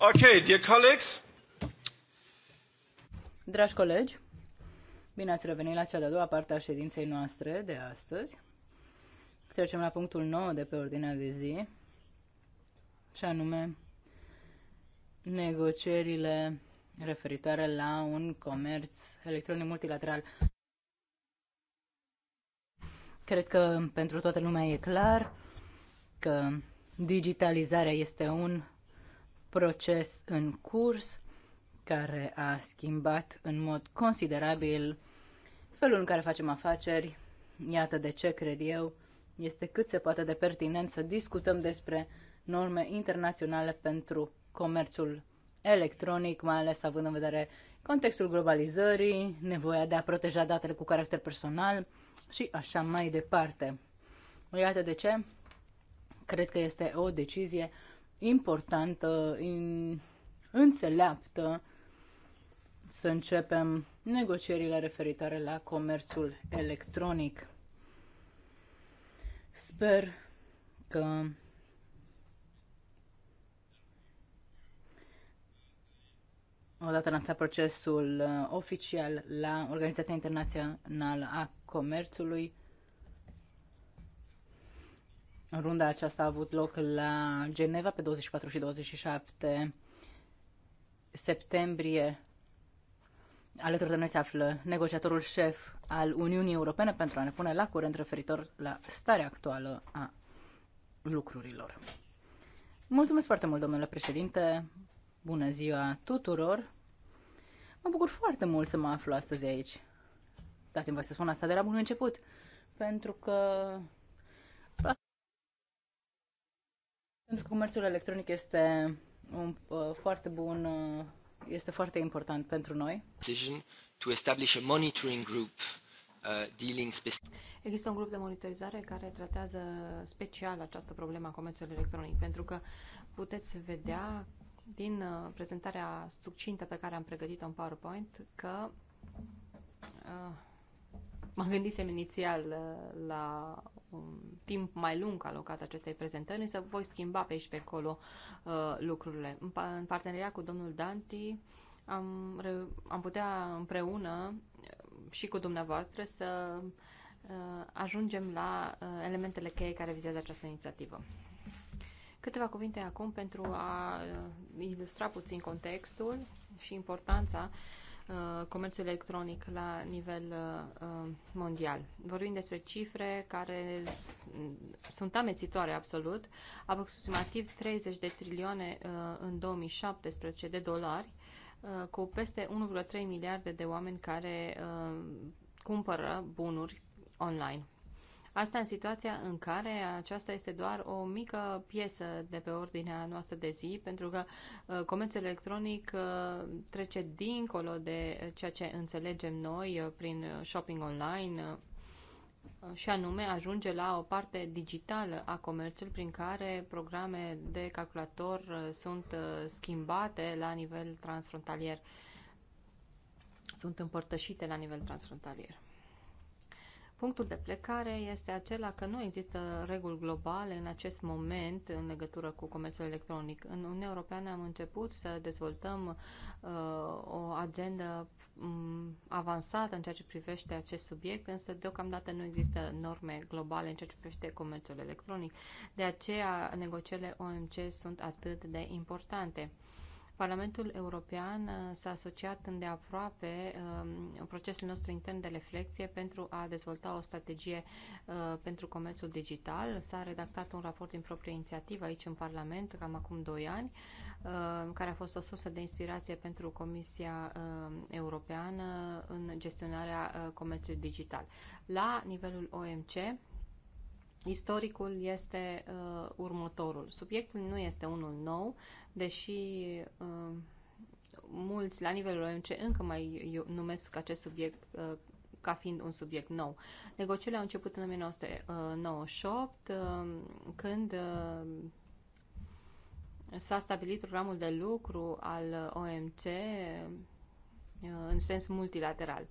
Okay, dear colleagues. Dragi colegi, bine ați revenit la cea de-a doua parte a ședinței noastre de astăzi. Trecem la punctul 9 de pe ordinea de zi, și anume negocierile referitoare la un comerț electronic multilateral. Cred că pentru toată lumea e clar că digitalizarea este un proces în curs care a schimbat în mod considerabil felul în care facem afaceri. Iată de ce cred eu este cât se poate de pertinent să discutăm despre norme internaționale pentru comerțul electronic, mai ales având în vedere contextul globalizării, nevoia de a proteja datele cu caracter personal și așa mai departe. Iată de ce cred că este o decizie importantă, in, înțeleaptă să începem negocierile referitoare la comerțul electronic. Sper că odată lansat procesul uh, oficial la Organizația Internațională a Comerțului, Runda aceasta a avut loc la Geneva pe 24 și 27 septembrie. Alături de noi se află negociatorul șef al Uniunii Europene pentru a ne pune la curent referitor la starea actuală a lucrurilor. Mulțumesc foarte mult, domnule președinte. Bună ziua tuturor. Mă bucur foarte mult să mă aflu astăzi aici. Dați-mi voi să spun asta de la bun început, pentru că pentru că comerțul electronic este un, uh, foarte bun, uh, este foarte important pentru noi. Decision To establish a monitoring group uh, dealing Există un grup de monitorizare care tratează special această problemă a comerțului electronic, pentru că puteți vedea din uh, prezentarea succintă pe care am pregătit-o în PowerPoint că uh, mă gândisem inițial uh, la un timp mai lung alocat acestei prezentări, însă voi schimba pe aici pe acolo uh, lucrurile. În parteneria cu domnul Danti am, am putea împreună uh, și cu dumneavoastră să uh, ajungem la uh, elementele cheie care vizează această inițiativă. Câteva cuvinte acum pentru a uh, ilustra puțin contextul și importanța uh, Uh, comerțul electronic la nivel uh, uh, mondial. Vorbim despre cifre care sunt amețitoare absolut, aproximativ 30 de trilioane în 2017 de dolari, cu peste 1,3 miliarde de oameni care cumpără bunuri online. Asta în situația în care aceasta este doar o mică piesă de pe ordinea noastră de zi, pentru că uh, comerțul electronic uh, trece dincolo de ceea ce înțelegem noi uh, prin shopping online, și anume ajunge la o parte digitală a comerțului prin care programe de calculator sunt schimbate la nivel transfrontalier, sunt împărtășite la nivel transfrontalier. Punctul de plecare este acela că nu există reguli globale în acest moment în legătură cu comerțul electronic. În Uniunea Europeană am început să dezvoltăm uh, o agendă um, avansată în ceea ce privește acest subiect, însă deocamdată nu există norme globale în ceea ce privește comerțul electronic. De aceea negocierile OMC sunt atât de importante. Parlamentul European uh, s-a asociat îndeaproape um, procesul nostru intern de reflexie pentru a dezvolta o strategie uh, pentru comerțul digital. S-a redactat un raport din proprie inițiativă aici în Parlament, cam acum 2 ani, uh, care a fost o sursă de inspirație pentru Comisia um, Europeană în gestionarea comerțului digital. La nivelul OMC, Istoricul este uh, următorul. Subiectul nu este unul nou, deși uh, mulți la nivelul OMC încă mai numesc acest subiect uh, ca fiind un subiect nou. Negocierile au început în 1998, uh, când s-a stabilit programul de lucru al OMC în sens multilateral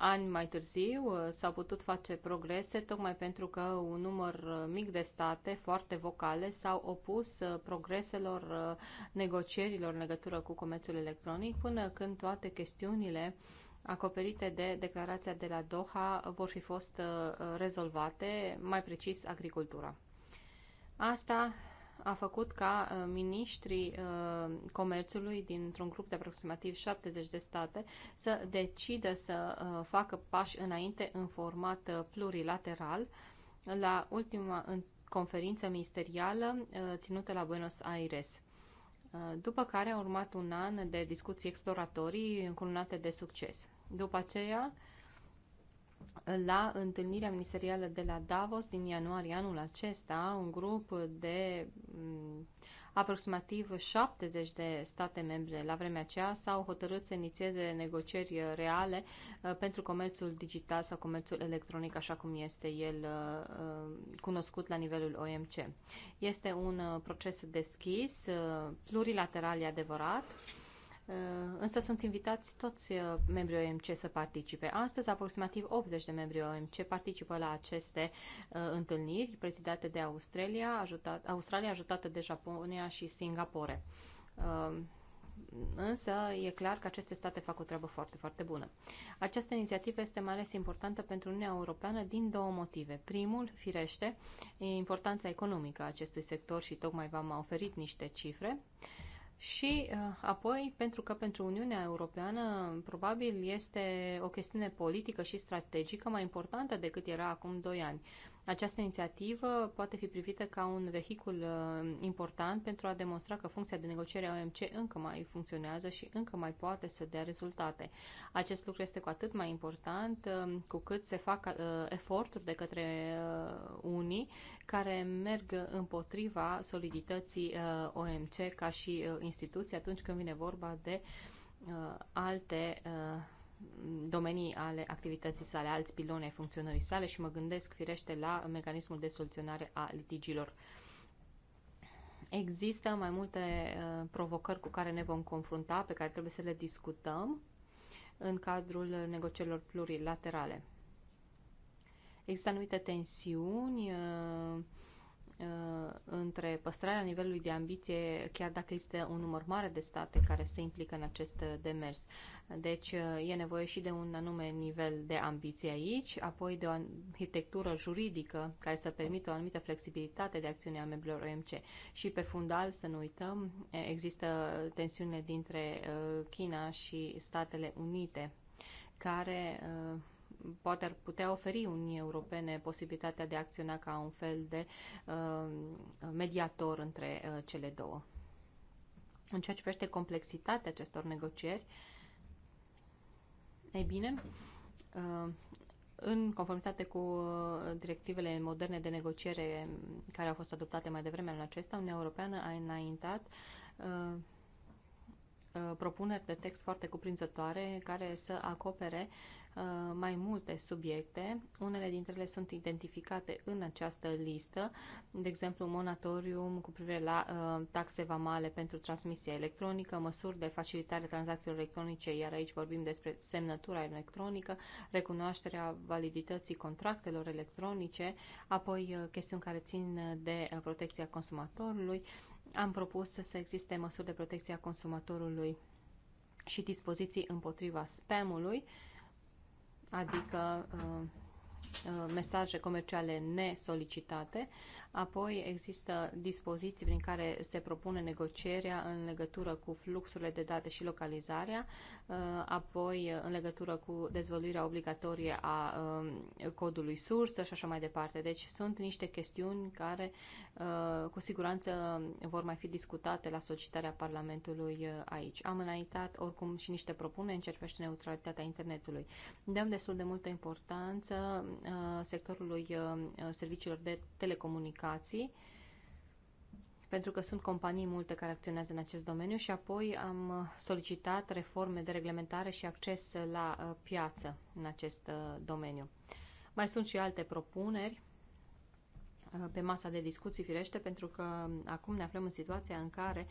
ani mai târziu uh, s-au putut face progrese tocmai pentru că un număr uh, mic de state foarte vocale s-au opus uh, progreselor negocierilor în legătură cu comerțul electronic până când toate chestiunile acoperite de declarația de la Doha vor fi fost rezolvate, mai precis agricultura. Asta a făcut ca uh, miniștrii uh, comerțului dintr-un grup de aproximativ 70 de state să decidă să uh, facă pași înainte în format uh, plurilateral la ultima conferință ministerială uh, ținută la Buenos Aires. Uh, după care a urmat un an de discuții exploratorii încununate de succes. După aceea, uh, la întâlnirea ministerială de la Davos din ianuarie anul acesta, un grup de mm, aproximativ 70 de state membre la vremea aceea s-au hotărât să inițieze negocieri reale uh, pentru comerțul digital sau comerțul electronic, așa cum este el uh, uh, cunoscut la nivelul OMC. Este un proces deschis, plurilateral e adevărat, Uh, însă sunt invitați toți uh, membrii OMC să participe. Astăzi, aproximativ 80 de membri OMC participă la aceste uh, întâlniri prezidate de Australia, ajutat, Australia ajutată de Japonia și Singapore. Uh, Însă e clar că aceste state fac o treabă foarte, foarte bună. Această inițiativă este mai ales importantă pentru Uniunea Europeană din două motive. Primul, firește, e importanța economică a acestui sector și tocmai v-am oferit niște cifre. Uh, și uh, apoi, pentru că pentru Uniunea Europeană probabil este o chestiune politică și strategică mai importantă decât era acum 2 ani. Această inițiativă poate fi privită ca un vehicul uh, important pentru a demonstra că funcția de negociere a OMC încă mai funcționează și încă mai poate să dea rezultate. Acest lucru este cu atât mai important uh, cu cât se fac uh, eforturi de către unii care merg împotriva solidității OMC ca și instituție atunci când vine vorba de alte domenii ale activității sale, alți piloni ai funcționării sale și mă gândesc firește la mecanismul de soluționare a litigilor. Există mai multe uh, provocări cu care ne vom confrunta, pe care trebuie să le discutăm în cadrul negocierilor plurilaterale. Există anumite tensiuni uh, Uh, între păstrarea nivelului de ambiție, chiar dacă există un număr mare de state care se implică în acest demers. Deci uh, e nevoie și de un anume nivel de ambiție aici, apoi de o arhitectură juridică care să permită o anumită flexibilitate de acțiune a membrilor OMC. Și pe fundal, să nu uităm, există tensiune dintre uh, China și Statele Unite care poate ar putea oferi Uniunii Europene posibilitatea de a acționa ca un fel de uh, mediator între uh, cele două. În ceea ce privește complexitatea acestor negocieri, ei bine, uh, în conformitate cu directivele moderne de negociere care au fost adoptate mai devreme în acesta, Uniunea Europeană a înaintat Uh, propuneri de text foarte cuprinzătoare care să acopere uh, mai multe subiecte. Unele dintre ele sunt identificate în această listă, de exemplu monatorium cu privire la uh, taxe vamale pentru transmisie electronică, măsuri de facilitare tranzacțiilor electronice, iar aici vorbim despre semnătura electronică, recunoașterea validității contractelor electronice, apoi chestiuni care țin de protecția consumatorului, am propus să existe măsuri de protecție a consumatorului și dispoziții împotriva spamului, adică uh, uh mesaje comerciale nesolicitate. Apoi există dispoziții prin care se propune negocierea în legătură cu fluxurile de date și localizarea, uh, apoi uh, în legătură cu dezvăluirea obligatorie a um, codului sursă și așa mai departe. Deci sunt niște chestiuni care uh, cu siguranță vor mai fi discutate la solicitarea Parlamentului aici. Am înaintat oricum și niște propuneri în ce privește neutralitatea internetului. Dăm destul de multă importanță sectorului serviciilor de telecomunicații aplicații, pentru că sunt companii multe care acționează în acest domeniu și apoi am solicitat reforme de reglementare și acces la uh, piață în acest uh, domeniu. Mai sunt și alte propuneri uh, pe masa de discuții, firește, pentru că acum ne aflăm în situația în care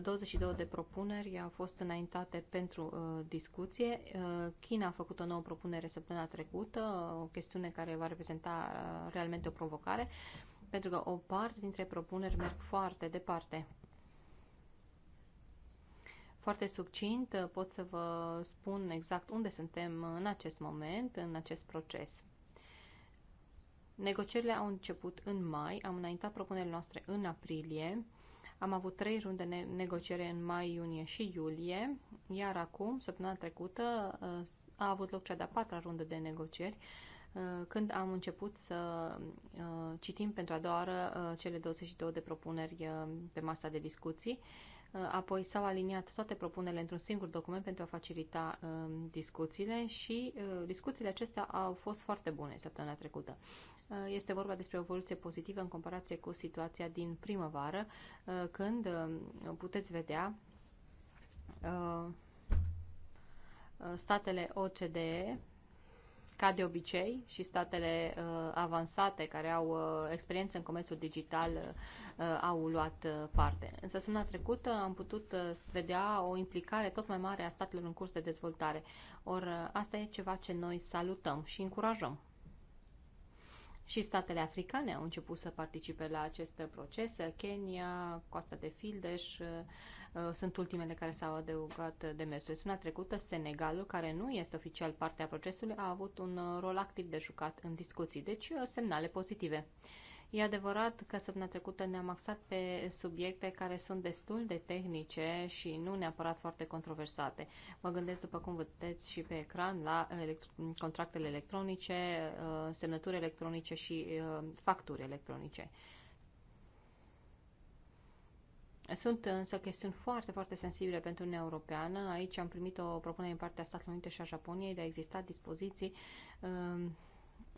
22 de propuneri au fost înaintate pentru uh, discuție. Uh, China a făcut o nouă propunere săptămâna trecută, o chestiune care va reprezenta uh, realmente o provocare pentru că o parte dintre propuneri merg foarte departe. Foarte succint uh, pot să vă spun exact unde suntem în acest moment, în acest proces. Negocierile au început în mai, am înaintat propunerile noastre în aprilie, am avut trei runde de negociere în mai, iunie și iulie, iar acum, săptămâna trecută, uh, a avut loc cea de-a patra rundă de negocieri Uh, când am început să uh, citim pentru a doua oară uh, cele 22 de propuneri pe masa de discuții. Apoi s-au aliniat toate propunerile într-un singur document pentru a facilita um, discuțiile și discuțiile acestea au fost foarte bune săptămâna trecută. Este vorba despre o evoluție pozitivă în comparație cu situația din primăvară, când um, puteți vedea statele OCDE ca de obicei, și statele uh, avansate care au uh, experiență în comerțul digital uh, au luat uh, parte. Însă, săptămâna trecută am putut uh, vedea o implicare tot mai mare a statelor în curs de dezvoltare. Or, uh, asta e ceva ce noi salutăm și încurajăm și statele africane au început să participe la acest proces. Kenya, Costa de Fildeș uh, uh, sunt ultimele care s-au adăugat de mesul. Săptămâna trecută, Senegalul, care nu este oficial parte a procesului, a avut un uh, rol activ de jucat în discuții, deci semnale pozitive. E adevărat că săptămâna trecută ne-am axat pe subiecte care sunt destul de tehnice și nu neapărat foarte controversate. Mă gândesc, după cum vedeți și pe ecran, la elect- contractele electronice, uh, semnături electronice și uh, facturi electronice. Sunt însă chestiuni foarte, foarte sensibile pentru Uniunea Europeană. Aici am primit o propunere din partea Statelor Unite și a Japoniei de a exista dispoziții uh,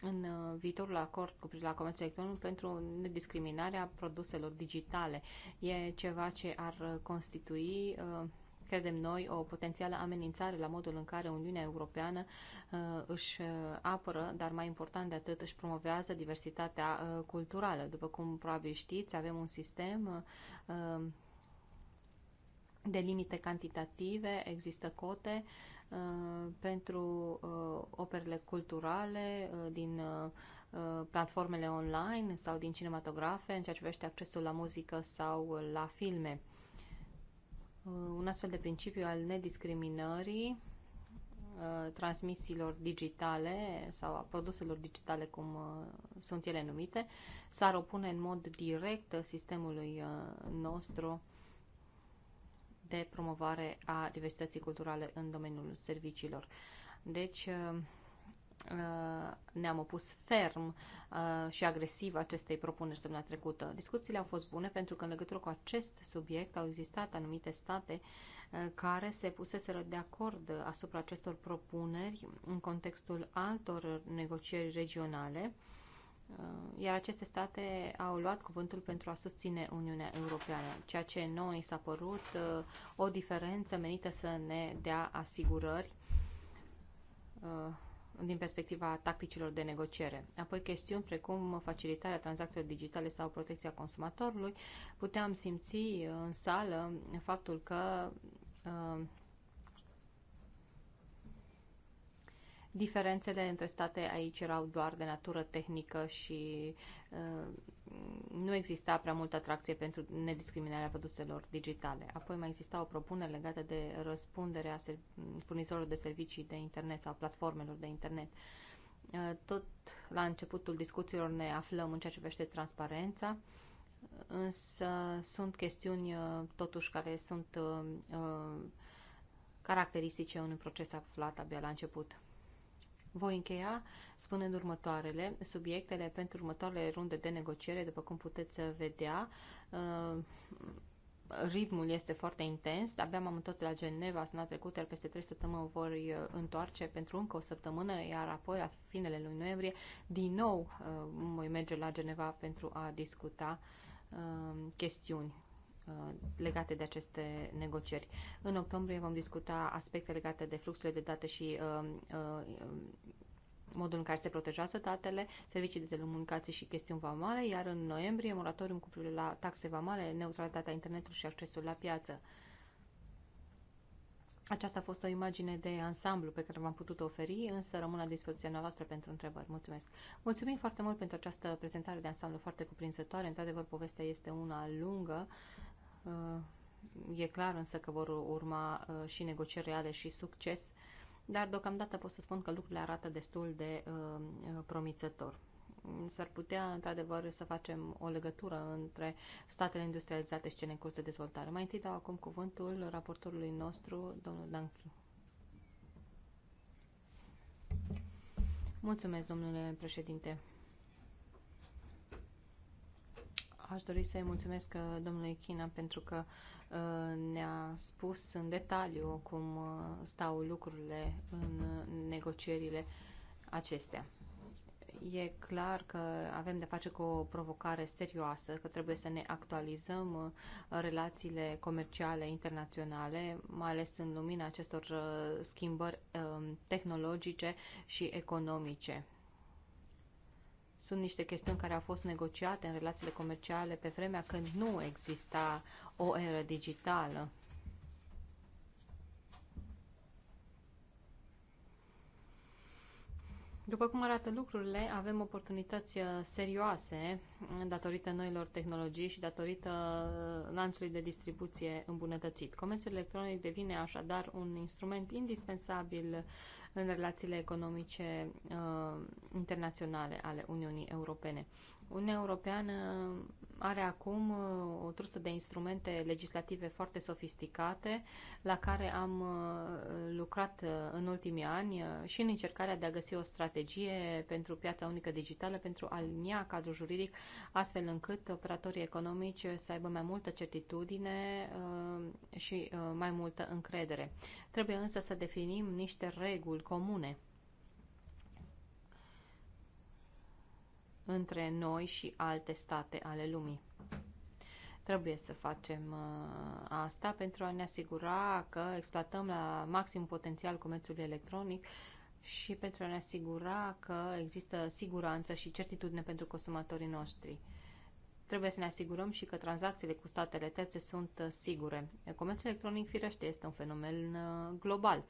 în uh, viitorul acord cu privire la comerțul electronic pentru nediscriminarea produselor digitale. E ceva ce ar uh, constitui uh, credem noi, o potențială amenințare la modul în care Uniunea Europeană își apără, dar mai important de atât își promovează diversitatea culturală. După cum probabil știți, avem un sistem de limite cantitative, există cote uh, Uh, pentru uh, operele culturale uh, din platformele online sau din cinematografe în ceea ce privește accesul la muzică sau la filme. Un astfel de principiu al nediscriminării transmisiilor digitale sau a produselor digitale, cum sunt ele numite, s-ar opune în mod direct sistemului nostru de promovare a diversității culturale în domeniul serviciilor. Deci, uh, uh, ne-am opus ferm uh, și agresiv acestei propuneri săptămâna trecută. Discuțiile au fost bune pentru că în legătură cu acest subiect au existat anumite state care se puseseră de acord asupra acestor propuneri în contextul altor negocieri regionale Uh, iar aceste state au luat cuvântul pentru a susține Uniunea Europeană, ceea ce nouă ni s-a părut uh, o diferență menită să ne dea asigurări uh, din perspectiva tacticilor de negociere. Apoi chestiuni precum facilitarea tranzacțiilor digitale sau protecția consumatorului, puteam simți în sală faptul că diferențele între state aici erau doar de natură tehnică și uh, nu exista prea multă atracție pentru nediscriminarea produselor digitale. Apoi mai exista o propunere legată de răspunderea furnizorilor de servicii de internet sau platformelor de internet. Uh, tot la începutul discuțiilor ne aflăm în ceea ce privește transparența, însă sunt chestiuni uh, totuși care sunt uh, uh, caracteristice unui proces aflat abia la început. Voi încheia spunând următoarele. Subiectele pentru următoarele runde de negociere, după cum puteți vedea, uh, ritmul este foarte intens. Abia m-am întors de la Geneva săptămâna trecută, iar peste trei săptămâni voi uh, întoarce pentru încă o săptămână, iar apoi, la finele lui noiembrie, din nou uh, voi merge la Geneva pentru a discuta chestiuni Uh, legate de aceste negocieri. În octombrie vom discuta aspecte legate de fluxurile de date și uh, uh, modul în care se protejează datele, servicii de telecomunicații și chestiuni vamale, iar în noiembrie moratorium cu privire la taxe vamale, neutralitatea internetului și accesul la piață. Aceasta a fost o imagine de ansamblu pe care v-am putut oferi, însă rămân la dispoziția noastră pentru întrebări. Mulțumesc! Mulțumim foarte mult pentru această prezentare de ansamblu foarte cuprinzătoare. Într-adevăr, povestea este una lungă E clar însă că vor urma uh, și negocieri reale și succes, dar deocamdată pot să spun că lucrurile arată destul de uh, uh, promițător s-ar putea, într-adevăr, să facem o legătură între statele industrializate și cele în curs de dezvoltare. Mai întâi dau acum cuvântul raportorului nostru, domnul Danchi. Mulțumesc, domnule președinte. Aș dori să-i mulțumesc uh, domnului China pentru că uh, ne-a spus în detaliu cum uh, stau lucrurile în negocierile acestea. E clar că avem de face cu o provocare serioasă, că trebuie să ne actualizăm relațiile comerciale internaționale, mai ales în lumina acestor schimbări tehnologice și economice sunt niște chestiuni care au fost negociate în relațiile comerciale pe vremea când nu exista o eră digitală. După cum arată lucrurile, avem oportunități uh, serioase uh, datorită noilor tehnologii și datorită uh, lanțului de distribuție îmbunătățit. Comerțul electronic devine așadar un instrument indispensabil în relațiile economice uh, internaționale ale Uniunii Europene. Uniunea Europeană are acum uh, o trusă de instrumente legislative foarte sofisticate la care am uh, lucrat uh, în ultimii ani și în încercarea de a găsi o strategie pentru piața unică digitală, pentru a alinia cadrul juridic astfel încât operatorii economici să aibă mai multă certitudine și mai multă încredere. Trebuie însă să definim niște reguli comune între noi și alte state ale lumii. Trebuie să facem uh, asta pentru a ne asigura că exploatăm la maxim potențial comerțul electronic și pentru a ne asigura că există siguranță și certitudine pentru consumatorii noștri. Trebuie să ne asigurăm și că tranzacțiile cu statele terțe sunt uh, sigure. Comerțul electronic, firește, este un fenomen uh, global.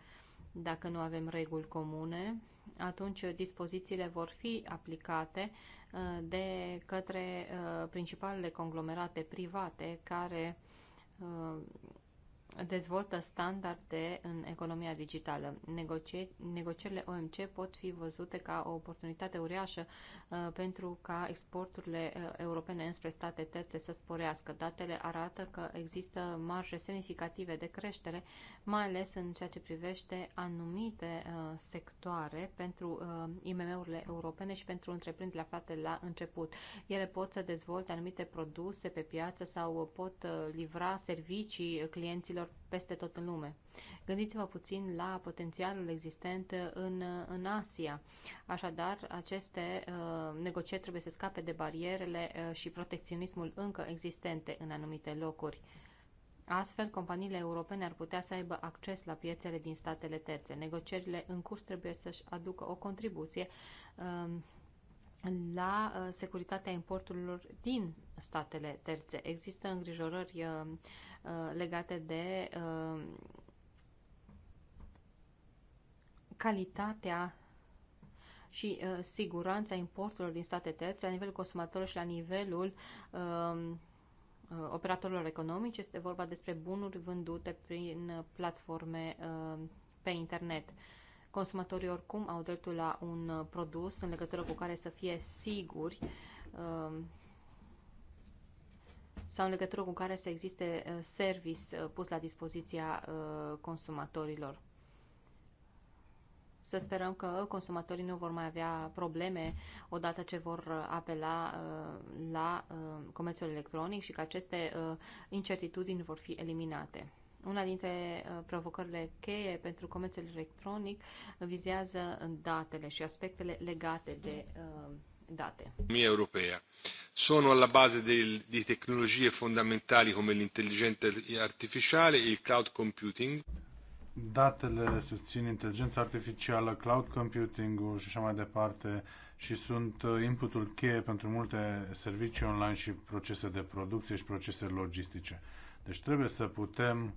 Dacă nu avem reguli comune, atunci dispozițiile vor fi aplicate uh, de către uh, principalele conglomerate private care uh, dezvoltă standarde în economia digitală. Negocie, negocierile OMC pot fi văzute ca o oportunitate uriașă uh, pentru ca exporturile uh, europene înspre state terțe să sporească. Datele arată că există marje semnificative de creștere, mai ales în ceea ce privește anumite uh, sectoare pentru uh, IMM-urile europene și pentru întreprinderile aflate la început. Ele pot să dezvolte anumite produse pe piață sau pot uh, livra servicii clienților oamenilor peste tot în lume. Gândiți-vă puțin la potențialul existent în, în Asia. Așadar, aceste uh, negocieri trebuie să scape de barierele uh, și protecționismul încă existente în anumite locuri. Astfel, companiile europene ar putea să aibă acces la piețele din statele terțe. Negocierile în curs trebuie să-și aducă o contribuție um, uh, la securitatea importurilor din statele terțe. Există îngrijorări uh, Uh, legate de uh, calitatea și uh, siguranța importurilor din state terțe la nivelul consumatorilor și la nivelul um, uh, operatorilor economici. Este vorba despre bunuri vândute prin platforme uh, pe internet. Consumatorii oricum au dreptul la un uh, produs în legătură cu care să fie siguri uh, sau în legătură cu care să existe uh, service uh, pus la dispoziția uh, consumatorilor. Să sperăm că consumatorii nu vor mai avea probleme odată ce vor apela la comerțul electronic și că aceste incertitudini vor fi eliminate. Una dintre provocările cheie pentru comerțul electronic vizează datele și aspectele legate de date. Mie europea. Sono alla base del, di tecnologie fondamentali come l'intelligenza artificiale e il cloud computing. Datele susțin inteligența artificială, cloud computing-ul și așa mai departe și sunt inputul cheie pentru multe servicii online și procese de producție și procese logistice. Deci trebuie să putem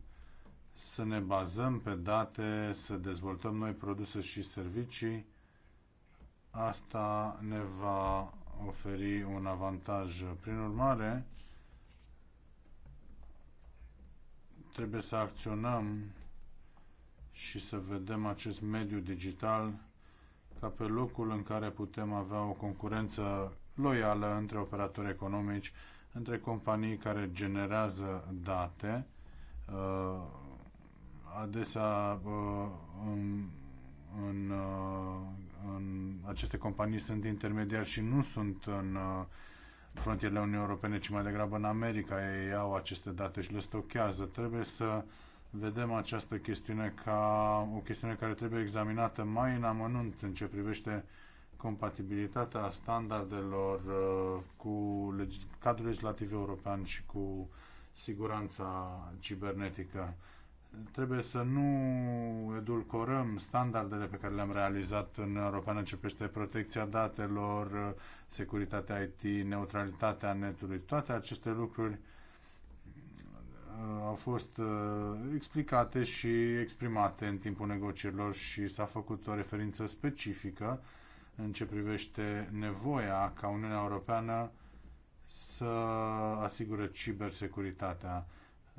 să ne bazăm pe date, să dezvoltăm noi produse și servicii Asta ne va oferi un avantaj. Prin urmare, trebuie să acționăm și să vedem acest mediu digital ca pe locul în care putem avea o concurență loială între operatori economici, între companii care generează date, uh, adesea uh, în, în uh, în aceste companii sunt intermediari și nu sunt în uh, frontierele Uniunii Europene, ci mai degrabă în America. Ei au aceste date și le stochează. Trebuie să vedem această chestiune ca o chestiune care trebuie examinată mai în amănunt în ce privește compatibilitatea standardelor uh, cu cadrul legislativ european și cu siguranța cibernetică trebuie să nu edulcorăm standardele pe care le-am realizat în Europeană ce privește protecția datelor, securitatea IT, neutralitatea netului. Toate aceste lucruri uh, au fost uh, explicate și exprimate în timpul negocierilor și s-a făcut o referință specifică în ce privește nevoia ca Uniunea Europeană să asigure cibersecuritatea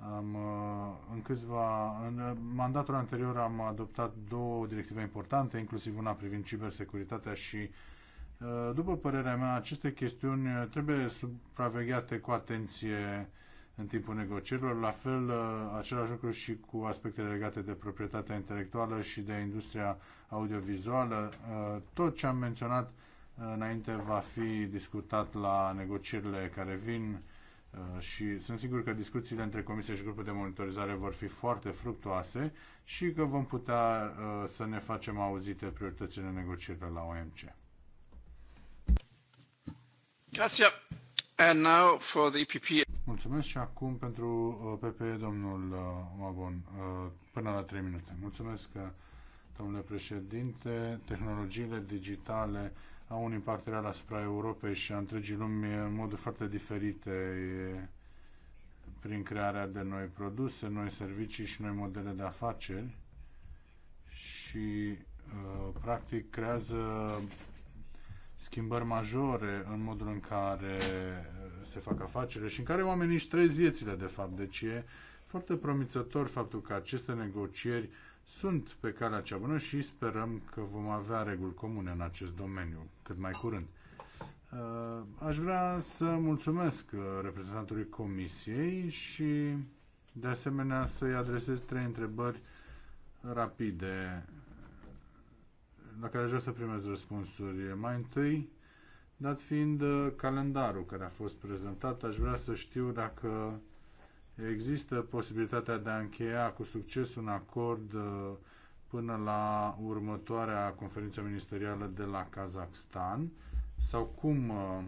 am, uh, în câțiva, în uh, mandatul anterior am adoptat două directive importante, inclusiv una privind cibersecuritatea și uh, după părerea mea, aceste chestiuni trebuie supravegheate cu atenție în timpul negocierilor. La fel, același lucru și cu aspectele legate de proprietatea intelectuală și de industria audiovizuală. Tot ce am menționat înainte va fi discutat la negocierile care vin Uh, și sunt sigur că discuțiile între Comisie și grupul de monitorizare vor fi foarte fructuoase și că vom putea uh, să ne facem auzite prioritățile negocierilor la OMC. Grazie. And now for the EPP. Mulțumesc și acum pentru uh, PPE, domnul Mabon, până la 3 minute. Mulțumesc, domnule președinte. Tehnologiile digitale au un impact real asupra Europei și a întregii lumi în moduri foarte diferite prin crearea de noi produse, noi servicii și noi modele de afaceri și uh, practic creează schimbări majore în modul în care uh, se fac afacerile și în care oamenii își trăiesc viețile, de fapt. Deci e foarte promițător faptul că aceste negocieri sunt pe calea cea bună și sperăm că vom avea reguli comune în acest domeniu cât mai curând. Uh, aș vrea să mulțumesc uh, reprezentantului Comisiei și de asemenea să-i adresez trei întrebări rapide la care aș vrea să primez răspunsuri. Mai întâi, dat fiind uh, calendarul care a fost prezentat, aș vrea să știu dacă Există posibilitatea de a încheia cu succes un acord uh, până la următoarea conferință ministerială de la Kazakhstan sau cum uh,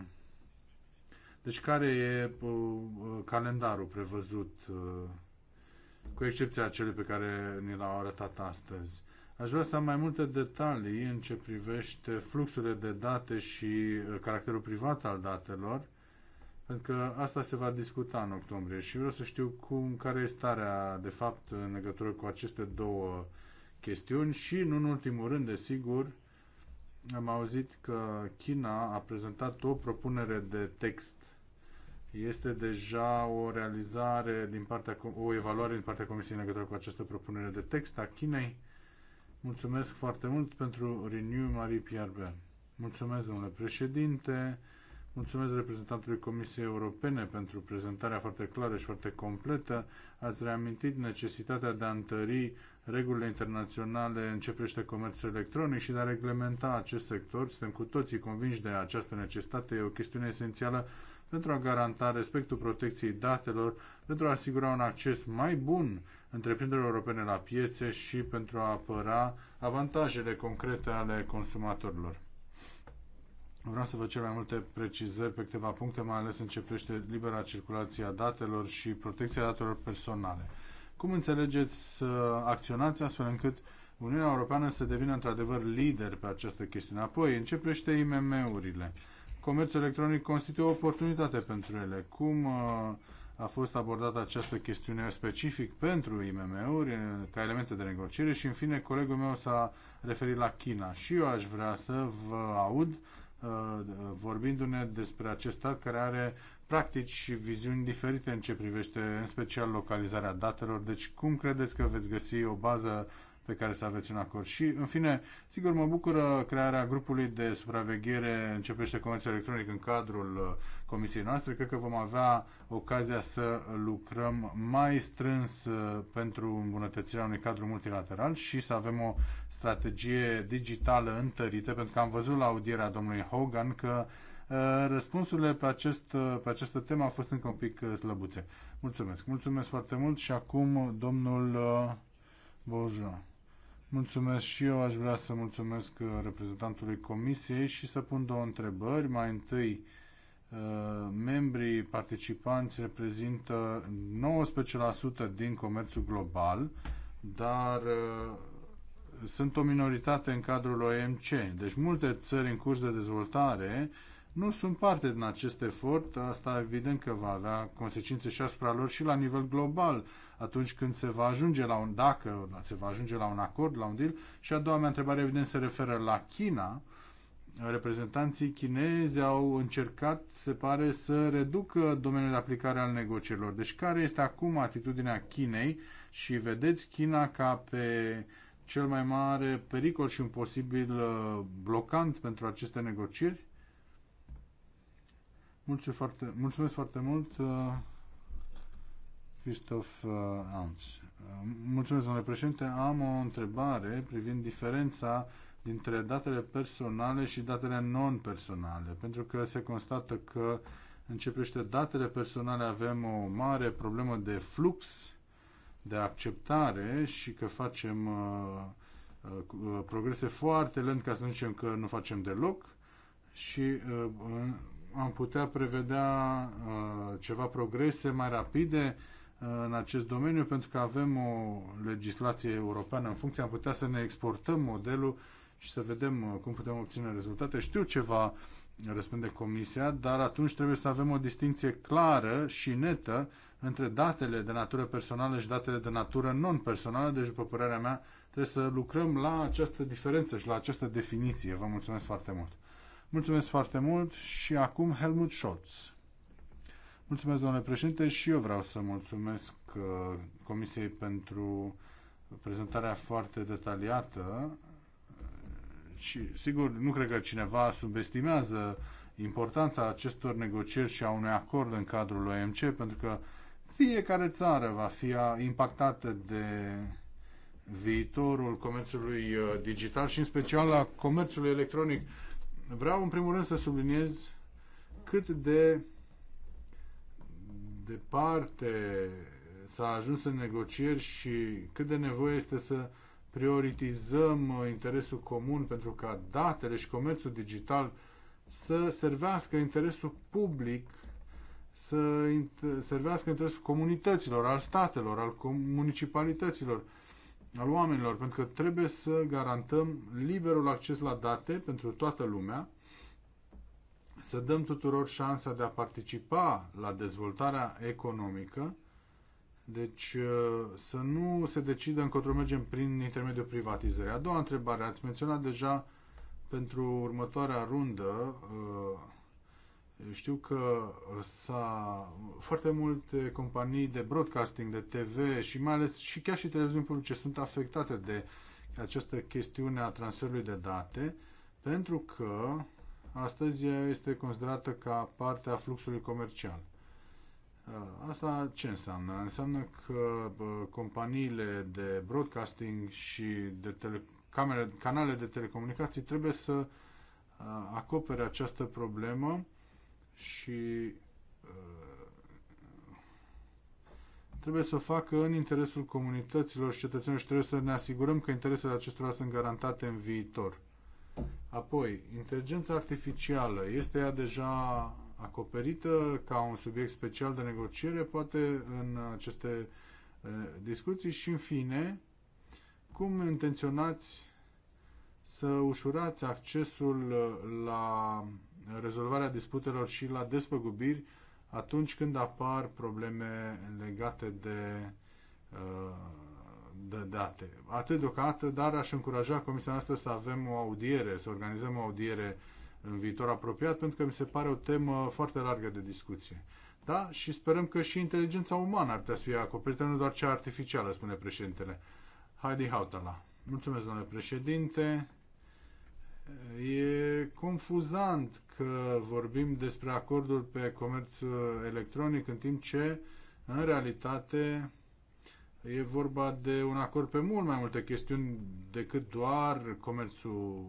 deci care e uh, calendarul prevăzut cu excepția celui pe care ni l-au arătat astăzi? Aș vrea să am mai multe detalii în ce privește fluxurile de date și caracterul privat al datelor pentru că adică asta se va discuta în octombrie și vreau să știu cum, care e starea de fapt în legătură cu aceste două chestiuni și, nu în ultimul rând, desigur, am auzit că China a prezentat o propunere de text. Este deja o realizare din partea, o evaluare din partea Comisiei în legătură cu această propunere de text a Chinei. Mulțumesc foarte mult pentru Renew Marie Pierre. Mulțumesc, domnule președinte. Mulțumesc reprezentantului Comisiei Europene pentru prezentarea foarte clară și foarte completă. Ați reamintit necesitatea de a întări regulile internaționale în ce privește comerțul electronic și de a reglementa acest sector. Suntem cu toții convinși de această necesitate. E o chestiune esențială pentru a garanta respectul protecției datelor, pentru a asigura un acces mai bun întreprinderilor europene la piețe și pentru a apăra avantajele concrete ale consumatorilor. Vreau să vă cer mai multe precizări pe câteva puncte, mai ales în ce privește libera circulație a datelor și protecția datelor personale. Cum înțelegeți să acționați astfel încât Uniunea Europeană să devină într-adevăr lider pe această chestiune? Apoi, în ce privește IMM-urile? Comerțul electronic constituie o oportunitate pentru ele. Cum uh, a fost abordată această chestiune specific pentru IMM-uri uh, ca elemente de negociere și, în fine, colegul meu s-a referit la China și eu aș vrea să vă aud Uh, vorbindu-ne despre acest stat care are practici și viziuni diferite în ce privește în special localizarea datelor. Deci cum credeți că veți găsi o bază pe care să aveți un acord. Și, în fine, sigur, mă bucură crearea grupului de supraveghere începește comerțul electronic în cadrul uh, comisiei noastre. Cred că vom avea ocazia să lucrăm mai strâns uh, pentru îmbunătățirea unui cadru multilateral și să avem o strategie digitală întărită, pentru că am văzut la audierea domnului Hogan că uh, răspunsurile pe, acest, pe această temă au fost încă un pic slăbuțe. Mulțumesc. Mulțumesc foarte mult și acum domnul Bourgeois. Mulțumesc și eu. Aș vrea să mulțumesc uh, reprezentantului Comisiei și să pun două întrebări. Mai întâi, uh, membrii participanți reprezintă 19% din comerțul global, dar uh, sunt o minoritate în cadrul OMC. Deci multe țări în curs de dezvoltare nu sunt parte din acest efort. Asta evident că va avea consecințe și asupra lor și la nivel global atunci când se va ajunge la un, dacă se va ajunge la un acord, la un deal. Și a doua mea întrebare, evident, se referă la China. Reprezentanții chinezi au încercat, se pare, să reducă domeniul de aplicare al negocierilor. Deci care este acum atitudinea Chinei și vedeți China ca pe cel mai mare pericol și un posibil uh, blocant pentru aceste negocieri? Mulțumesc foarte, mulțumesc foarte mult. Uh, Christoph uh, Hans. Uh, mulțumesc, domnule președinte. Am o întrebare privind diferența dintre datele personale și datele non-personale, pentru că se constată că în ce privește datele personale avem o mare problemă de flux, de acceptare și că facem uh, uh, progrese foarte lent, ca să nu zicem că nu facem deloc și uh, am putea prevedea uh, ceva progrese mai rapide în acest domeniu, pentru că avem o legislație europeană în funcție, am putea să ne exportăm modelul și să vedem uh, cum putem obține rezultate. Știu ce va răspunde Comisia, dar atunci trebuie să avem o distinție clară și netă între datele de natură personală și datele de natură non-personală, deci, după părerea mea, trebuie să lucrăm la această diferență și la această definiție. Vă mulțumesc foarte mult! Mulțumesc foarte mult și acum Helmut Scholz. Mulțumesc, domnule președinte, și eu vreau să mulțumesc uh, Comisiei pentru prezentarea foarte detaliată și, sigur, nu cred că cineva subestimează importanța acestor negocieri și a unui acord în cadrul OMC, pentru că fiecare țară va fi impactată de viitorul comerțului uh, digital și în special a comerțului electronic. Vreau în primul rând să subliniez cât de departe s-a ajuns în negocieri și cât de nevoie este să prioritizăm interesul comun pentru ca datele și comerțul digital să servească interesul public, să servească interesul comunităților, al statelor, al municipalităților, al oamenilor, pentru că trebuie să garantăm liberul acces la date pentru toată lumea, să dăm tuturor șansa de a participa la dezvoltarea economică, deci uh, să nu se decidă încotro mergem prin intermediul privatizării. A doua întrebare, ați menționat deja pentru următoarea rundă, uh, știu că s-a, foarte multe companii de broadcasting, de TV și mai ales și chiar și televiziuni publice sunt afectate de această chestiune a transferului de date pentru că astăzi ea este considerată ca parte a fluxului comercial. Uh, asta ce înseamnă? Înseamnă că companiile de broadcasting și de tele, camere, canale de telecomunicații trebuie să uh, acopere această problemă și uh, trebuie să o facă în interesul comunităților și cetățenilor și trebuie să ne asigurăm că interesele acestora sunt garantate în viitor. Apoi, inteligența artificială este ea deja acoperită ca un subiect special de negociere, poate în aceste eh, discuții și, în fine, cum intenționați să ușurați accesul eh, la rezolvarea disputelor și la despăgubiri atunci când apar probleme legate de uh, date. Atât deocamdată, dar aș încuraja Comisia noastră să avem o audiere, să organizăm o audiere în viitor apropiat, pentru că mi se pare o temă foarte largă de discuție. Da? Și sperăm că și inteligența umană ar putea să fie acoperită, nu doar cea artificială, spune președintele. Heidi Hautala. Mulțumesc, domnule președinte. E confuzant că vorbim despre acordul pe comerț electronic în timp ce, în realitate, E vorba de un acord pe mult mai multe chestiuni decât doar comerțul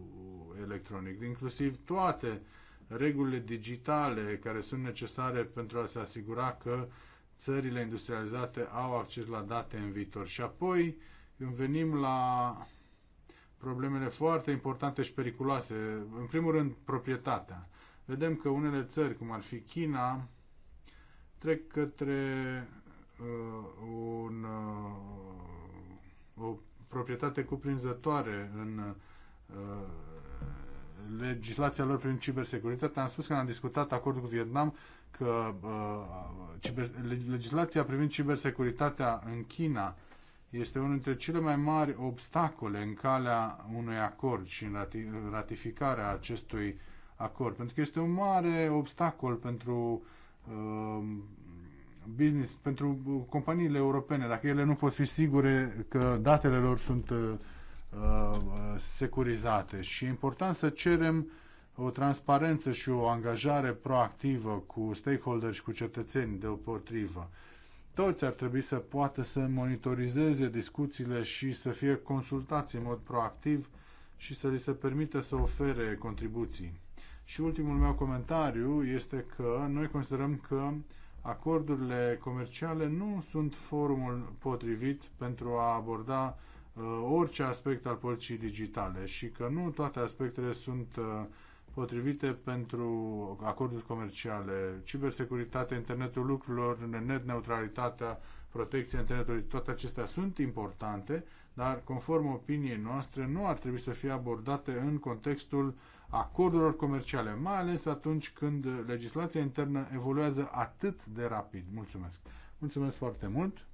electronic, inclusiv toate regulile digitale care sunt necesare pentru a se asigura că țările industrializate au acces la date în viitor. Și apoi, când venim la problemele foarte importante și periculoase, în primul rând, proprietatea. Vedem că unele țări, cum ar fi China, trec către Uh, un, uh, o proprietate cuprinzătoare în uh, legislația lor prin cibersecuritate. Am spus că am discutat acordul cu Vietnam că uh, ciber, legislația privind cibersecuritatea în China este unul dintre cele mai mari obstacole în calea unui acord și în ratificarea acestui acord, pentru că este un mare obstacol pentru uh, business, pentru uh, companiile europene, dacă ele nu pot fi sigure că datele lor sunt uh, uh, securizate și e important să cerem o transparență și o angajare proactivă cu stakeholder și cu cetățeni deopotrivă. Toți ar trebui să poată să monitorizeze discuțiile și să fie consultați în mod proactiv și să li se permită să ofere contribuții. Și ultimul meu comentariu este că noi considerăm că uh, acordurile comerciale nu sunt forumul potrivit pentru a aborda uh, orice aspect al politicii digitale și că nu toate aspectele sunt uh, potrivite pentru acorduri comerciale, cibersecuritate, internetul lucrurilor, net neutralitatea, protecția internetului, toate acestea sunt importante, dar conform opiniei noastre nu ar trebui să fie abordate în contextul acordurilor comerciale, mai ales atunci când legislația internă evoluează atât de rapid. Mulțumesc! Mulțumesc foarte mult!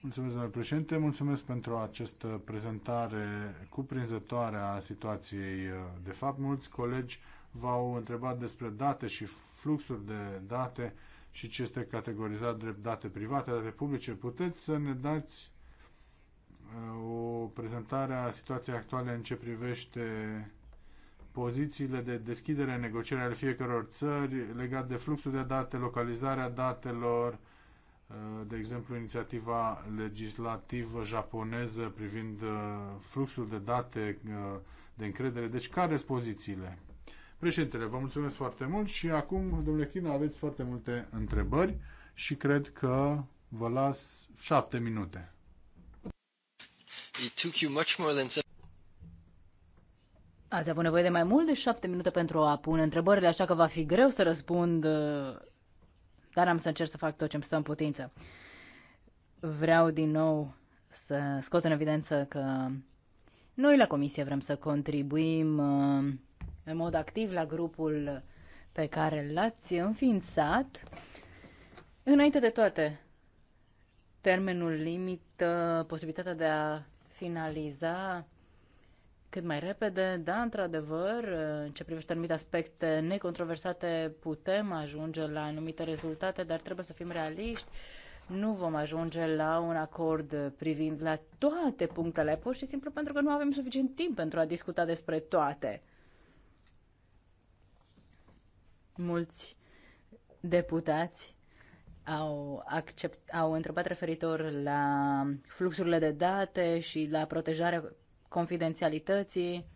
Mulțumesc, domnule președinte, mulțumesc pentru această prezentare cuprinzătoare a situației. Uh, de fapt, mulți colegi v-au întrebat despre date și fluxuri de date și ce este categorizat drept date private, date publice. Puteți să ne dați uh, o prezentare a situației actuale în ce privește pozițiile de deschidere în negociere ale fiecăror țări legat de fluxul de date, localizarea datelor, uh, de exemplu inițiativa legislativă japoneză privind uh, fluxul de date uh, de încredere. Deci care sunt pozițiile? Președintele, vă mulțumesc foarte mult și acum, domnule China, aveți foarte multe întrebări și cred că vă las șapte minute. It took you much more than... Ați avut nevoie de mai mult de șapte minute pentru a pune întrebările, așa că va fi greu să răspund, uh, dar am să încerc să fac tot ce-mi stă în putință. Vreau din nou să scot în evidență că noi la comisie vrem să contribuim uh, în mod activ la grupul pe care l-ați înființat. Înainte de toate, termenul limită, posibilitatea de a finaliza cât mai repede. Da, într-adevăr, uh, în ce privește anumite aspecte necontroversate, putem ajunge la anumite rezultate, dar trebuie să fim realiști. Nu vom ajunge la un acord privind la toate punctele, pur și simplu pentru că nu avem suficient timp pentru a discuta despre toate. Mulți deputați au, accept, au întrebat referitor la fluxurile de date și la protejarea confidențialității.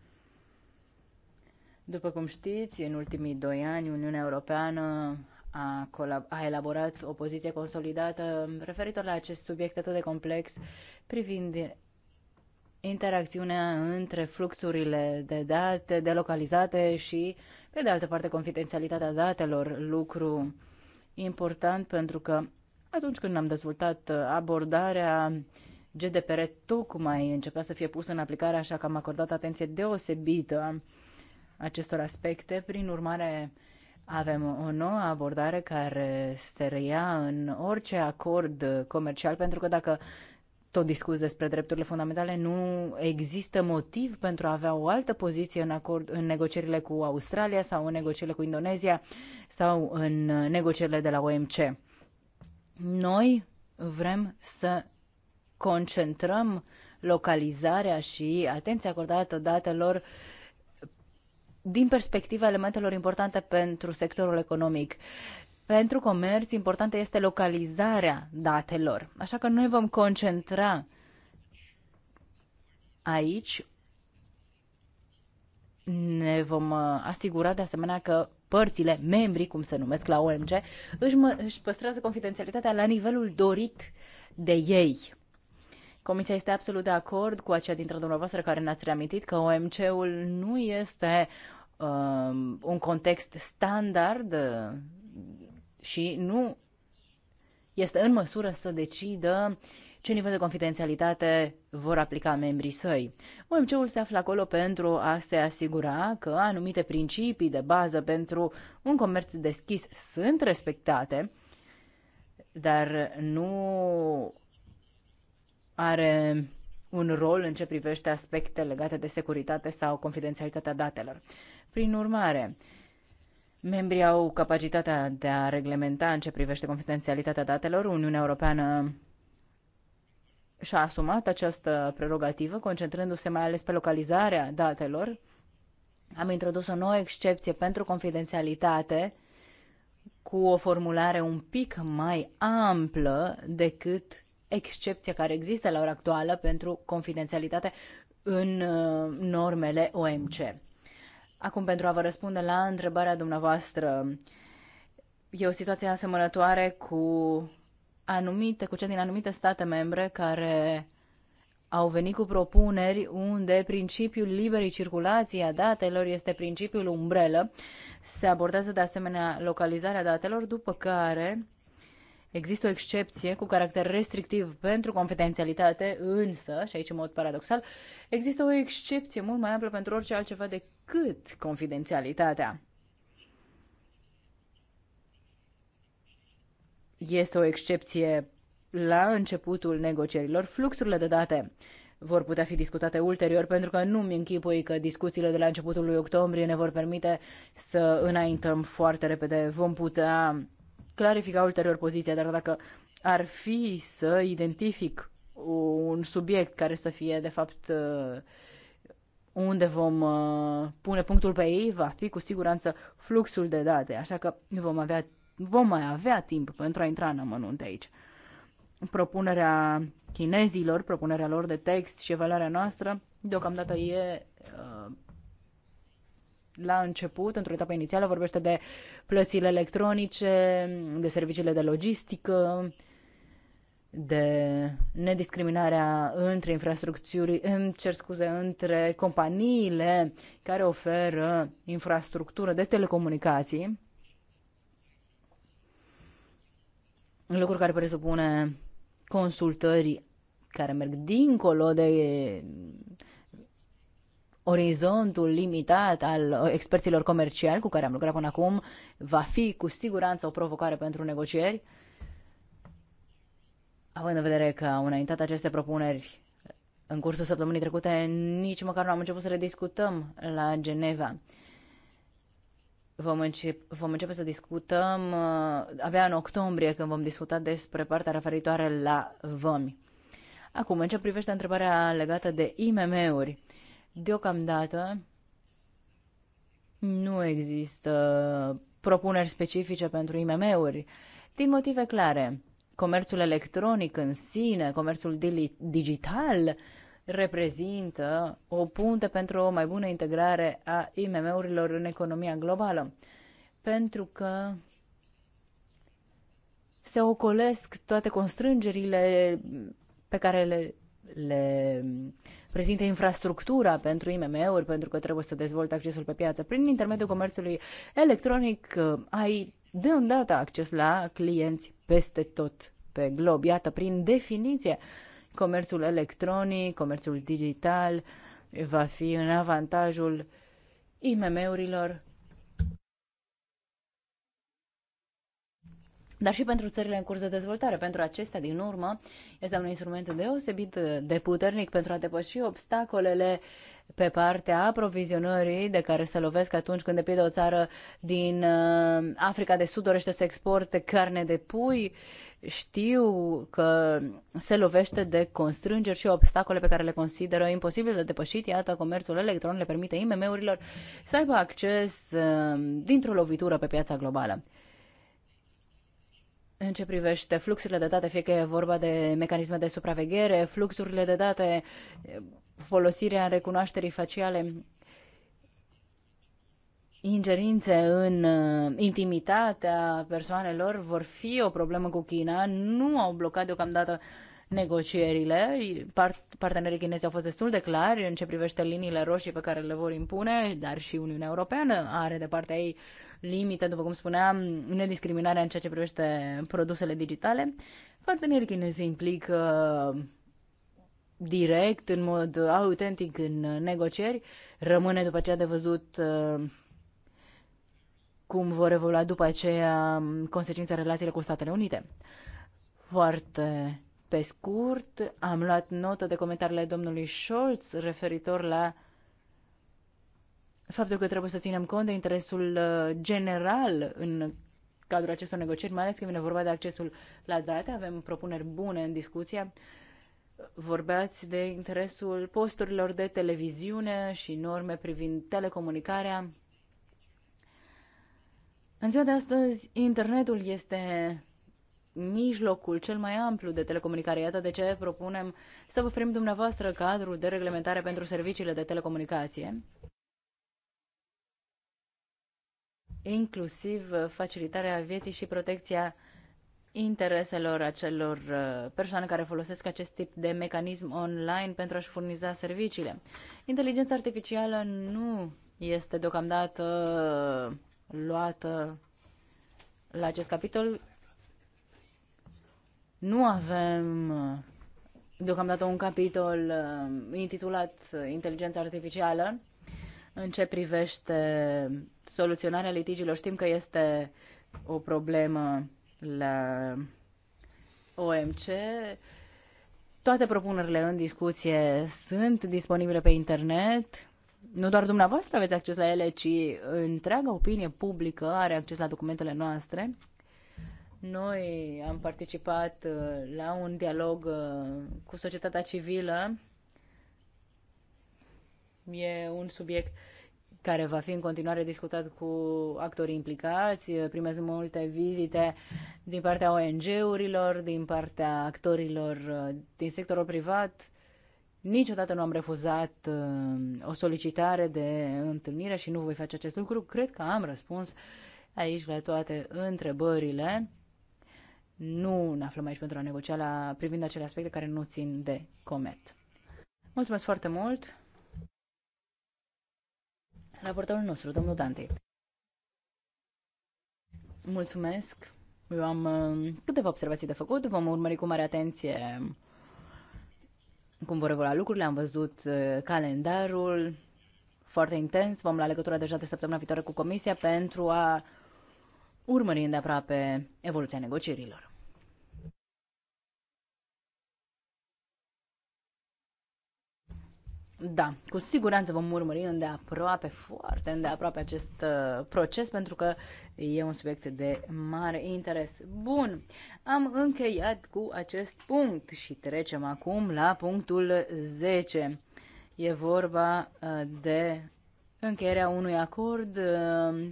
După cum știți, în ultimii doi ani, Uniunea Europeană a, a elaborat o poziție consolidată referitor la acest subiect atât de complex privind interacțiunea între fluxurile de date delocalizate și, pe de altă parte, confidențialitatea datelor, lucru important pentru că atunci când am dezvoltat abordarea GDPR tocmai începea să fie pus în aplicare, așa că am acordat atenție deosebită acestor aspecte. Prin urmare, avem o nouă abordare care se reia în orice acord comercial, pentru că dacă tot discuți despre drepturile fundamentale, nu există motiv pentru a avea o altă poziție în, acord, în negocierile cu Australia sau în negocierile cu Indonezia sau în negocierile de la OMC. Noi vrem să concentrăm localizarea și atenția acordată datelor din perspectiva elementelor importante pentru sectorul economic. Pentru comerț, importantă este localizarea datelor. Așa că noi vom concentra aici. Ne vom uh, asigura de asemenea că părțile, membrii, cum se numesc la OMC, își, mă, își păstrează confidențialitatea la nivelul dorit de ei. Comisia este absolut de acord cu aceea dintre dumneavoastră care ne-ați reamintit că OMC-ul nu este um, un context standard uh, și nu este în măsură să decidă ce nivel de confidențialitate vor aplica membrii săi. OMC-ul se află acolo pentru a se asigura că anumite principii de bază pentru un comerț deschis sunt respectate, dar nu are un rol în ce privește aspecte legate de securitate sau confidențialitatea datelor. Prin urmare, membrii au capacitatea de a reglementa în ce privește confidențialitatea datelor. Uniunea Europeană și-a asumat această prerogativă, concentrându-se mai ales pe localizarea datelor. Am introdus o nouă excepție pentru confidențialitate, cu o formulare un pic mai amplă decât Excepția care există la ora actuală pentru confidențialitate în uh, normele OMC. Acum, pentru a vă răspunde la întrebarea dumneavoastră, e o situație asemănătoare cu anumite, cu cea din anumite state membre care au venit cu propuneri unde principiul liberii circulații a datelor este principiul umbrelă. Se abordează de asemenea localizarea datelor, după care Există o excepție cu caracter restrictiv pentru confidențialitate, însă, și aici în mod paradoxal, există o excepție mult mai amplă pentru orice altceva decât confidențialitatea. Este o excepție la începutul negocierilor fluxurile de date vor putea fi discutate ulterior, pentru că nu-mi închipui că discuțiile de la începutul lui octombrie ne vor permite să înaintăm foarte repede. Vom putea clarifica ulterior poziția, dar dacă ar fi să identific un subiect care să fie, de fapt, uh, unde vom uh, pune punctul pe ei, va fi cu siguranță fluxul de date, așa că vom, avea, vom mai avea timp pentru a intra în amănunte aici. Propunerea chinezilor, propunerea lor de text și evaluarea noastră, deocamdată e uh, la început, într-o etapă inițială, vorbește de plățile electronice, de serviciile de logistică, de nediscriminarea între infrastructuri, îmi cer scuze, între companiile care oferă infrastructură de telecomunicații, lucruri care presupune consultări care merg dincolo de orizontul limitat al uh, experților comerciali cu care am lucrat până acum va fi cu siguranță o provocare pentru negocieri. Având în vedere că au înaintat aceste propuneri în cursul săptămânii trecute, nici măcar nu am început să le discutăm la Geneva. Vom, începe, vom începe să discutăm uh, abia în octombrie, când vom discuta despre partea referitoare la vămi. Acum, în ce privește întrebarea legată de IMM-uri, uh, Deocamdată nu există propuneri specifice pentru IMM-uri, din motive clare. Comerțul electronic în sine, comerțul digital, reprezintă o punte pentru o mai bună integrare a IMM-urilor în economia globală. Pentru că se ocolesc toate constrângerile pe care le le prezinte infrastructura pentru IMM-uri, pentru că trebuie să dezvolte accesul pe piață. Prin intermediul comerțului electronic uh, ai de îndată acces la clienți peste tot pe glob. Iată, prin definiție, comerțul electronic, comerțul digital va fi în avantajul IMM-urilor dar și pentru țările în curs de dezvoltare. Pentru acestea, din urmă, este un instrument deosebit de puternic pentru a depăși obstacolele pe partea aprovizionării de care se lovesc atunci când, depinde o țară din uh, Africa de Sud dorește să exporte carne de pui. Știu că se lovește de constrângeri și obstacole pe care le consideră imposibil de depășit. Iată, comerțul electron le permite IMM-urilor să aibă acces uh, dintr-o lovitură pe piața globală. În ce privește fluxurile de date, fie că e vorba de mecanisme de supraveghere, fluxurile de date, folosirea recunoașterii faciale, ingerințe în uh, intimitatea persoanelor vor fi o problemă cu China. Nu au blocat deocamdată negocierile. Partenerii chinezi au fost destul de clari în ce privește liniile roșii pe care le vor impune, dar și Uniunea Europeană are de partea ei uh, limite, după cum spuneam, nediscriminarea în ceea ce privește produsele digitale. Partenerii chinezi se implică uh, direct, în mod autentic în negocieri. Rămâne după aceea de văzut uh, cum vor evolua după aceea um, consecința relațiilor cu Statele Unite. Foarte pe scurt, am luat notă de comentariile domnului Scholz referitor la faptul că trebuie să ținem cont de interesul uh, general în cadrul acestor negocieri, mai ales când vine vorba de accesul la date, avem propuneri bune în discuție. Vorbeați de interesul posturilor de televiziune și norme privind telecomunicarea. În ziua de astăzi, internetul este mijlocul cel mai amplu de telecomunicare. Iată de ce propunem să vă oferim dumneavoastră cadrul de reglementare pentru serviciile de telecomunicație inclusiv uh, facilitarea vieții și protecția intereselor acelor uh, persoane care folosesc acest tip de mecanism online pentru a-și furniza serviciile. Inteligența artificială nu este deocamdată uh, luată la acest capitol. Nu avem deocamdată un capitol intitulat Inteligența artificială. În ce privește soluționarea litigiilor, știm că este o problemă la OMC. Toate propunerile în discuție sunt disponibile pe internet. Nu doar dumneavoastră aveți acces la ele, ci întreaga opinie publică are acces la documentele noastre. Noi am participat uh, la un dialog uh, cu societatea civilă E un subiect care va fi în continuare discutat cu actorii implicați. Primez multe vizite din partea ONG-urilor, din partea actorilor uh, din sectorul privat. Niciodată nu am refuzat uh, o solicitare de întâlnire și nu voi face acest lucru. Cred că am răspuns aici la toate întrebările. Nu ne aflăm aici pentru a negocia la, privind acele aspecte care nu țin de comerț. Mulțumesc foarte mult! raportorul nostru, domnul Dante. Mulțumesc. Eu am uh, câteva observații de făcut. Vom urmări cu mare atenție cum vor evolua lucrurile. Am văzut uh, calendarul foarte intens. Vom la legătura deja de săptămâna viitoare cu Comisia pentru a urmări îndeaproape evoluția negocierilor. Da, cu siguranță vom urmări îndeaproape, foarte îndeaproape acest uh, proces, pentru că e un subiect de mare interes. Bun, am încheiat cu acest punct și trecem acum la punctul 10. E vorba uh, de încheierea unui acord uh,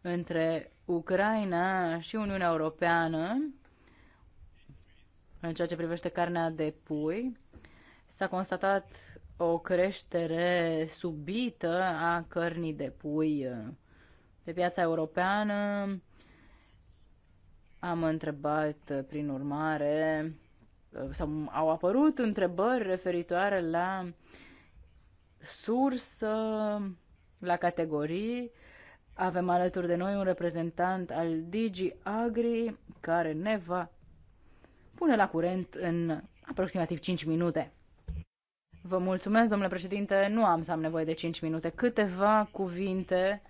între Ucraina și Uniunea Europeană în ceea ce privește carnea de pui. S-a constatat o creștere subită a cărnii de pui uh, pe piața europeană. Am întrebat, uh, prin urmare, uh, sau au apărut întrebări referitoare la sursă, la categorii. Avem alături de noi un reprezentant al Digi Agri care ne va pune la curent în aproximativ 5 minute. Vă mulțumesc, domnule președinte, nu am să am nevoie de 5 minute. Câteva cuvinte.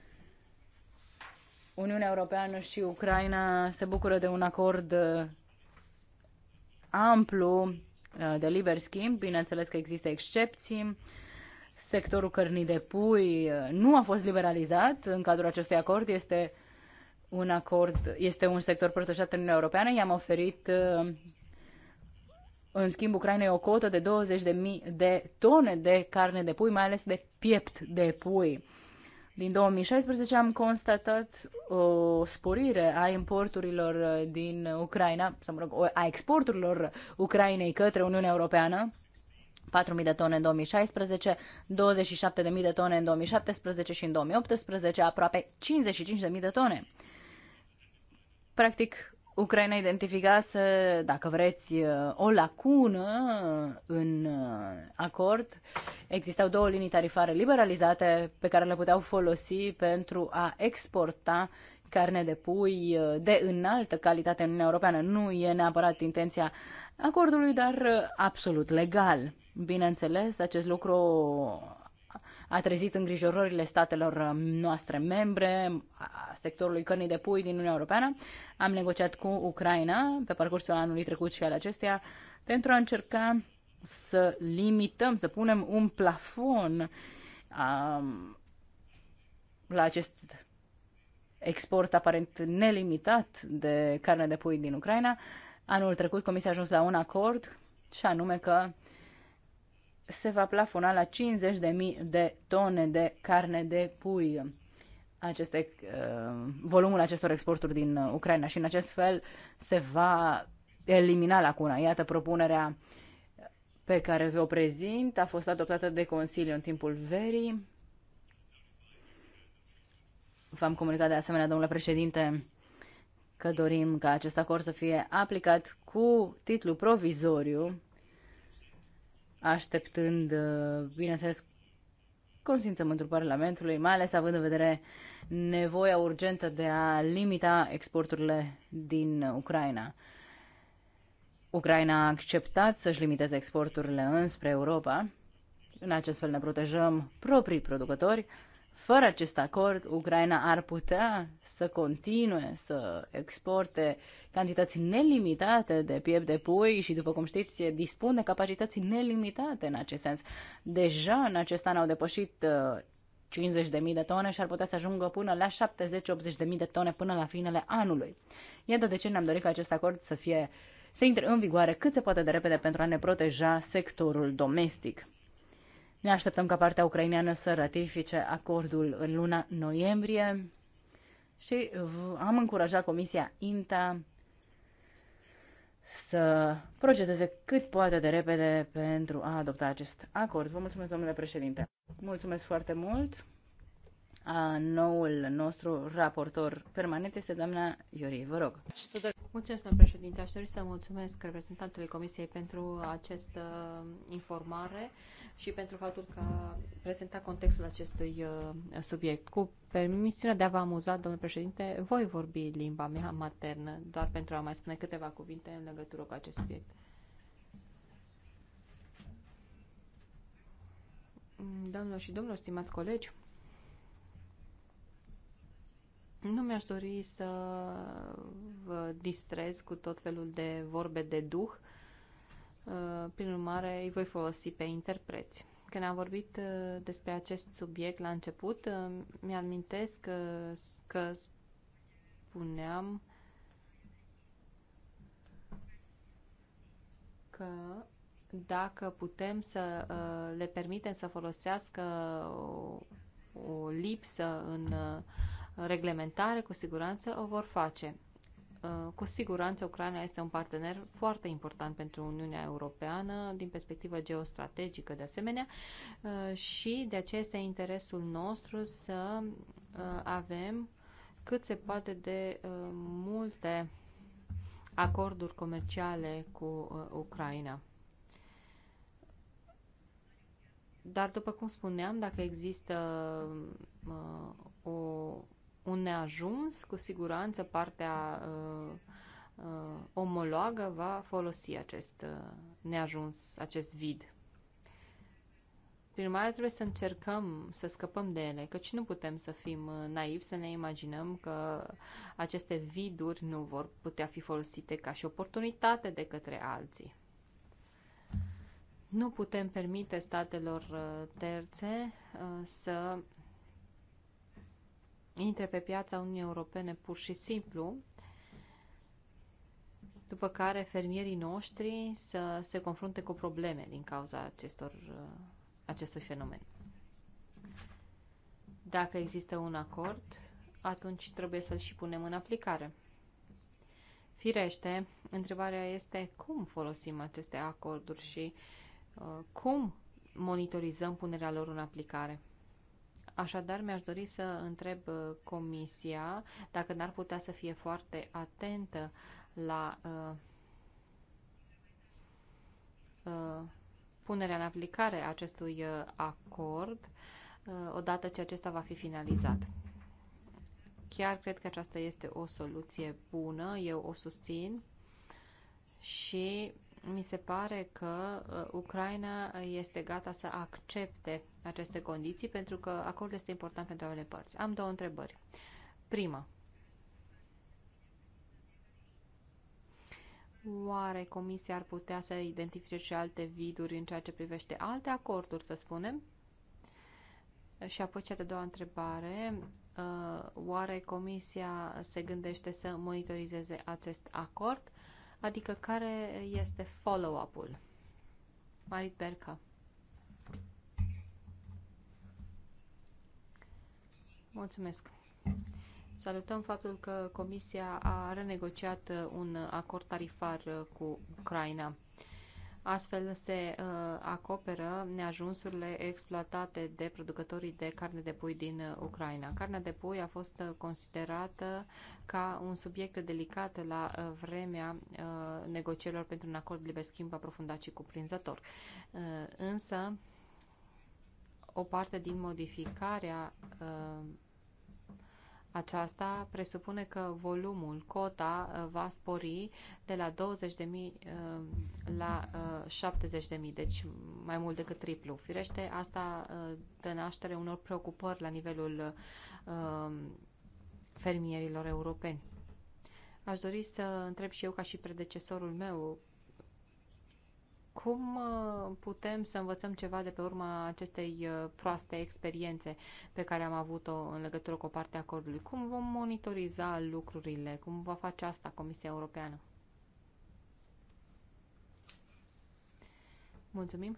Uniunea Europeană și Ucraina se bucură de un acord uh, amplu uh, de liber schimb, bineînțeles că există excepții. Sectorul cărnii de pui uh, nu a fost liberalizat în cadrul acestui acord, este un acord, este un sector protejat în Uniunea Europeană. I-am oferit în schimb, Ucraina e o cotă de 20.000 de tone de carne de pui, mai ales de piept de pui. Din 2016 am constatat o uh, sporire a importurilor uh, din Ucraina, să mă rog, a exporturilor Ucrainei către Uniunea Europeană. 4.000 de tone în 2016, 27.000 de tone în 2017 și în 2018, aproape 55.000 de tone. Practic, Ucraina identificase, dacă vreți, o lacună în acord. Existau două linii tarifare liberalizate pe care le puteau folosi pentru a exporta carne de pui de înaltă calitate în Uniunea Europeană. Nu e neapărat intenția acordului, dar absolut legal. Bineînțeles, acest lucru a trezit îngrijorările statelor uh, noastre membre, a sectorului cărnii de pui din Uniunea Europeană. Am negociat cu Ucraina pe parcursul anului trecut și al acestuia pentru a încerca să limităm, să punem un plafon um, la acest export aparent nelimitat de carne de pui din Ucraina. Anul trecut Comisia a ajuns la un acord și anume că se va plafona la 50.000 de tone de carne de pui. Aceste, uh, volumul acestor exporturi din uh, Ucraina și în acest fel se va elimina lacuna. Iată propunerea pe care vă o prezint, a fost adoptată de Consiliu în timpul verii. V-am comunicat de asemenea, domnule președinte, că dorim ca acest acord să fie aplicat cu titlu provizoriu așteptând, uh, bineînțeles, consimțământul Parlamentului, mai ales având în vedere nevoia urgentă de a limita exporturile din Ucraina. Ucraina a acceptat să-și limiteze exporturile înspre Europa. În acest fel ne protejăm proprii producători, fără acest acord, Ucraina ar putea să continue să exporte cantități nelimitate de piept de pui și, după cum știți, dispune capacități nelimitate în acest sens. Deja în acest an au depășit 50.000 uh, de tone și ar putea să ajungă până la 70-80.000 de tone până la finele anului. Iată de ce ne-am dorit ca acest acord să fie să intre în vigoare cât se poate de repede pentru a ne proteja sectorul domestic. Ne așteptăm ca partea ucraineană să ratifice acordul în luna noiembrie și am încurajat Comisia INTA să procedeze cât poate de repede pentru a adopta acest acord. Vă mulțumesc, domnule președinte. Mulțumesc foarte mult a noul nostru raportor permanent este doamna Iorie. Vă rog. Mulțumesc, domnul președinte. Aș dori să mulțumesc reprezentantului Comisiei pentru această uh, informare și pentru faptul că a prezentat contextul acestui uh, subiect. Cu permisiunea de a vă amuza, domnule președinte, voi vorbi limba mea maternă, doar pentru a mai spune câteva cuvinte în legătură cu acest subiect. Doamnelor și domnilor, stimați colegi, nu mi-aș dori să vă distrez cu tot felul de vorbe de duh. Uh, prin urmare, îi voi folosi pe interpreți. Când am vorbit uh, despre acest subiect la început, uh, mi-amintesc că, că spuneam că dacă putem să le permitem să folosească o, o lipsă în reglementare, cu siguranță o vor face. Uh, cu siguranță Ucraina este un partener foarte important pentru Uniunea Europeană din perspectivă geostrategică de asemenea uh, și de aceea este interesul nostru să uh, avem cât se poate de multe acorduri comerciale cu Ucraina. Dar, după cum spuneam, dacă există o un neajuns, cu siguranță partea uh, uh, omologă va folosi acest uh, neajuns, acest vid. Prin urmare, trebuie să încercăm să scăpăm de ele, căci nu putem să fim uh, naivi, să ne imaginăm că aceste viduri nu vor putea fi folosite ca și oportunitate de către alții. Nu putem permite statelor uh, terțe uh, să intre pe piața Uniunii Europene pur și simplu, după care fermierii noștri să se confrunte cu probleme din cauza acestor, acestui fenomen. Dacă există un acord, atunci trebuie să-l și punem în aplicare. Firește, întrebarea este cum folosim aceste acorduri și uh, cum monitorizăm punerea lor în aplicare. Așadar, mi-aș dori să întreb uh, Comisia dacă n-ar putea să fie foarte atentă la uh, uh, punerea în aplicare acestui acestui uh, acord uh, odată ce acesta va fi finalizat. Chiar cred că aceasta este o soluție bună, eu o susțin și mi se pare că uh, Ucraina este gata să accepte aceste condiții pentru că acordul este important pentru ambele părți. Am două întrebări. Prima. Oare Comisia ar putea să identifice și alte viduri în ceea ce privește alte acorduri, să spunem? Și apoi cea de doua întrebare, uh, oare Comisia se gândește să monitorizeze acest acord? Adică care este follow-up-ul? Marit Berca. Mulțumesc. Salutăm faptul că Comisia a renegociat un acord tarifar cu Ucraina. Astfel se uh, acoperă neajunsurile exploatate de producătorii de carne de pui din uh, Ucraina. Carnea de pui a fost uh, considerată ca un subiect delicat la uh, vremea uh, negocierilor pentru un acord de liber schimb aprofundat și cuprinzător. Uh, însă, o parte din modificarea uh, aceasta presupune că volumul, cota, uh, va spori de la 20.000 uh, la 70.000, uh, deci mai mult decât triplu. Firește, asta dă naștere unor preocupări la nivelul fermierilor europeni. Aș dori să întreb și eu, ca și predecesorul meu, cum uh, putem să învățăm ceva de pe urma acestei uh, proaste experiențe pe care am avut-o în legătură cu o parte a acordului? Cum vom monitoriza lucrurile? Cum va face asta Comisia Europeană? Mulțumim.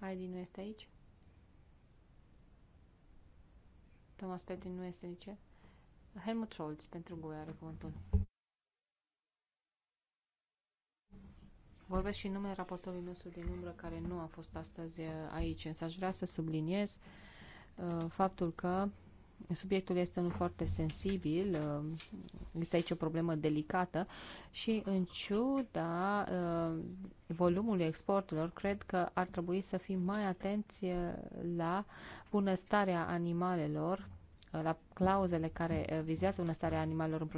Heidi nu este aici. Thomas Petri nu este nici. Helmut Scholz pentru GUE are cuvântul. Vorbesc și în numele raportorului nostru din umbră, care nu a fost astăzi uh, aici, însă aș vrea să subliniez uh, faptul că subiectul este unul foarte sensibil, uh, este aici o problemă delicată și în ciuda uh, volumului exporturilor, cred că ar trebui să fim mai atenți uh, la bunăstarea animalelor, uh, la clauzele care vizează bunăstarea animalelor în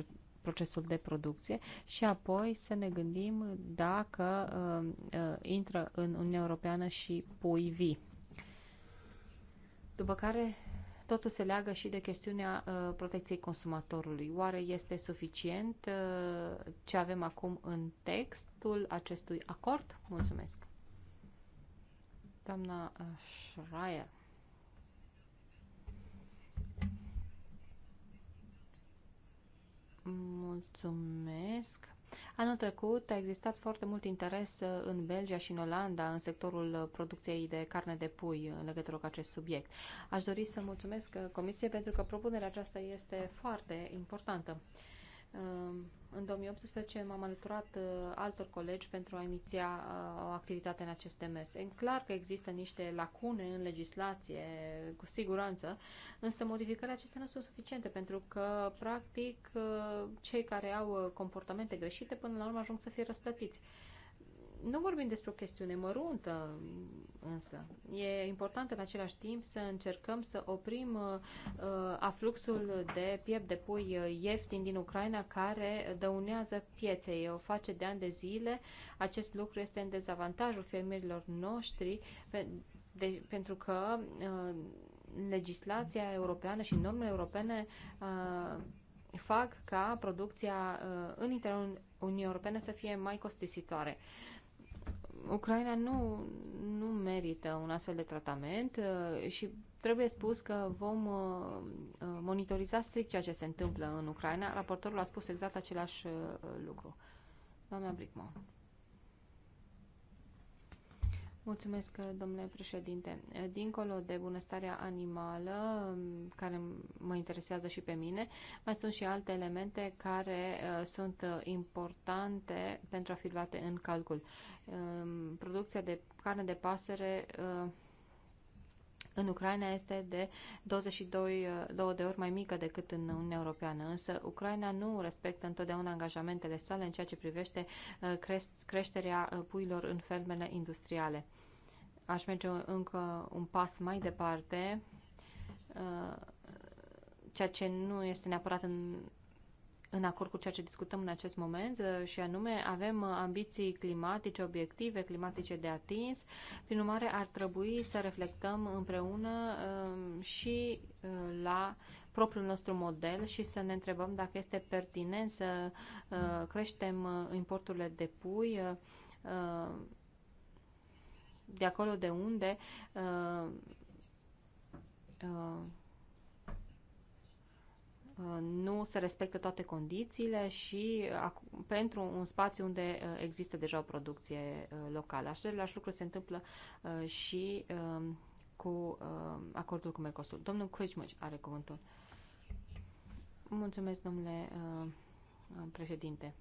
procesul de producție și apoi să ne gândim dacă uh, uh, intră în Uniunea Europeană și pui vii. După care totul se leagă și de chestiunea uh, protecției consumatorului. Oare este suficient uh, ce avem acum în textul acestui acord? Mulțumesc. Doamna uh, Schreier. Mulțumesc. Anul trecut a existat foarte mult interes în Belgia și în Olanda în sectorul producției de carne de pui în legătură cu acest subiect. Aș dori să mulțumesc Comisiei pentru că propunerea aceasta este foarte importantă. În 2018 m-am alăturat uh, altor colegi pentru a iniția uh, o activitate în acest demers. E clar că există niște lacune în legislație, cu siguranță, însă modificările acestea nu sunt suficiente pentru că, practic, uh, cei care au comportamente greșite până la urmă ajung să fie răsplătiți nu vorbim despre o chestiune măruntă, însă. E important în același timp să încercăm să oprim uh, uh afluxul de piept de pui uh, ieftin din Ucraina care dăunează pieței. O face de ani de zile. Acest lucru este în dezavantajul fermierilor noștri pe, de, pentru că uh, legislația europeană și normele europene uh, fac ca producția uh, în interiorul Uniunii Europene să fie mai costisitoare. Uh, Ucraina nu, nu merită un astfel de tratament uh, și trebuie spus că vom uh, uh, monitoriza strict ceea ce se întâmplă în Ucraina. Raportorul a spus exact același lucru. Doamna Brickman. Mulțumesc, domnule președinte. Dincolo de bunăstarea animală, care mă interesează și pe mine, mai sunt și alte elemente care uh, sunt importante pentru a fi luate în calcul. Um, producția de carne de pasăre uh, în Ucraina este de 22 2 uh, de ori mai mică decât în Uniunea Europeană, însă Ucraina nu respectă întotdeauna angajamentele sale în ceea ce privește creșterea puilor în fermele industriale aș merge încă un pas mai departe, uh, ceea ce nu este neapărat în, în acord cu ceea ce discutăm în acest moment uh, și anume avem ambiții climatice, obiective climatice de atins, prin urmare ar trebui să reflectăm împreună uh, și la propriul nostru model și să ne întrebăm dacă este pertinent să creștem importurile de pui de acolo de unde uh, uh, uh, nu se respectă toate condițiile și pentru un spațiu unde există deja o producție locală. Același lucru se întâmplă și um, cu acordul cu Mercosul. Domnul Cuișmăci are cuvântul. Mulțumesc, domnule președinte.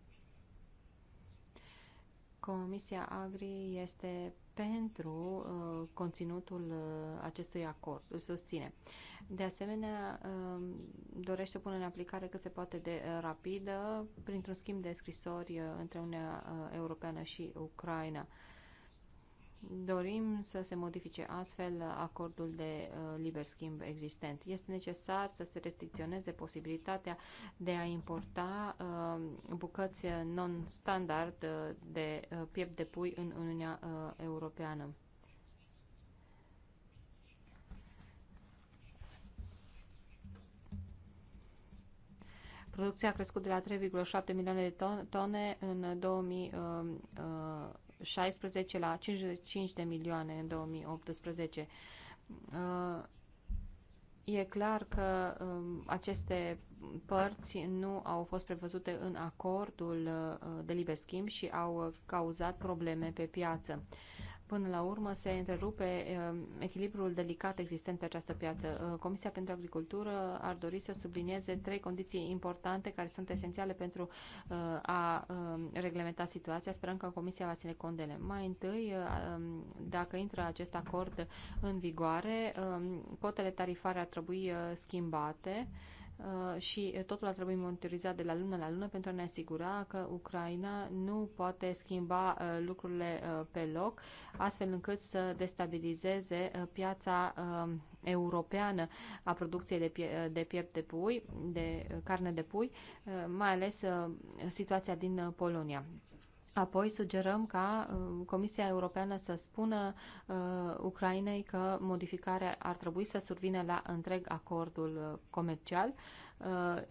Comisia Agri este pentru uh, conținutul uh, acestui acord, susține. De asemenea, uh, dorește pune în aplicare cât se poate de uh, rapidă printr-un schimb de scrisori uh, între Uniunea uh, Europeană și Ucraina. Uh, dorim să se modifice astfel acordul de uh, liber schimb existent. Este necesar să se restricționeze posibilitatea de a importa uh, bucăți non-standard uh, de uh, piept de pui în Uniunea uh, Europeană. Producția a crescut de la 3,7 milioane de tone în 2000. Uh, uh, 16 la 55 de milioane în 2018. Uh, e clar că um, aceste părți nu au fost prevăzute în acordul uh, de liber schimb și au cauzat probleme pe piață până la urmă se întrerupe um, echilibrul delicat existent pe această piață. Uh, Comisia pentru Agricultură ar dori să sublinieze trei condiții importante care sunt esențiale pentru uh, a um, reglementa situația. Sperăm că Comisia va ține cont de ele. Mai întâi, uh, um, dacă intră acest acord în vigoare, cotele tarifare ar trebui schimbate Uh, și totul a trebuit monitorizat de la lună la lună pentru a ne asigura că Ucraina nu poate schimba uh, lucrurile uh, pe loc, astfel încât să destabilizeze piața um, europeană a producției de, pie- de piept de pui, de carne de pui, mai ales situația din Polonia. Apoi sugerăm ca uh, Comisia Europeană să spună uh, Ucrainei că modificarea ar trebui să survină la întreg acordul uh, comercial. Uh,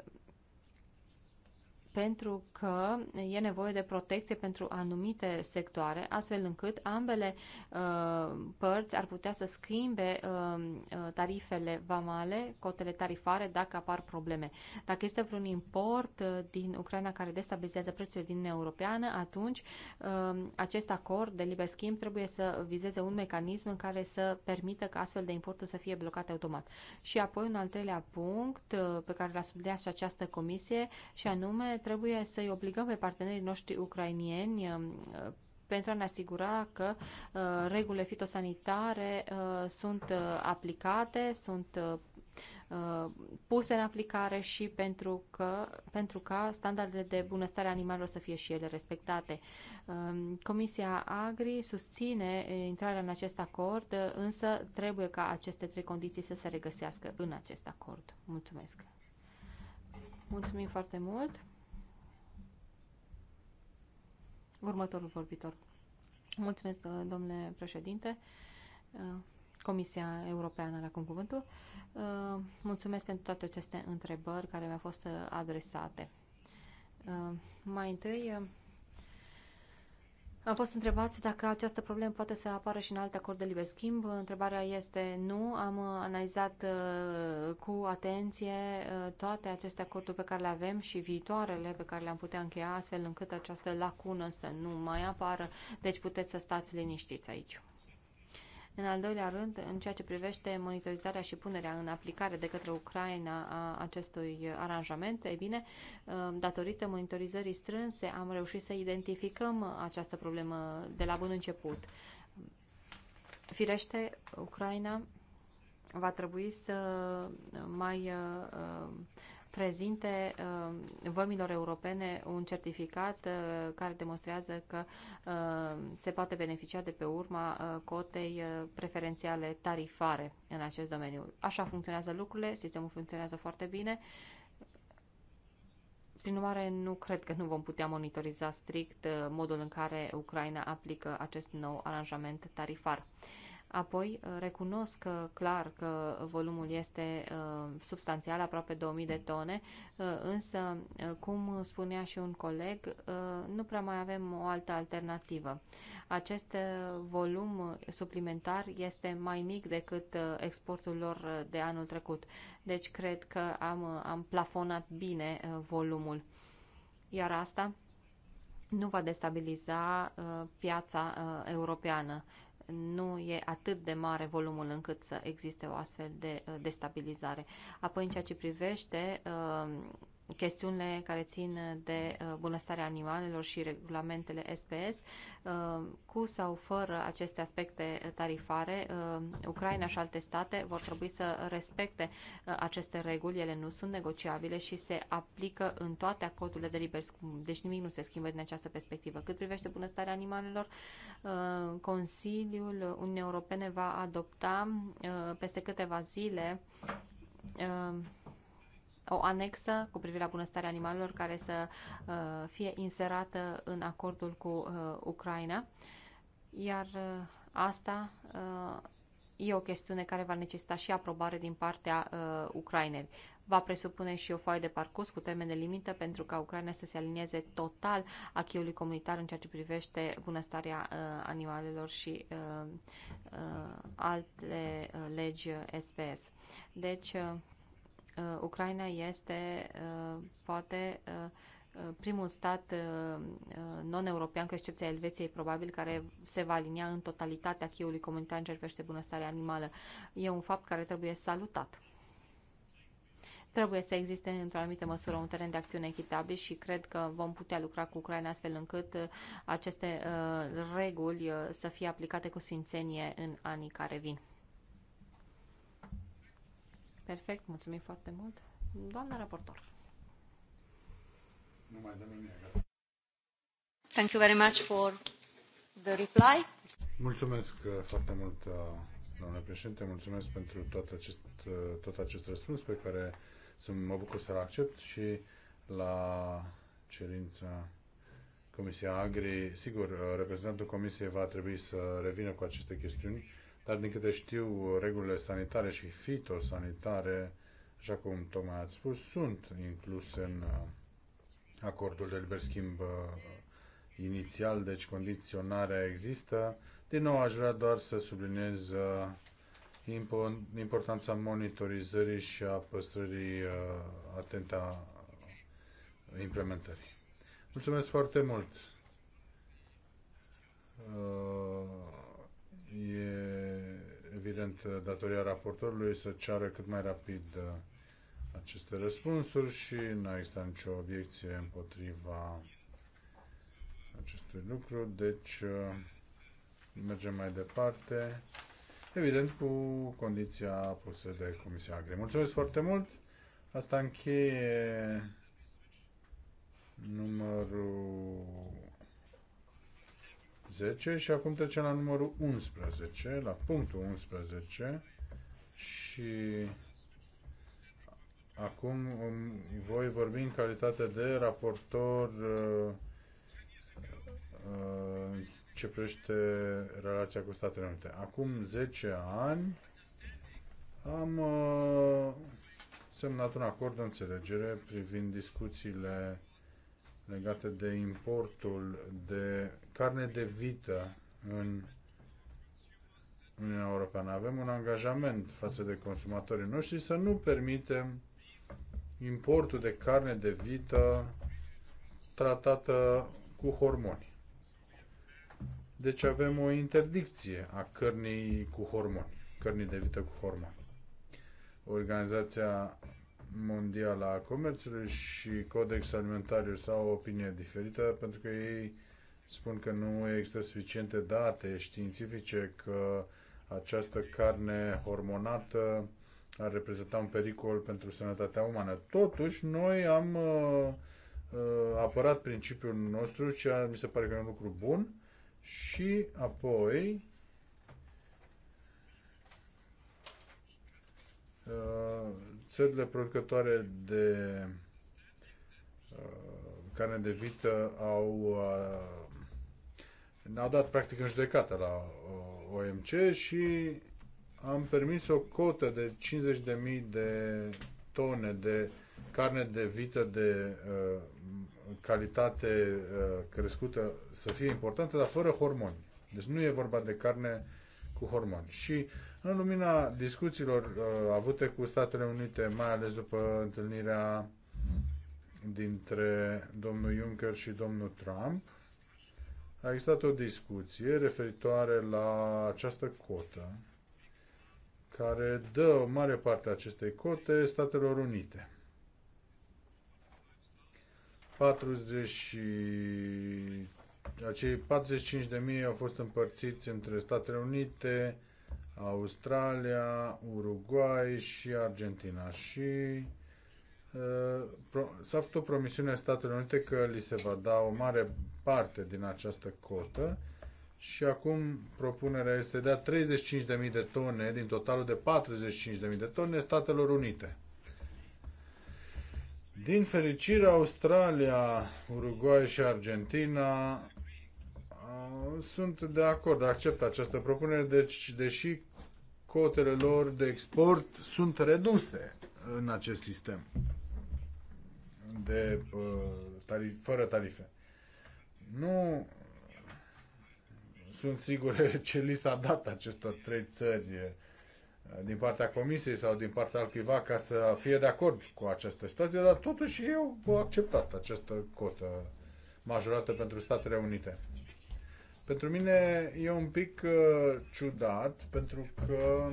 pentru că e nevoie de protecție pentru anumite sectoare, astfel încât ambele uh, părți ar putea să schimbe uh, uh tarifele vamale, cotele tarifare, dacă apar probleme. Dacă este vreun import uh, din Ucraina care destabilizează prețurile din Europeană, atunci uh, acest acord de liber schimb trebuie să vizeze un mecanism în care să permită ca astfel de importuri să fie blocate automat. Și apoi un al treilea punct uh, pe care l-a subliniat și această comisie și anume trebuie să-i obligăm pe partenerii noștri ucrainieni um, pentru a ne asigura că uh, regulile fitosanitare uh, sunt uh, aplicate, sunt puse în aplicare și pentru, că, pentru ca standardele de bunăstare animalelor să fie și ele respectate. Um, Comisia Agri susține intrarea în acest acord, însă trebuie ca aceste trei condiții să se regăsească în acest acord. Mulțumesc! Mulțumim foarte mult! Următorul vorbitor. Mulțumesc, uh, domnule președinte. Uh, Comisia Europeană are acum cuvântul. Uh, mulțumesc pentru toate aceste întrebări care mi-au fost adresate. Mai întâi, am fost întrebați dacă această problemă poate să apară și în alte acord de liber schimb. Întrebarea este nu. Am uh, analizat uh, cu atenție uh, toate aceste acorduri pe care le avem și viitoarele pe care le-am putea încheia, astfel încât această lacună să nu mai apară. Deci puteți să stați liniștiți aici. În al doilea rând, în ceea ce privește monitorizarea și punerea în aplicare de către Ucraina a acestui aranjament, e bine, um, datorită monitorizării strânse am reușit să identificăm această problemă de la bun început. Firește, Ucraina va trebui să mai uh, um, prezinte uh, vămilor europene un certificat uh, care demonstrează că uh, se poate beneficia de pe urma cotei preferențiale tarifare în acest domeniu. Așa funcționează lucrurile, sistemul funcționează foarte bine. Prin urmare, nu cred că nu vom putea monitoriza strict modul în care Ucraina aplică acest nou aranjament tarifar. Apoi, uh, recunosc uh, clar că volumul este uh, substanțial, aproape 2000 de tone, însă, cum spunea și un coleg, nu prea mai avem o altă alternativă. Acest volum suplimentar este mai mic decât exportul lor de anul trecut, deci cred că am, am plafonat bine volumul. Iar asta nu va destabiliza piața europeană nu e atât de mare volumul încât să existe o astfel de uh, destabilizare. Apoi, în ceea ce privește uh, chestiunile care țin de uh, bunăstarea animalelor și regulamentele SPS, uh, cu sau fără aceste aspecte tarifare, uh, Ucraina și alte state vor trebui să respecte aceste reguli, ele nu sunt negociabile și se aplică în toate acordurile de liber schimb, deci nimic nu se schimbă din această perspectivă. Cât privește bunăstarea animalelor, Consiliul Uniunii Europene va adopta peste câteva zile o anexă cu privire la bunăstarea animalelor care să uh, fie inserată în acordul cu uh, Ucraina, iar uh, asta e o chestiune care va necesita și aprobare din partea uh, Ucrainei. Va presupune și o foaie de parcurs cu termen de limită pentru ca Ucraina să se alinieze total achiului comunitar în ceea ce privește bunăstarea uh, animalelor și uh, uh, alte uh, legi SPS. Deci, uh, Uh, Ucraina este uh, poate uh, primul stat non-european, cu excepția Elveției, probabil, care se va alinia în totalitate acquis comunitar în ceea ce privește bunăstarea animală. E un fapt care trebuie salutat trebuie să existe într-o anumită măsură un teren de acțiune echitabil și cred că vom putea lucra cu Ucraina astfel încât aceste uh, reguli să fie aplicate cu sfințenie în anii care vin. Perfect, mulțumim foarte mult. Doamna raportor. Thank you very much for the reply. Mulțumesc uh, foarte mult, uh, doamna președinte, mulțumesc pentru tot acest, uh, tot acest răspuns pe care sunt, mă bucur să-l accept și la cerința Comisia Agri. Sigur, reprezentantul Comisiei va trebui să revină cu aceste chestiuni dar din câte știu, regulile sanitare și fitosanitare, așa cum tocmai ați spus, sunt incluse în uh, acordul de liber schimb uh, inițial, deci condiționarea există. Din nou, aș vrea doar să subliniez uh, importanța monitorizării și a păstrării atenta implementării. Mulțumesc foarte mult! E evident, datoria raportorului să ceară cât mai rapid uh, aceste răspunsuri și nu a existat nicio obiecție împotriva acestui lucru, deci uh, mergem mai departe, evident cu condiția pusă de Comisia Agri. Mulțumesc foarte mult! Asta încheie numărul 10 și acum trecem la numărul 11, la punctul 11 și acum voi vorbi în calitate de raportor uh, uh, ce privește relația cu Statele Unite. Acum 10 ani am uh, semnat un acord de înțelegere privind discuțiile legate de importul de carne de vită în Uniunea Europeană. Avem un angajament față de consumatorii noștri să nu permitem importul de carne de vită tratată cu hormoni. Deci avem o interdicție a cărnii cu hormoni, cărnii de vită cu hormoni. Organizația Mondială a Comerțului și Codex Alimentariu sau o opinie diferită pentru că ei spun că nu există suficiente date științifice că această carne hormonată ar reprezenta un pericol pentru sănătatea umană. Totuși, noi am uh, uh apărat principiul nostru, ceea ce mi se pare că e un lucru bun, și apoi uh, țările producătoare de uh, carne de vită au ne-au uh, dat practic în judecată la uh, OMC și am permis o cotă de 50.000 de tone de carne de vită de uh, calitate uh, crescută să fie importantă, dar fără hormoni. Deci nu e vorba de carne cu hormoni. Și în lumina discuțiilor uh, avute cu Statele Unite, mai ales după întâlnirea dintre domnul Juncker și domnul Trump, a existat o discuție referitoare la această cotă care dă o mare parte a acestei cote Statelor Unite. 40 acei 45.000 au fost împărțiți între Statele Unite, Australia, Uruguay și Argentina. Și uh, s-a făcut o promisiune a Statelor Unite că li se va da o mare parte din această cotă și acum propunerea este de a 35.000 de tone din totalul de 45.000 de tone Statelor Unite. Din fericire, Australia, Uruguay și Argentina sunt de acord, accept această propunere, deci, deși cotele lor de export sunt reduse în acest sistem de uh, tarif, fără tarife. Nu sunt sigur ce li s-a dat acestor trei țări uh, din partea comisiei sau din partea altcuiva ca să fie de acord cu această situație, dar totuși eu au acceptat această cotă majorată pentru Statele Unite. Pentru mine e un pic uh, ciudat, pentru că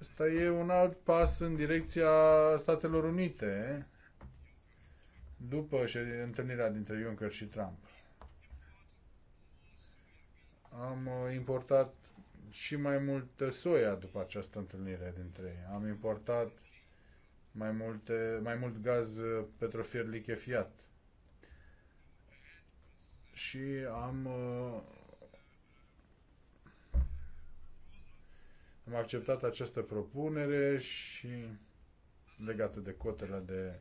ăsta e un alt pas în direcția Statelor Unite după întâlnirea dintre Juncker și Trump. Am uh, importat și mai mult soia după această întâlnire dintre ei. Am importat mai, multe, mai mult gaz uh, petrofier lichefiat și am, uh, am acceptat această propunere și legată de cotele de,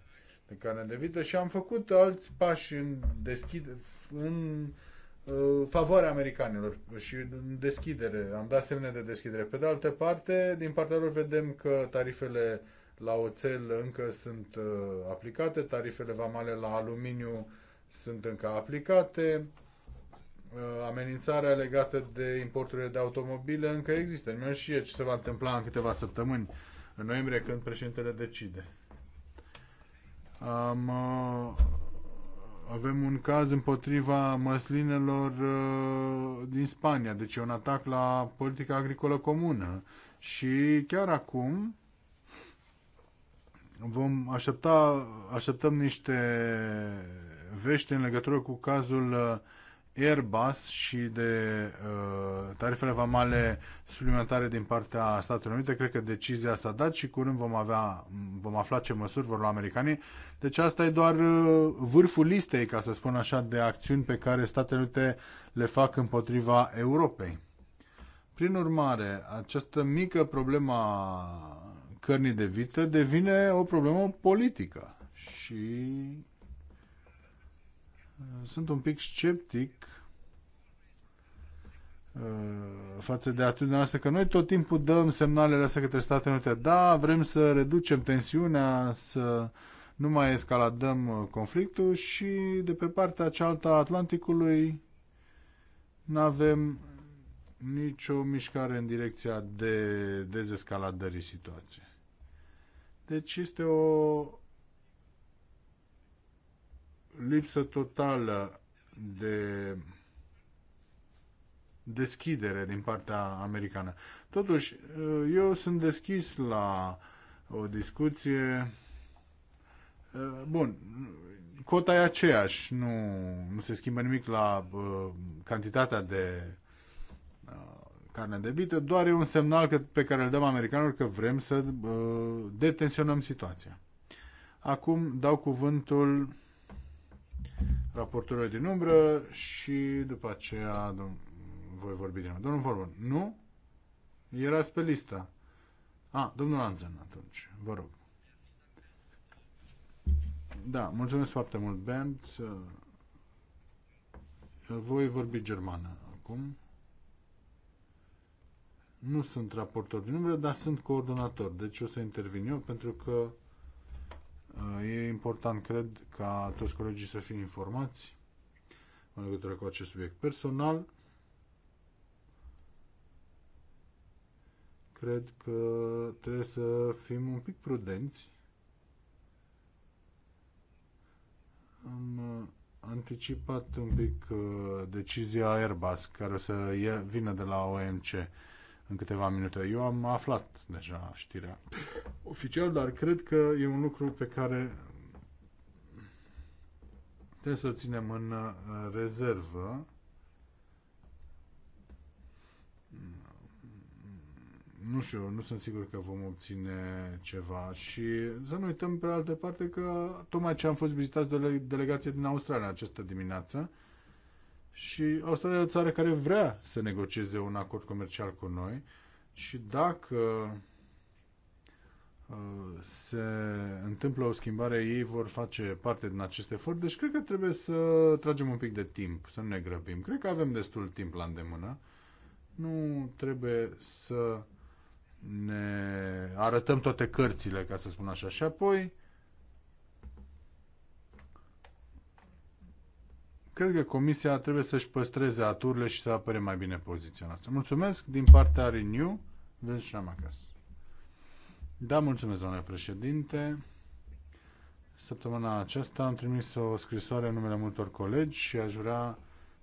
de carne de vită și am făcut alți pași în, deschid, în uh, favoarea americanilor și deschidere, am dat semne de deschidere. Pe de altă parte, din partea lor vedem că tarifele la oțel încă sunt uh, aplicate, tarifele vamale la aluminiu sunt încă aplicate. Uh, amenințarea legată de importurile de automobile încă există. Nu știu ce se va întâmpla în câteva săptămâni, în noiembrie, când președintele decide. Am, uh, avem un caz împotriva măslinelor uh, din Spania, deci e un atac la politica agricolă comună. Și chiar acum vom aștepta, așteptăm niște vești în legătură cu cazul uh, Airbus și de uh, tarifele vamale suplimentare din partea Statelor Unite. Cred că decizia s-a dat și curând vom, avea, vom afla ce măsuri vor lua americanii. Deci asta e doar uh, vârful listei, ca să spun așa, de acțiuni pe care Statele Unite le fac împotriva Europei. Prin urmare, această mică problemă a cărnii de vită devine o problemă politică și sunt un pic sceptic uh, față de atitudinea asta, că noi tot timpul dăm semnalele astea către Statele Unite. Da, vrem să reducem tensiunea, să nu mai escaladăm uh, conflictul și de pe partea cealaltă a Atlanticului nu avem nicio mișcare în direcția de dezescaladării situației. Deci este o lipsă totală de deschidere din partea americană. Totuși, eu sunt deschis la o discuție. Bun, cota e aceeași, nu, nu se schimbă nimic la cantitatea de carne de vită, doar e un semnal că, pe care îl dăm americanilor că vrem să uh, detensionăm situația. Acum dau cuvântul raporturilor din umbră și după aceea voi vorbi din nou. Domnul Vorban, nu? Erați pe lista. A, domnul Anzen atunci, vă rog. Da, mulțumesc foarte mult, Bernd. Voi vorbi germană acum. Nu sunt raportor din umbră, dar sunt coordonator, deci o să intervin eu pentru că E important, cred, ca toți colegii să fie informați în legătură cu acest subiect. Personal, cred că trebuie să fim un pic prudenți. Am uh, anticipat un pic uh, decizia Airbus care o să vină de la OMC în câteva minute. Eu am aflat deja știrea oficial, dar cred că e un lucru pe care trebuie să ținem în uh, rezervă. nu știu, nu sunt sigur că vom obține ceva și să nu uităm pe altă parte că tocmai ce am fost vizitați de o delegație din Australia această dimineață și Australia e o țară care vrea să negocieze un acord comercial cu noi și dacă uh, se întâmplă o schimbare, ei vor face parte din acest efort, deci cred că trebuie să tragem un pic de timp, să nu ne grăbim. Cred că avem destul timp la îndemână. Nu trebuie să ne arătăm toate cărțile, ca să spun așa. Și apoi, Cred că Comisia trebuie să-și păstreze aturile și să apere mai bine poziția noastră. Mulțumesc din partea Renew, am acasă. Da, mulțumesc, doamne președinte. Săptămâna aceasta am trimis o scrisoare în numele multor colegi și aș vrea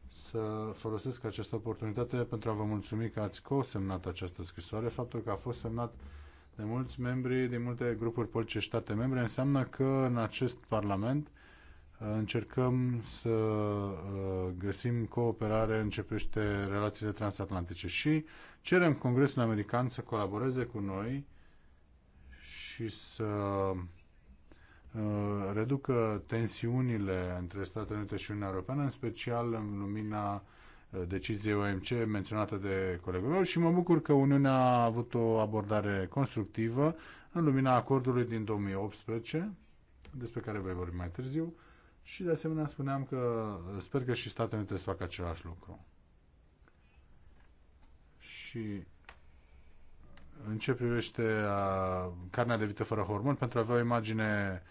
să folosesc această oportunitate pentru a vă mulțumi că ați co-semnat această scrisoare. Faptul că a fost semnat de mulți membri din multe grupuri politice și state membre înseamnă că în acest Parlament încercăm să uh, găsim cooperare în ce privește relațiile transatlantice și cerem Congresul American să colaboreze cu noi și să uh, reducă tensiunile între Statele Unite și Uniunea Europeană, în special în lumina uh, deciziei OMC menționată de colegul meu și mă bucur că Uniunea a avut o abordare constructivă în lumina acordului din 2018, despre care voi vorbi mai târziu, și de asemenea spuneam că sper că și Statele Unite să facă același lucru. Și în ce privește a, carnea de vită fără hormon, pentru a avea o imagine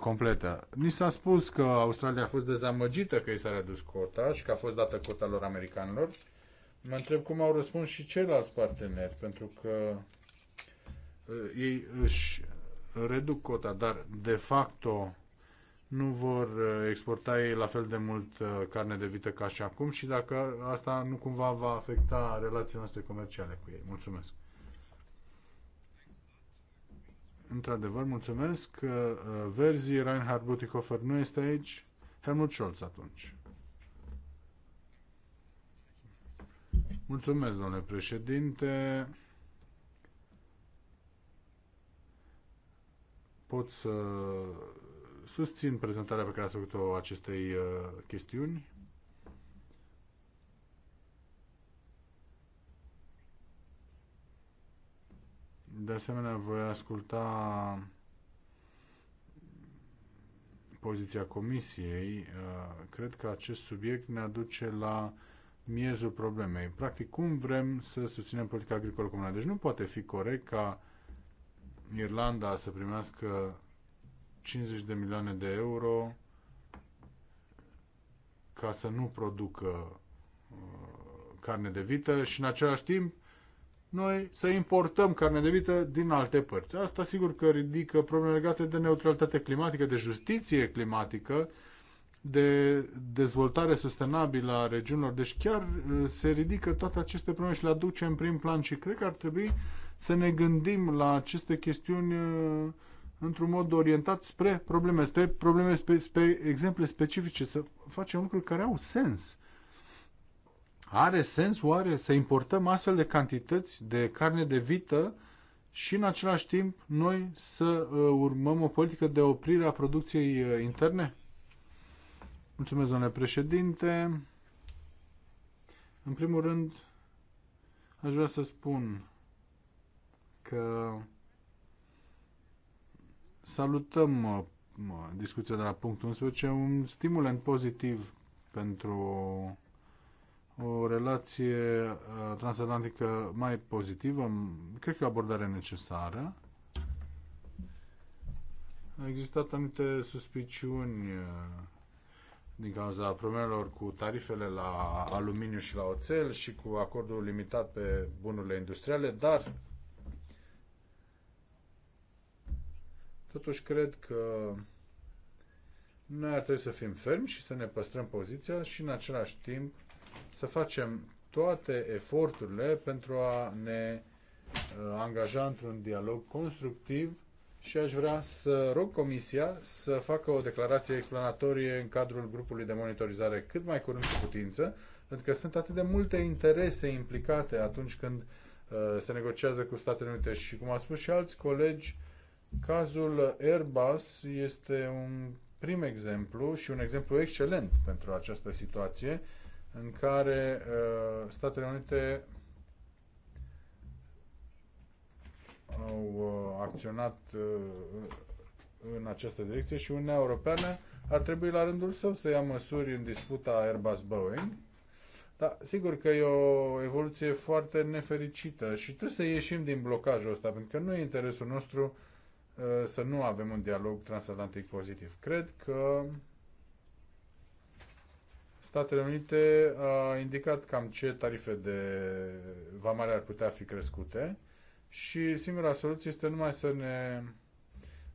completă. Ni s-a spus că Australia a fost dezamăgită că i s-a redus cota și că a fost dată cota lor americanilor. Mă întreb cum au răspuns și ceilalți parteneri, pentru că ei își reduc cota, dar de facto nu vor uh, exporta ei la fel de mult uh, carne de vită ca și acum și dacă asta nu cumva va afecta relațiile noastre comerciale cu ei. Mulțumesc! Într-adevăr, mulțumesc. Uh, Verzi, Reinhard Butikofer nu este aici. Helmut Scholz atunci. Mulțumesc, domnule președinte. Pot să Susțin prezentarea pe care ați făcut-o acestei uh, chestiuni. De asemenea, voi asculta poziția Comisiei. Uh, cred că acest subiect ne aduce la miezul problemei. Practic, cum vrem să susținem politica agricolă comună? Deci nu poate fi corect ca Irlanda să primească 50 de milioane de euro ca să nu producă uh, carne de vită și în același timp noi să importăm carne de vită din alte părți. Asta sigur că ridică probleme legate de neutralitate climatică, de justiție climatică, de dezvoltare sustenabilă a regiunilor. Deci chiar uh, se ridică toate aceste probleme și le aduce în prim plan și cred că ar trebui să ne gândim la aceste chestiuni uh, într-un mod orientat spre probleme, spre probleme, spre, spre exemple specifice, să facem lucruri care au sens. Are sens oare să importăm astfel de cantități de carne de vită și în același timp noi să uh, urmăm o politică de oprire a producției uh, interne? Mulțumesc, domnule președinte. În primul rând, aș vrea să spun că Salutăm uh, discuția de la punctul 11, un stimulant pozitiv pentru o relație uh, transatlantică mai pozitivă, cred că e o abordare necesară. Au existat anumite suspiciuni uh, din cauza problemelor cu tarifele la aluminiu și la oțel și cu acordul limitat pe bunurile industriale, dar Totuși, cred că noi ar trebui să fim fermi și să ne păstrăm poziția și, în același timp, să facem toate eforturile pentru a ne uh, angaja într-un dialog constructiv și aș vrea să rog Comisia să facă o declarație explanatorie în cadrul grupului de monitorizare cât mai curând cu putință, pentru că sunt atât de multe interese implicate atunci când uh, se negociază cu Statele Unite și, cum a spus și alți colegi, uh, Cazul Airbus este un prim exemplu și un exemplu excelent pentru această situație în care uh, Statele Unite au uh, acționat uh, în această direcție și Uniunea Europeană ar trebui la rândul său să ia măsuri în disputa Airbus-Boeing. Dar sigur că e o evoluție foarte nefericită și trebuie să ieșim din blocajul ăsta, pentru că nu e interesul nostru uh, Uh, să nu avem un dialog transatlantic pozitiv. Cred că Statele Unite a indicat cam ce tarife de vamare ar putea fi crescute și singura soluție este numai să ne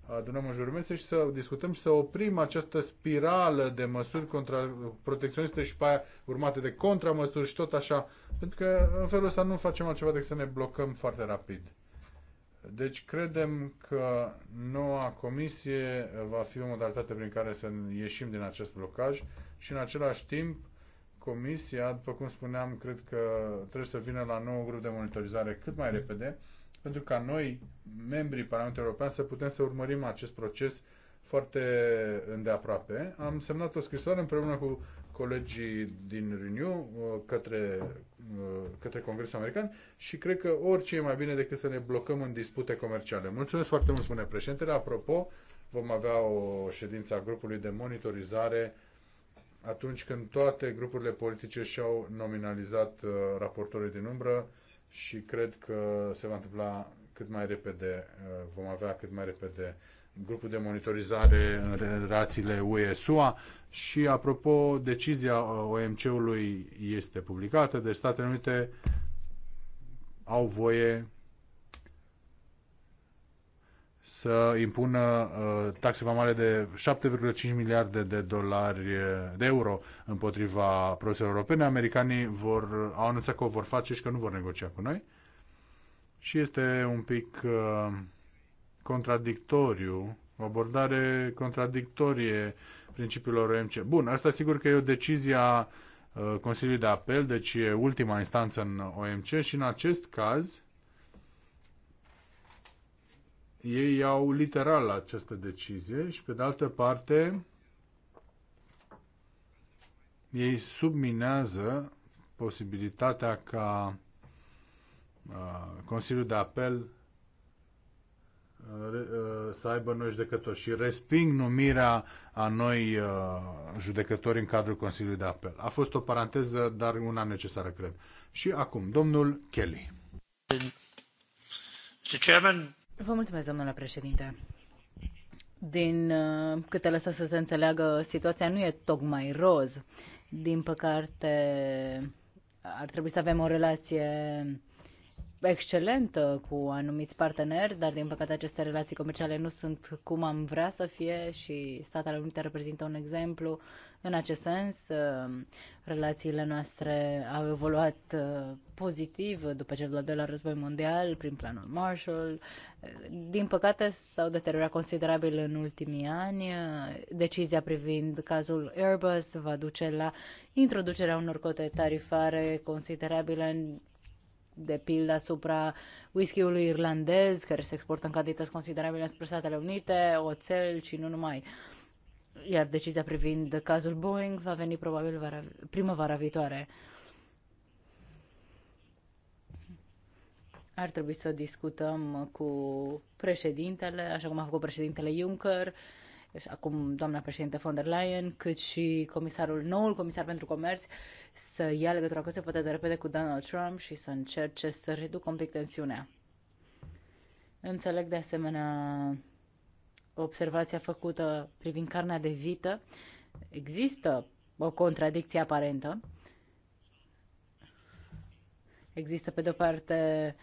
adunăm în jurul mese și să discutăm și să oprim această spirală de măsuri contra, protecționiste și pe aia urmate de contramăsuri și tot așa, pentru că în felul ăsta nu facem altceva decât să ne blocăm foarte rapid. Deci credem că noua comisie va fi o modalitate prin care să ieșim din acest blocaj și în același timp comisia, după cum spuneam, cred că trebuie să vină la nou grup de monitorizare cât mai repede pentru ca noi, membrii Parlamentului European, să putem să urmărim acest proces foarte îndeaproape. Am semnat o scrisoare împreună cu colegii din Renew uh, către Uh, către Congresul American și cred că orice e mai bine decât să ne blocăm în dispute comerciale. Mulțumesc foarte mult, spune președintele. Apropo, vom avea o ședință a grupului de monitorizare atunci când toate grupurile politice și-au nominalizat uh, raportorii din umbră și cred că se va întâmpla cât mai repede, uh, vom avea cât mai repede grupul de monitorizare în relațiile UE-SUA și, apropo, decizia uh, OMC-ului este publicată, De deci Statele Unite au voie să impună uh, taxe vamale de 7,5 miliarde de dolari uh, de euro împotriva produselor europene. Americanii vor, au anunțat că o vor face și că nu vor negocia cu noi. Și este un pic uh, contradictoriu, o abordare contradictorie principiilor OMC. Bun, asta sigur că e o decizie a uh, Consiliului de Apel, deci e ultima instanță în OMC și în acest caz ei iau literal această decizie și pe de altă parte ei subminează posibilitatea ca uh, Consiliul de Apel Uh, să aibă noi judecători și resping numirea a noi uh, judecători în cadrul Consiliului de Apel. A fost o paranteză, dar una necesară, cred. Și acum, domnul Kelly. Vă mulțumesc, domnule președinte. Din uh, câte lăsa să se înțeleagă, situația nu e tocmai roz. Din păcate, ar trebui să avem o relație excelentă cu anumiți parteneri, dar din păcate aceste relații comerciale nu sunt cum am vrea să fie și Statele Unite reprezintă un exemplu în acest sens. Uh, relațiile noastre au evoluat uh, pozitiv după cel de-al doilea război mondial, prin planul Marshall. Uh, din păcate s-au deteriorat considerabil în ultimii ani. Decizia privind cazul Airbus va duce la introducerea unor cote tarifare considerabile în de pildă asupra whisky-ului irlandez, care se exportă în cantități considerabile spre Statele Unite, oțel și nu numai. Iar decizia privind cazul Boeing va veni probabil vara, primăvara viitoare. Ar trebui să discutăm cu președintele, așa cum a făcut președintele Juncker, uh, deci acum doamna președinte von der Leyen, cât și comisarul, noul comisar pentru comerț, să ia legătura cât se poate de repede cu Donald Trump și să încerce să reducă un pic tensiunea. Înțeleg de asemenea observația făcută privind carnea de vită. Există o contradicție aparentă. Există, pe de-o parte,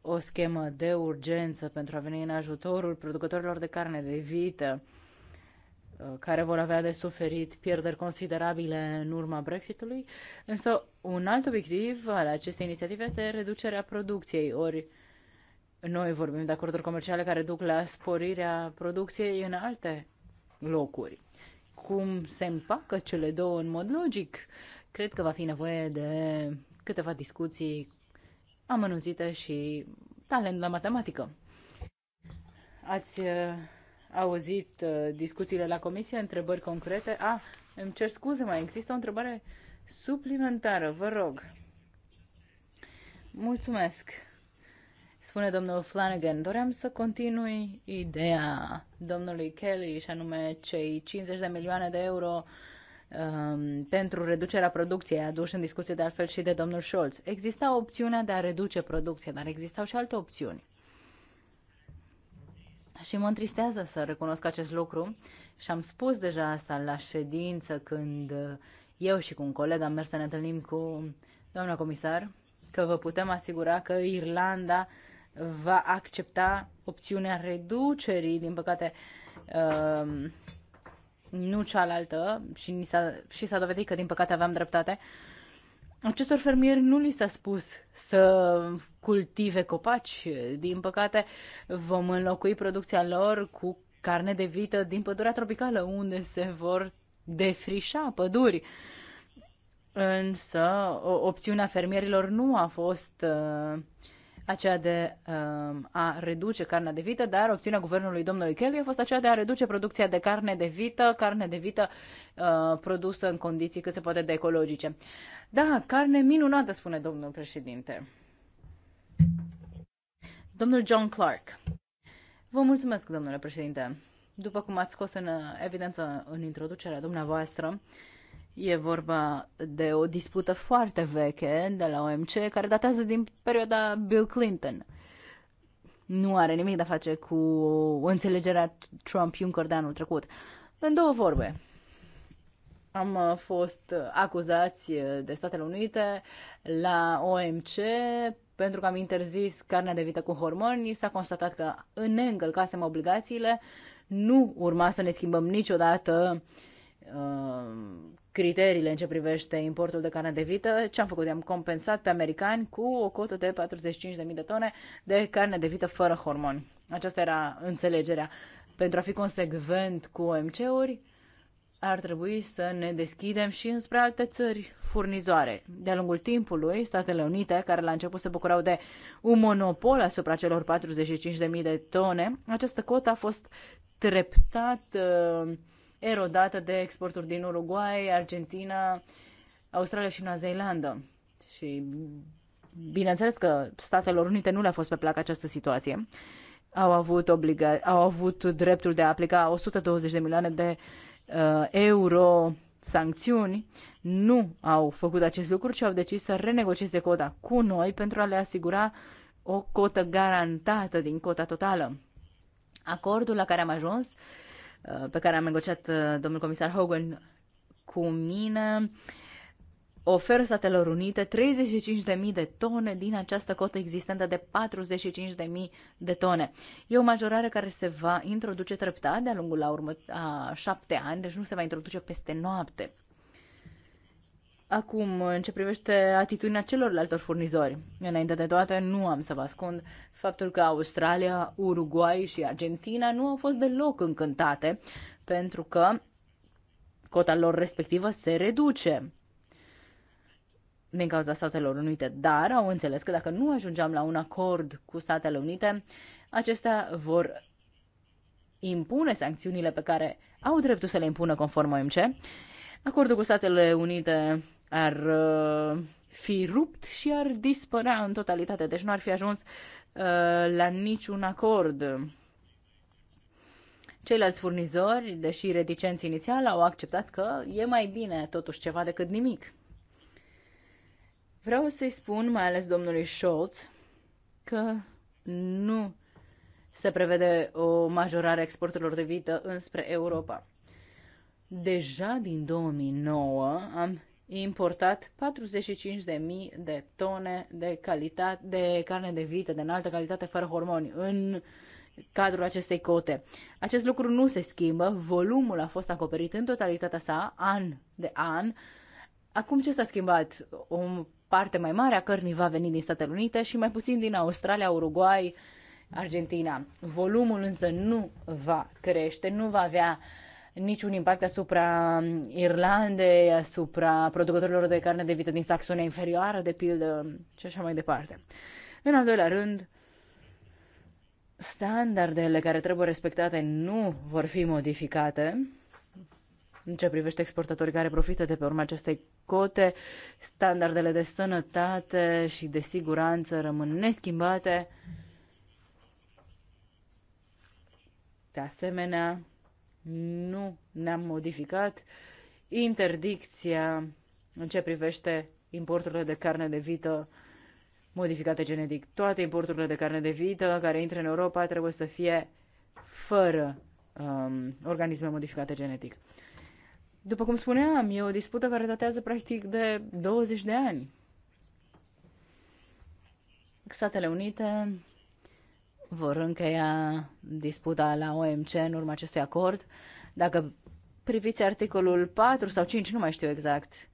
o schemă de urgență pentru a veni în ajutorul producătorilor de carne de vită, Uh, care vor avea de suferit pierderi considerabile în urma Brexitului, însă un alt obiectiv al acestei inițiative este reducerea producției, ori noi vorbim de acorduri comerciale care duc la sporirea producției în alte locuri. Cum se împacă cele două în mod logic? Cred că va fi nevoie de câteva discuții amănunțite și talent la matematică. Ați uh, auzit uh, discuțiile la comisie, întrebări concrete. A, îmi cer scuze, mai există o întrebare suplimentară, vă rog. Mulțumesc, spune domnul Flanagan. Doream să continui ideea domnului Kelly și anume cei 50 de milioane de euro um, pentru reducerea producției, aduși în discuție de altfel și de domnul Scholz. Exista opțiunea de a reduce producția, dar existau și alte opțiuni. Și mă întristează să recunosc acest lucru și am spus deja asta la ședință când eu și cu un coleg am mers să ne întâlnim cu doamna comisar, că vă putem asigura că Irlanda va accepta opțiunea reducerii, din păcate, uh, nu cealaltă, și, ni s-a, și s-a dovedit că, din păcate, aveam dreptate. Acestor fermieri nu li s-a spus să cultive copaci. Din păcate, vom înlocui producția lor cu carne de vită din pădurea tropicală, unde se vor defrișa păduri. Însă, opțiunea fermierilor nu a fost uh, aceea de uh, a reduce carnea de vită, dar opțiunea guvernului domnului Kelly a fost aceea de a reduce producția de carne de vită, carne de vită uh, produsă în condiții cât se poate de ecologice. Da, carne minunată, spune domnul președinte. Domnul John Clark. Vă mulțumesc, domnule președinte. După cum ați scos în uh, evidență în introducerea dumneavoastră, e vorba de o dispută foarte veche de la OMC, care datează din perioada Bill Clinton. Nu are nimic de a face cu înțelegerea Trump-Juncker de anul trecut. În două vorbe, am uh, fost uh, acuzați de Statele Unite la OMC pentru că am interzis carnea de vită cu hormoni, s-a constatat că ne încălcasem obligațiile, nu urma să ne schimbăm niciodată uh, criteriile în ce privește importul de carne de vită. Ce am făcut? am compensat pe americani cu o cotă de 45.000 de tone de carne de vită fără hormoni. Aceasta era înțelegerea. Pentru a fi consecvent cu OMC-uri, ar trebui să ne deschidem și înspre alte țări furnizoare. De-a lungul timpului, Statele Unite, care la început se bucurau de un monopol asupra celor 45.000 de tone, această cotă a fost treptat uh, erodată de exporturi din Uruguay, Argentina, Australia și Noua Zeelandă. Și bineînțeles că Statelor Unite nu le-a fost pe plac această situație. Au avut, obliga- au avut dreptul de a aplica 120 de milioane de uh, Uh, euro sancțiuni, nu au făcut acest lucru, ci au decis să renegocieze cota cu noi pentru a le asigura o cotă garantată din cota totală. Acordul la care am ajuns, uh, pe care am negociat uh, domnul comisar Hogan cu mine, uh, oferă Statelor Unite 35.000 de tone din această cotă existentă de 45.000 de tone. E o majorare care se va introduce treptat de-a lungul la urmă a șapte ani, deci nu se va introduce peste noapte. Acum, în ce privește atitudinea celorlaltor furnizori, înainte de toate, nu am să vă ascund faptul că Australia, Uruguay și Argentina nu au fost deloc încântate, pentru că cota lor respectivă se reduce din cauza Statelor Unite, dar au înțeles că dacă nu ajungeam la un acord cu Statele Unite, acestea vor impune sancțiunile pe care au dreptul să le impună conform OMC. Acordul cu Statele Unite ar uh, fi rupt și ar dispărea în totalitate, deci nu ar fi ajuns uh, la niciun acord. Ceilalți furnizori, deși reticenți inițial, au acceptat că e mai bine totuși ceva decât nimic. Vreau să-i spun, mai ales domnului Scholz, că nu se prevede o majorare a exporturilor de vită înspre Europa. Deja din 2009 am importat 45.000 de tone de, calitate, de carne de vită de înaltă calitate fără hormoni în cadrul acestei cote. Acest lucru nu se schimbă, volumul a fost acoperit în totalitatea sa, an de an. Acum ce s-a schimbat? O parte mai mare a cărnii va veni din Statele Unite și mai puțin din Australia, Uruguay, Argentina. Volumul însă nu va crește, nu va avea niciun impact asupra Irlandei, asupra producătorilor de carne de vită din Saxonia inferioară, de pildă, și așa mai departe. În al doilea rând, standardele care trebuie respectate nu vor fi modificate, în ce privește exportatorii care profită de pe urma acestei cote, standardele de sănătate și de siguranță rămân neschimbate. De asemenea, nu ne-am modificat interdicția în ce privește importurile de carne de vită modificate genetic. Toate importurile de carne de vită care intră în Europa trebuie să fie fără um, organisme modificate genetic. După cum spuneam, e o dispută care datează practic de 20 de ani. Statele Unite vor încheia disputa la OMC în urma acestui acord. Dacă priviți articolul 4 sau 5, nu mai știu exact,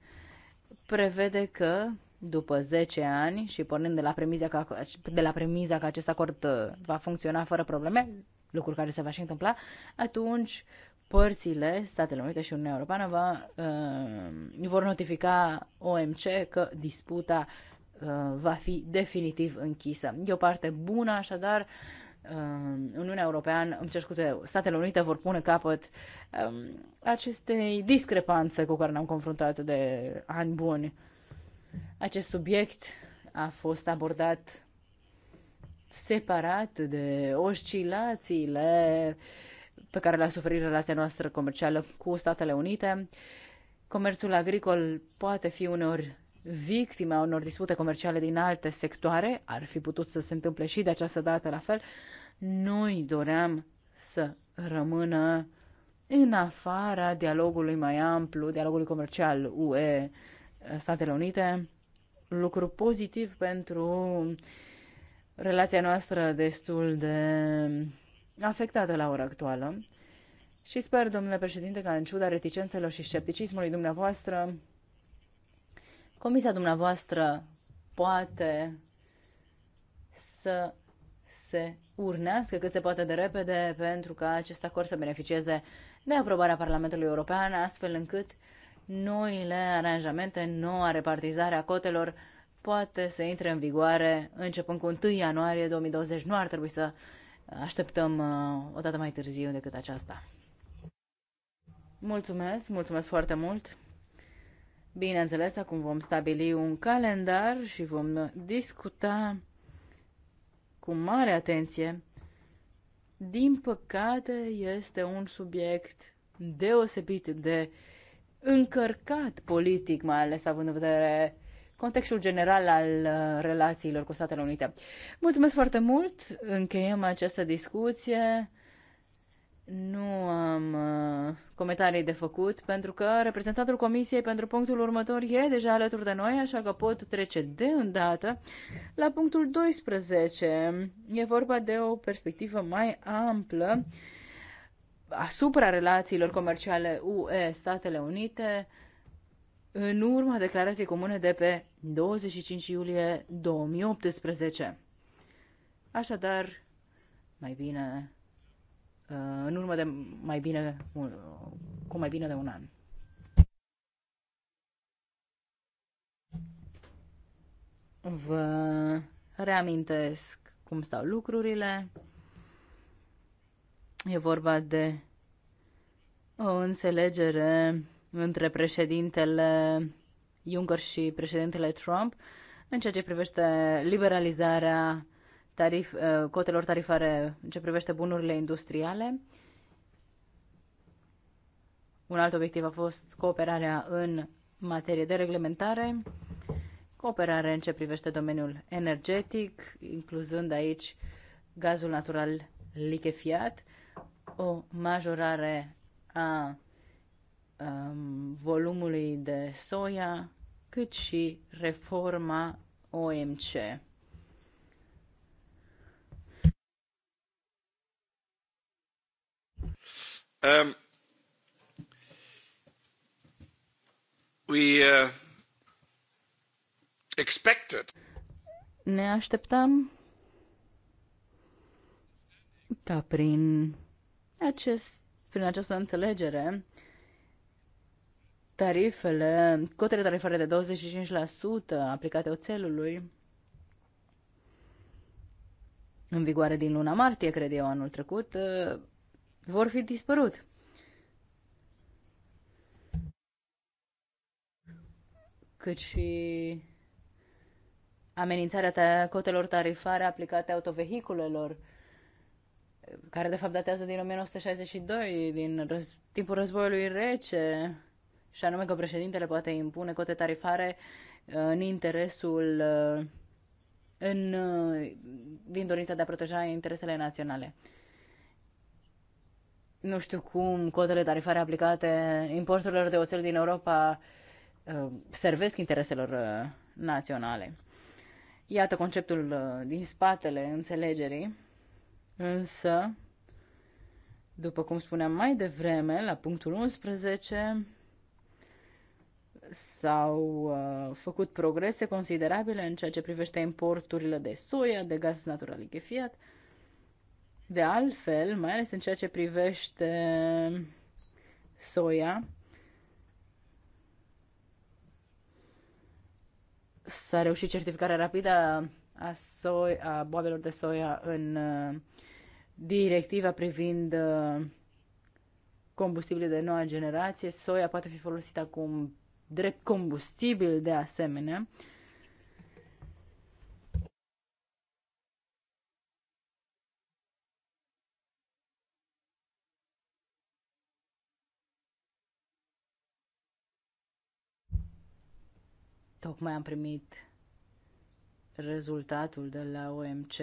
prevede că după 10 ani și pornind de la premiza că, de la premiza că acest acord uh, va funcționa fără probleme, lucruri care se va și întâmpla, atunci părțile, Statele Unite și Uniunea Europeană, va, uh, vor notifica OMC că disputa uh, va fi definitiv închisă. E o parte bună, așadar, uh, Uniunea Europeană, îmi cer scuze, Statele Unite vor pune capăt uh, acestei discrepanțe cu care ne-am confruntat de ani buni. Acest subiect a fost abordat separat de oscilațiile uh, pe care le-a suferit relația noastră comercială cu Statele Unite. Comerțul agricol poate fi uneori victima unor dispute comerciale din alte sectoare, ar fi putut să se întâmple și de această dată la fel. Noi doream să rămână în afara dialogului mai amplu, dialogului comercial UE Statele Unite, lucru pozitiv pentru relația noastră destul de afectate la ora actuală. Și sper, domnule președinte, că în ciuda reticențelor și scepticismului dumneavoastră, comisia dumneavoastră poate să se urnească cât se poate de repede pentru ca acest acord să beneficieze de aprobarea Parlamentului European, astfel încât noile aranjamente, noua repartizare a cotelor poate să intre în vigoare începând cu 1 ianuarie 2020. Nu ar trebui să așteptăm uh, o dată mai târziu decât aceasta. Mulțumesc, mulțumesc foarte mult! Bineînțeles, acum vom stabili un calendar și vom discuta cu mare atenție. Din păcate, este un subiect deosebit de încărcat politic, mai ales având în vedere contextul general al uh, relațiilor cu Statele Unite. Mulțumesc foarte mult, încheiem această discuție. Nu am uh, comentarii de făcut, pentru că reprezentantul Comisiei pentru punctul următor e deja alături de noi, așa că pot trece de îndată la punctul 12. E vorba de o perspectivă mai amplă asupra relațiilor comerciale UE-Statele Unite în urma declarației comune de pe 25 iulie 2018. Așadar, mai bine, uh, în urmă de mai bine, uh, cu mai bine de un an. Vă reamintesc cum stau lucrurile. E vorba de o înțelegere între președintele Juncker și președintele Trump în ceea ce privește liberalizarea tarif, uh, cotelor tarifare în ce privește bunurile industriale. Un alt obiectiv a fost cooperarea în materie de reglementare, cooperare în ce privește domeniul energetic, incluzând aici gazul natural lichefiat, o majorare a um, volumului de soia, cât și reforma OMC. Um, we uh, expected. Ne așteptam ca prin, acest, prin această înțelegere tarifele, cotele tarifare de 25% aplicate oțelului în vigoare din luna martie, cred eu, anul trecut, eh, vor fi dispărut. Cât și amenințarea cotelor tarifare aplicate autovehiculelor, care de fapt datează din 1962, din răz- timpul războiului rece, și anume că președintele poate impune cote tarifare uh, în interesul uh, în, uh, din dorința de a proteja interesele naționale. Nu știu cum cotele tarifare aplicate importurilor de oțel din Europa servesc intereselor naționale. Iată conceptul din spatele înțelegerii, însă, după cum spuneam mai devreme, la punctul 11, s-au uh, făcut progrese considerabile în ceea ce privește importurile de soia, de gaz natural lichefiat. De altfel, mai ales în ceea ce privește soia, s-a reușit certificarea rapidă a, soi, a boabelor de soia în uh, directiva privind uh, combustibile de noua generație. Soia poate fi folosită acum drept combustibil de asemenea. Tocmai am primit rezultatul de la OMC.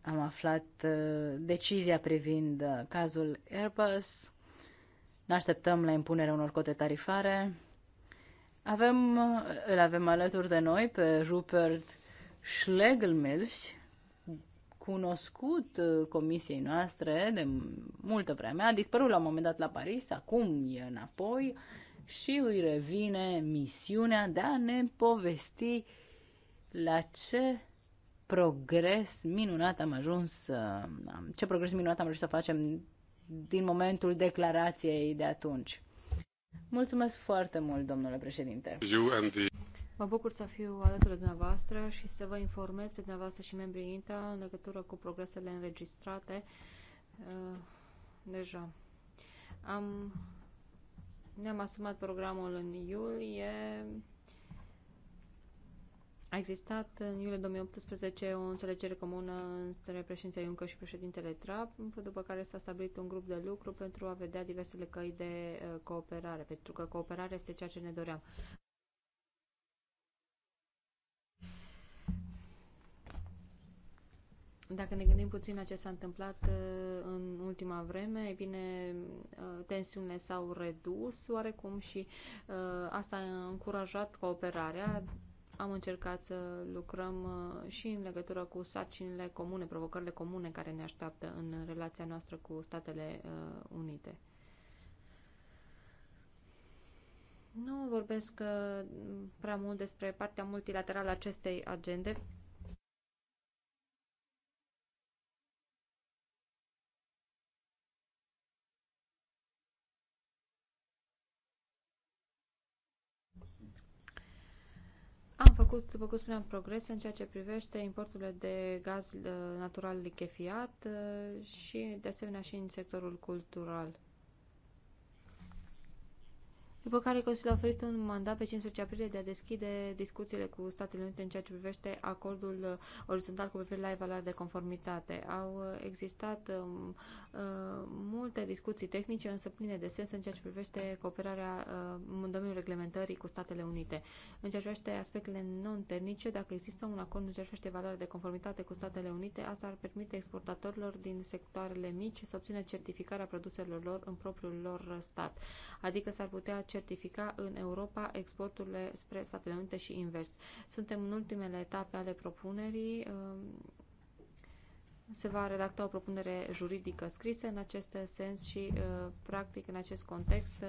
Am aflat uh, decizia privind uh, cazul Airbus ne așteptăm la impunerea unor cote tarifare. Avem, îl avem alături de noi pe Rupert Schlegelmilch, cunoscut uh, comisiei noastre de multă vreme. A dispărut la un moment dat la Paris, acum e înapoi și îi revine misiunea de a ne povesti la ce progres minunat am ajuns, uh, ce progres minunat am ajuns să facem din momentul declarației de atunci. Mulțumesc foarte mult, domnule președinte. Mă bucur să fiu alături de dumneavoastră și să vă informez pe dumneavoastră și membrii INTA în legătură cu progresele înregistrate uh, deja. Am, ne-am asumat programul în iulie, a existat în iulie 2018 o înțelegere comună între președintele Juncker și președintele Trump, după care s-a stabilit un grup de lucru pentru a vedea diversele căi de uh, cooperare, pentru că cooperarea este ceea ce ne doream. Dacă ne gândim puțin la ce s-a întâmplat uh, în ultima vreme, e bine, uh, tensiunile s-au redus oarecum și asta a încurajat cooperarea am încercat să lucrăm uh, și în legătură cu sarcinile comune, provocările comune care ne așteaptă în relația noastră cu Statele uh, Unite. Nu vorbesc uh, prea mult despre partea multilaterală a acestei agende, Am făcut, după cum spuneam, progrese în ceea ce privește importurile de gaz uh, natural lichefiat uh, și, de asemenea, și în sectorul cultural după care Consiliul a oferit un mandat pe 15 aprilie de a deschide discuțiile cu Statele Unite în ceea ce privește acordul uh, orizontal cu privire la evaluarea de conformitate. Au uh, existat um, uh, multe discuții tehnice, însă pline de sens în ceea ce privește cooperarea uh, în domeniul reglementării cu Statele Unite. În ceea ce privește aspectele non-tehnice, dacă există un acord în ceea ce privește evaluarea de conformitate cu Statele Unite, asta ar permite exportatorilor din sectoarele mici să obțină certificarea produselor lor în propriul lor stat. Adică s-ar putea cer certifica în Europa exporturile spre Statele Unite și invers. Suntem în ultimele etape ale propunerii um, se va redacta o propunere juridică scrisă în acest sens și, uh, practic, în acest context, uh,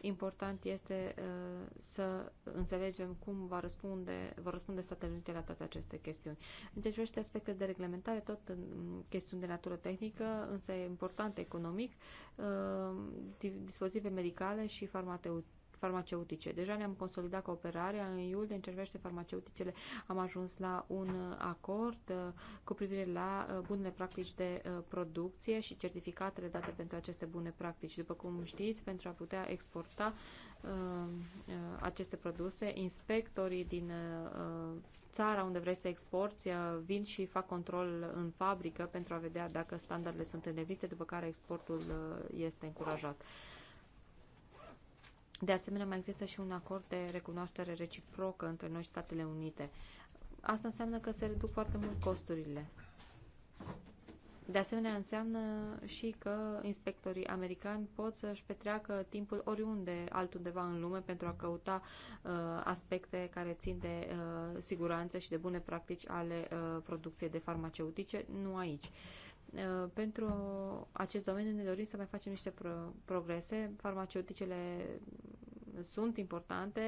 important este uh, să înțelegem cum va răspunde, vor răspunde Statele Unite la toate aceste chestiuni. În ce privește aspectele de reglementare, tot chestiuni de natură tehnică, însă important economic, dispozitive medicale și farmaceutice farmaceutice. Deja ne-am consolidat cooperarea. În iulie, în ce privește farmaceuticele, am ajuns la un uh, acord uh, cu privire la uh, bunele practici de producție și certificatele date pentru aceste bune practici. După cum știți, pentru a putea exporta aceste produse, inspectorii din țara unde vrei să exporți vin și fac control în fabrică pentru a vedea dacă standardele sunt îndeplinite, după care exportul este încurajat. De asemenea, mai există și un acord de recunoaștere reciprocă între noi și Statele Unite. Asta înseamnă că se reduc foarte mult costurile. De asemenea, înseamnă și că inspectorii americani pot să-și petreacă timpul oriunde altundeva în lume pentru a căuta uh, aspecte care țin de uh, siguranță și de bune practici ale uh, producției de farmaceutice, nu aici. Uh, Uh, pentru acest domeniu ne dorim să mai facem niște pro- progrese. Farmaceuticele sunt importante,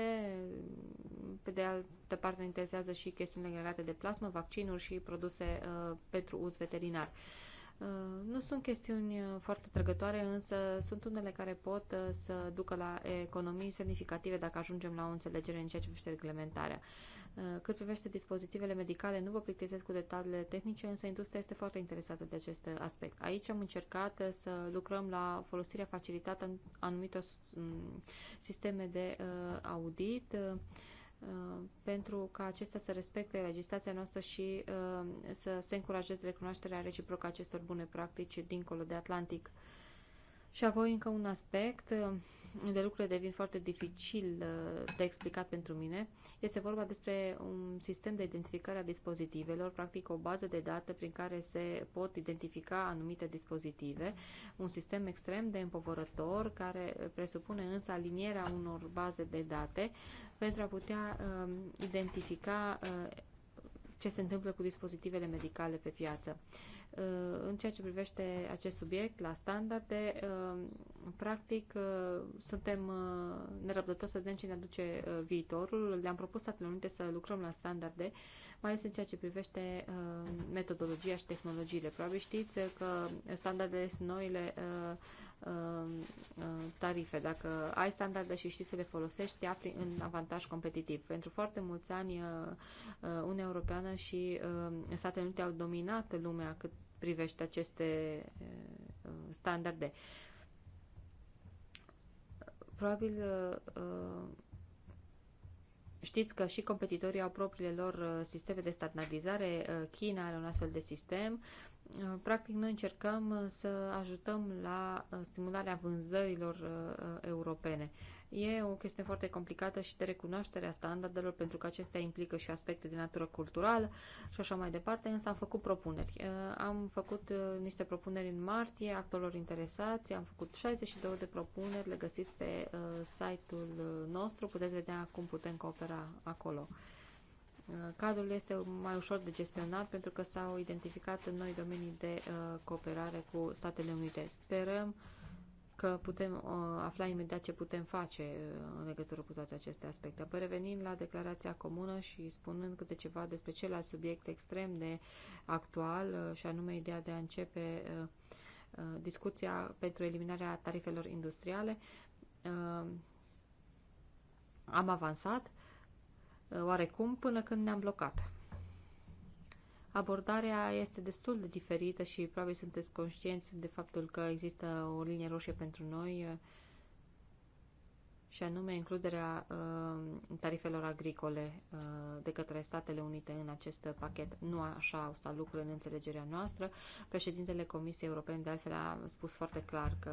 pe de altă parte ne interesează și chestiunile legate de plasmă, vaccinuri și produse uh, pentru uz veterinar. Uh, nu sunt chestiuni uh, foarte trăgătoare, însă sunt unele care pot să ducă la economii semnificative dacă ajungem la o înțelegere în ceea ce privește reglementarea. Uh, Uh, cât privește dispozitivele medicale, nu vă plictisesc cu detaliile tehnice, însă industria este foarte interesată de acest aspect. Aici am încercat uh, să lucrăm la folosirea facilitată anumitor mm, sisteme de uh, audit pentru ca acestea să respecte legislația noastră și să se încurajeze recunoașterea reciprocă acestor bune practici dincolo de Atlantic. Și apoi încă un aspect unde eh, lucrurile devin foarte dificil eh, de explicat pentru mine. Este vorba despre un sistem de identificare a dispozitivelor, practic o bază de date prin care se pot identifica anumite dispozitive, un sistem extrem de împovărător care eh, presupune însă alinierea unor baze de date pentru a putea uh, identifica uh, ce se întâmplă cu dispozitivele medicale pe piață. Uh, în ceea ce privește acest subiect, la standarde, um, practic uh, suntem uh, nerăbdători să vedem ce ne aduce uh, viitorul. Le-am propus Statele Unite să lucrăm la standarde, mai ales în ceea ce privește um, metodologia și tehnologiile. Probabil știți că standardele sunt noile um, tarife. Dacă ai standarde și știi să le folosești, te afli în avantaj competitiv. Pentru foarte mulți ani Uniunea Europeană și Statele Unite au dominat lumea cât privește aceste uh, standarde. Probabil uh, uh, știți că și competitorii au propriile lor sisteme de standardizare. China are un astfel de sistem Uh, practic, noi încercăm uh, să ajutăm la uh, stimularea vânzărilor europene. E o chestie foarte complicată și de recunoaștere a standardelor, pentru că acestea implică și aspecte de natură culturală și așa mai departe, însă am făcut propuneri. Am făcut niște propuneri în martie actorilor interesați, am făcut 62 de propuneri, le găsiți pe site-ul nostru, puteți vedea cum putem coopera acolo. Cadrul este mai ușor de gestionat pentru că s-au identificat noi domenii de uh, cooperare cu Statele Unite. Sperăm că putem uh, afla imediat ce putem face uh, în legătură cu toate aceste aspecte. Apoi revenim la declarația comună și spunând câte ceva despre celălalt subiect extrem de actual și anume ideea de a începe discuția pentru eliminarea tarifelor industriale. Am avansat Uh, oarecum până când ne-am blocat. Abordarea este destul de diferită și probabil sunteți conștienți de faptul că există o linie roșie pentru noi uh, și anume includerea uh, tarifelor agricole uh, de către Statele Unite în acest pachet. Nu așa au stat lucrurile în înțelegerea noastră. Președintele Comisiei Europene de altfel a spus foarte clar că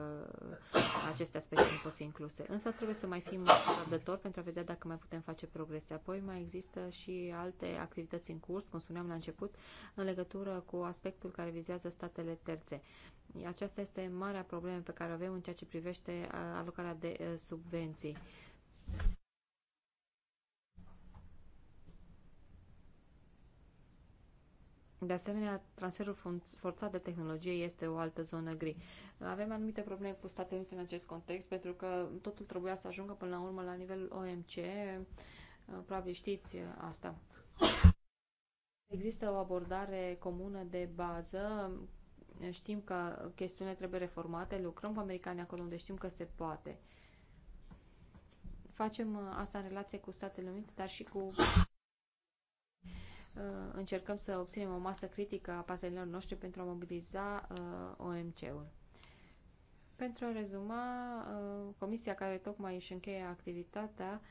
aceste aspecte nu pot fi incluse. Însă trebuie să mai fim răbdători pentru a vedea dacă mai putem face progrese. Apoi mai există și alte activități în curs, cum spuneam la început, în legătură cu aspectul care vizează statele terțe. Aceasta este marea problemă pe care o avem în ceea ce privește uh, alocarea de subvenții Comisiei. De asemenea, transferul forțat de tehnologie este o altă zonă gri. Avem anumite probleme cu Statele Unite în acest context, pentru că totul trebuia să ajungă până la urmă la nivelul OMC. Probabil știți asta. Există o abordare comună de bază. Știm că chestiunile trebuie reformate, lucrăm cu americanii acolo unde știm că se poate. Facem uh, asta în relație cu Statele Unite, dar și cu uh, încercăm să obținem o masă critică a partenerilor noștri pentru a mobiliza uh, OMC-ul. Pentru a rezuma, comisia care tocmai își încheie activitatea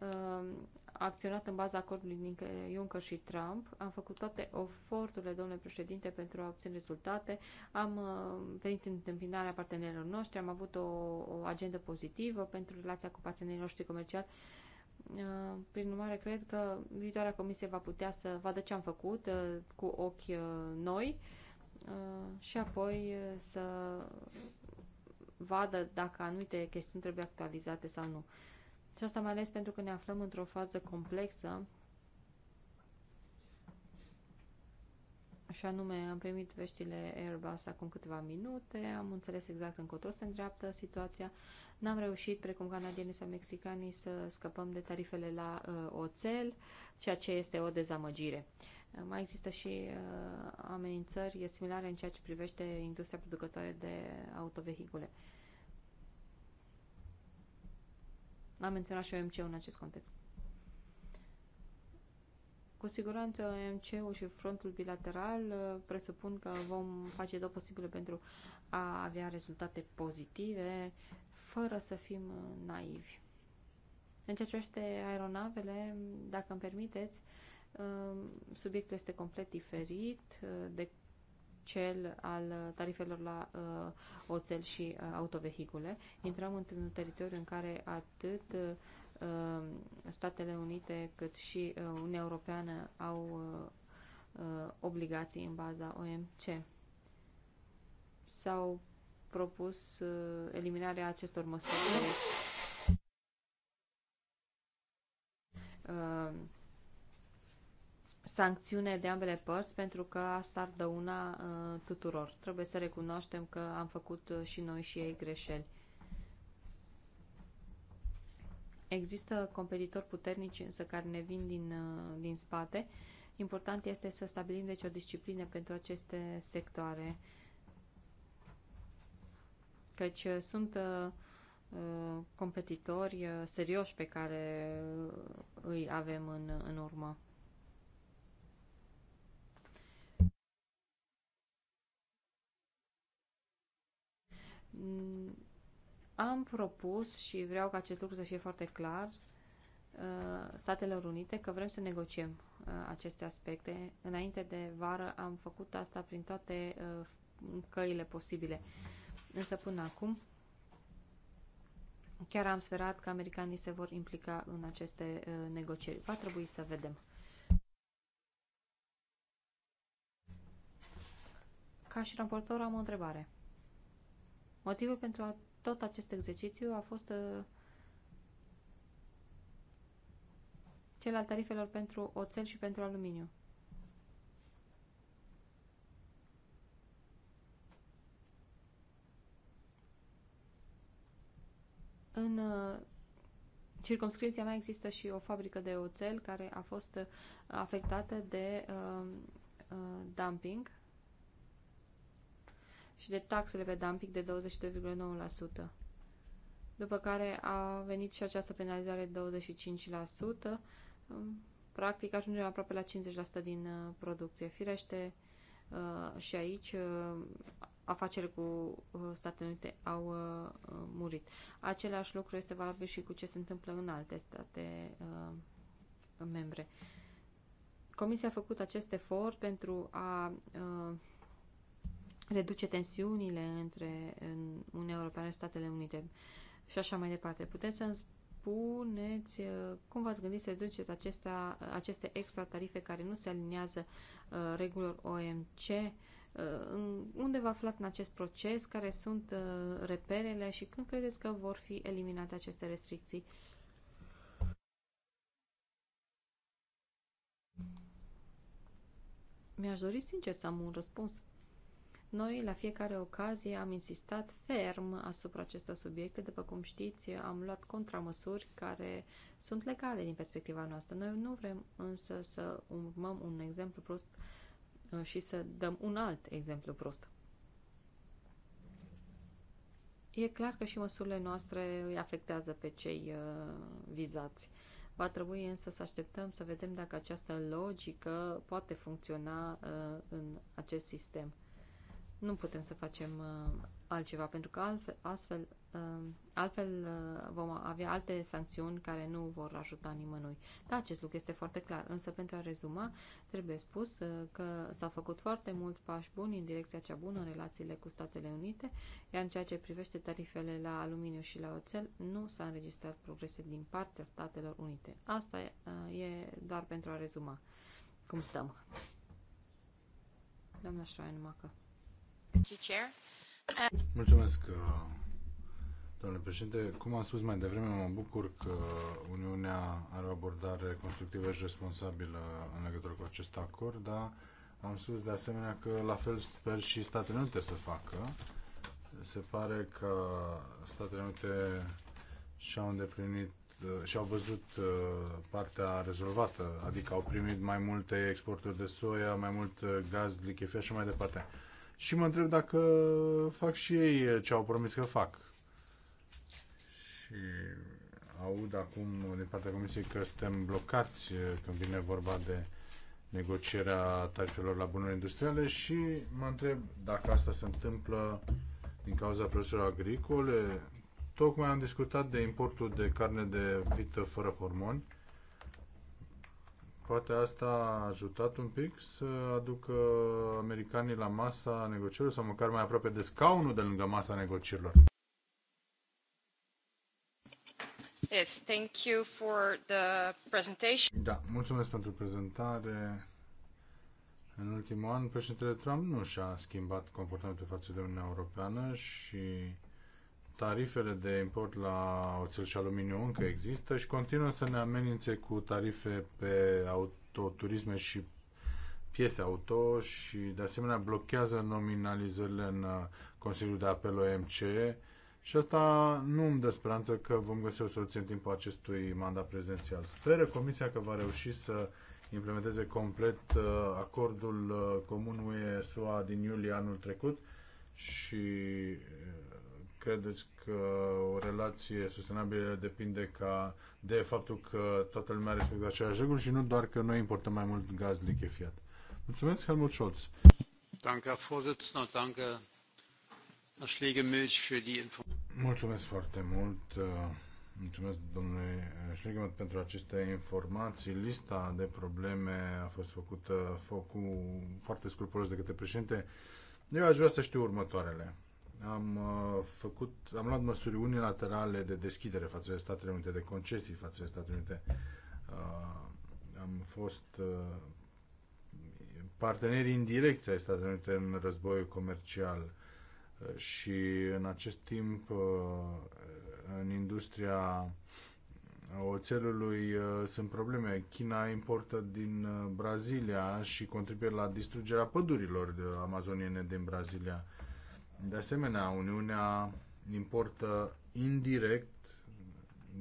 Um, acționat în baza acordului dintre Juncker și Trump. Am făcut toate eforturile, domnule președinte, pentru a obține rezultate. Am uh, venit în întâmpinarea partenerilor noștri, am avut o, o agendă pozitivă pentru relația cu partenerii noștri comerciali. Uh, prin urmare, cred că viitoarea comisie va putea să vadă ce am făcut uh, cu ochi noi și apoi să vadă dacă anumite chestiuni trebuie actualizate sau nu. Și asta mai ales pentru că ne aflăm într-o fază complexă Și anume, am primit veștile Airbus acum câteva minute, am înțeles exact încotro se îndreaptă situația. N-am reușit, precum canadienii sau mexicanii, să scăpăm de tarifele la uh, oțel, ceea ce este o dezamăgire. mai există și uh, amenințări similare în ceea ce privește industria producătoare de autovehicule. Uh, Am menționat și OMC-ul în acest context. Cu siguranță OMC-ul și frontul bilateral uh, presupun că vom face tot posibilul pentru a avea rezultate pozitive, fără să fim uh, naivi. În ceea ce privește aeronavele, dacă îmi permiteți, uh, subiectul este complet diferit de cel al tarifelor la uh, oțel și uh, autovehicule. Intrăm într-un teritoriu în care atât uh, Statele Unite cât și uh, Uniunea Europeană au uh, uh, obligații în baza OMC. S-au propus uh, eliminarea acestor măsuri. Uh, sancțiune de ambele părți, pentru că asta ar dăuna uh, tuturor. Trebuie să recunoaștem că am făcut uh, și noi și ei greșeli. Există competitori puternici, însă care ne vin din, uh, din spate. Important este să stabilim deci o disciplină pentru aceste sectoare. Căci uh, sunt uh, uh competitori serioși pe care îi avem în, în urmă. Mm, am propus și vreau ca acest lucru să fie foarte clar uh, Statelor Unite că vrem să negociem uh, aceste aspecte. Înainte de vară am făcut asta prin toate uh, căile posibile. Însă până acum chiar am sperat că americanii se vor implica în aceste negocieri. Va trebui să vedem. Ca și raportor am o întrebare. Motivul pentru a, tot acest exercițiu a fost uh, cel al tarifelor pentru oțel și pentru aluminiu. În uh, circumscripția mea există și o fabrică de oțel care a fost uh, afectată de uh, uh, dumping și de taxele pe dumping de 22,9%. După care a venit și această penalizare de 25%. Practic ajungem aproape la 50% din uh, producție. Firește, uh, și aici uh, afacerile cu Statele Unite au murit. Același lucru este valabil și cu ce se întâmplă în alte state membre. Comisia a făcut acest efort pentru a reduce tensiunile între Uniunea Europeană și Statele Unite și așa mai departe. Puteți să-mi spuneți uh, cum v-ați gândit să reduceți acestea, uh, aceste extra tarife care nu se aliniază uh, regulilor OMC? unde vă aflați aflat în acest proces? Care sunt reperele și când credeți că vor fi eliminate aceste restricții? Mi-aș dori sincer să am un răspuns noi, la fiecare ocazie, am insistat ferm asupra acestor subiecte. După cum știți, am luat contramăsuri care sunt legale din perspectiva noastră. Noi nu vrem însă să urmăm un exemplu prost uh, și să dăm un alt exemplu prost. E clar că și măsurile noastre îi afectează pe cei uh, vizați. Va trebui însă să așteptăm să vedem dacă această logică poate funcționa uh, în acest sistem nu putem să facem uh, altceva, pentru că altfel, astfel, uh, altfel uh, vom avea alte sancțiuni care nu vor ajuta nimănui. Da, acest lucru este foarte clar, însă pentru a rezuma, trebuie spus că s-au făcut foarte mulți pași buni în direcția cea bună în relațiile cu Statele Unite, iar în ceea ce privește tarifele la aluminiu și la oțel, nu s-a înregistrat progrese din partea Statelor Unite. Asta e doar pentru a rezuma cum stăm. Doamna Schreinmacher. Mulțumesc, uh, domnule președinte. Cum am spus mai devreme, mă bucur că Uniunea are o abordare constructivă și responsabilă în legătură cu acest acord, dar am spus de asemenea că la fel sper și Statele Unite să facă. Se pare că Statele Unite și-au îndeplinit uh, și-au văzut uh, partea rezolvată, adică au primit mai multe exporturi de soia, mai mult gaz lichefiat și mai departe și mă întreb dacă fac și ei eh, ce au promis că fac. Și aud acum din partea Comisiei că suntem blocați eh, când vine vorba de negocierea tarifelor la bunuri industriale și mă întreb dacă asta se întâmplă din cauza prețurilor agricole. Tocmai am discutat de importul de carne de vită fără hormoni Poate asta a ajutat un pic să aducă americanii la masa negocierilor sau măcar mai aproape de scaunul de lângă masa negocierilor. Yes, thank you for the presentation. Da, mulțumesc pentru prezentare. În ultimul an, președintele Trump nu și-a schimbat comportamentul față de Uniunea Europeană și tarifele de import la oțel și aluminiu încă există și continuă să ne amenințe cu tarife pe autoturisme și piese auto și de asemenea blochează nominalizările în uh, Consiliul de Apel OMC și asta nu îmi dă speranță că vom găsi o soluție în timpul acestui mandat prezidențial. Speră Comisia că va reuși să implementeze complet uh, acordul uh, comun UE-SUA din iulie anul trecut și credeți că o relație sustenabilă depinde ca de faptul că toată lumea respectă aceleași reguli și nu doar că noi importăm mai mult gaz lichefiat? Mulțumesc, Helmut Scholz. Danke, Herr Vorsitzender, danke, Herr Schlegelmilch, für die Information. Mulțumesc foarte mult. Mulțumesc, domnule Schlegelmilch, pentru aceste informații. Lista de probleme a fost făcută foarte scrupulos de către președinte. Eu aș vrea să știu următoarele am uh, făcut, am luat măsuri unilaterale de deschidere față de Statele Unite, de concesii față de Statele Unite. Uh, am fost uh, parteneri indirecți ai Statele Unite în războiul comercial și în acest timp în industria oțelului sunt probleme. China importă din Brazilia și contribuie la distrugerea pădurilor amazoniene din Brazilia de asemenea, Uniunea importă indirect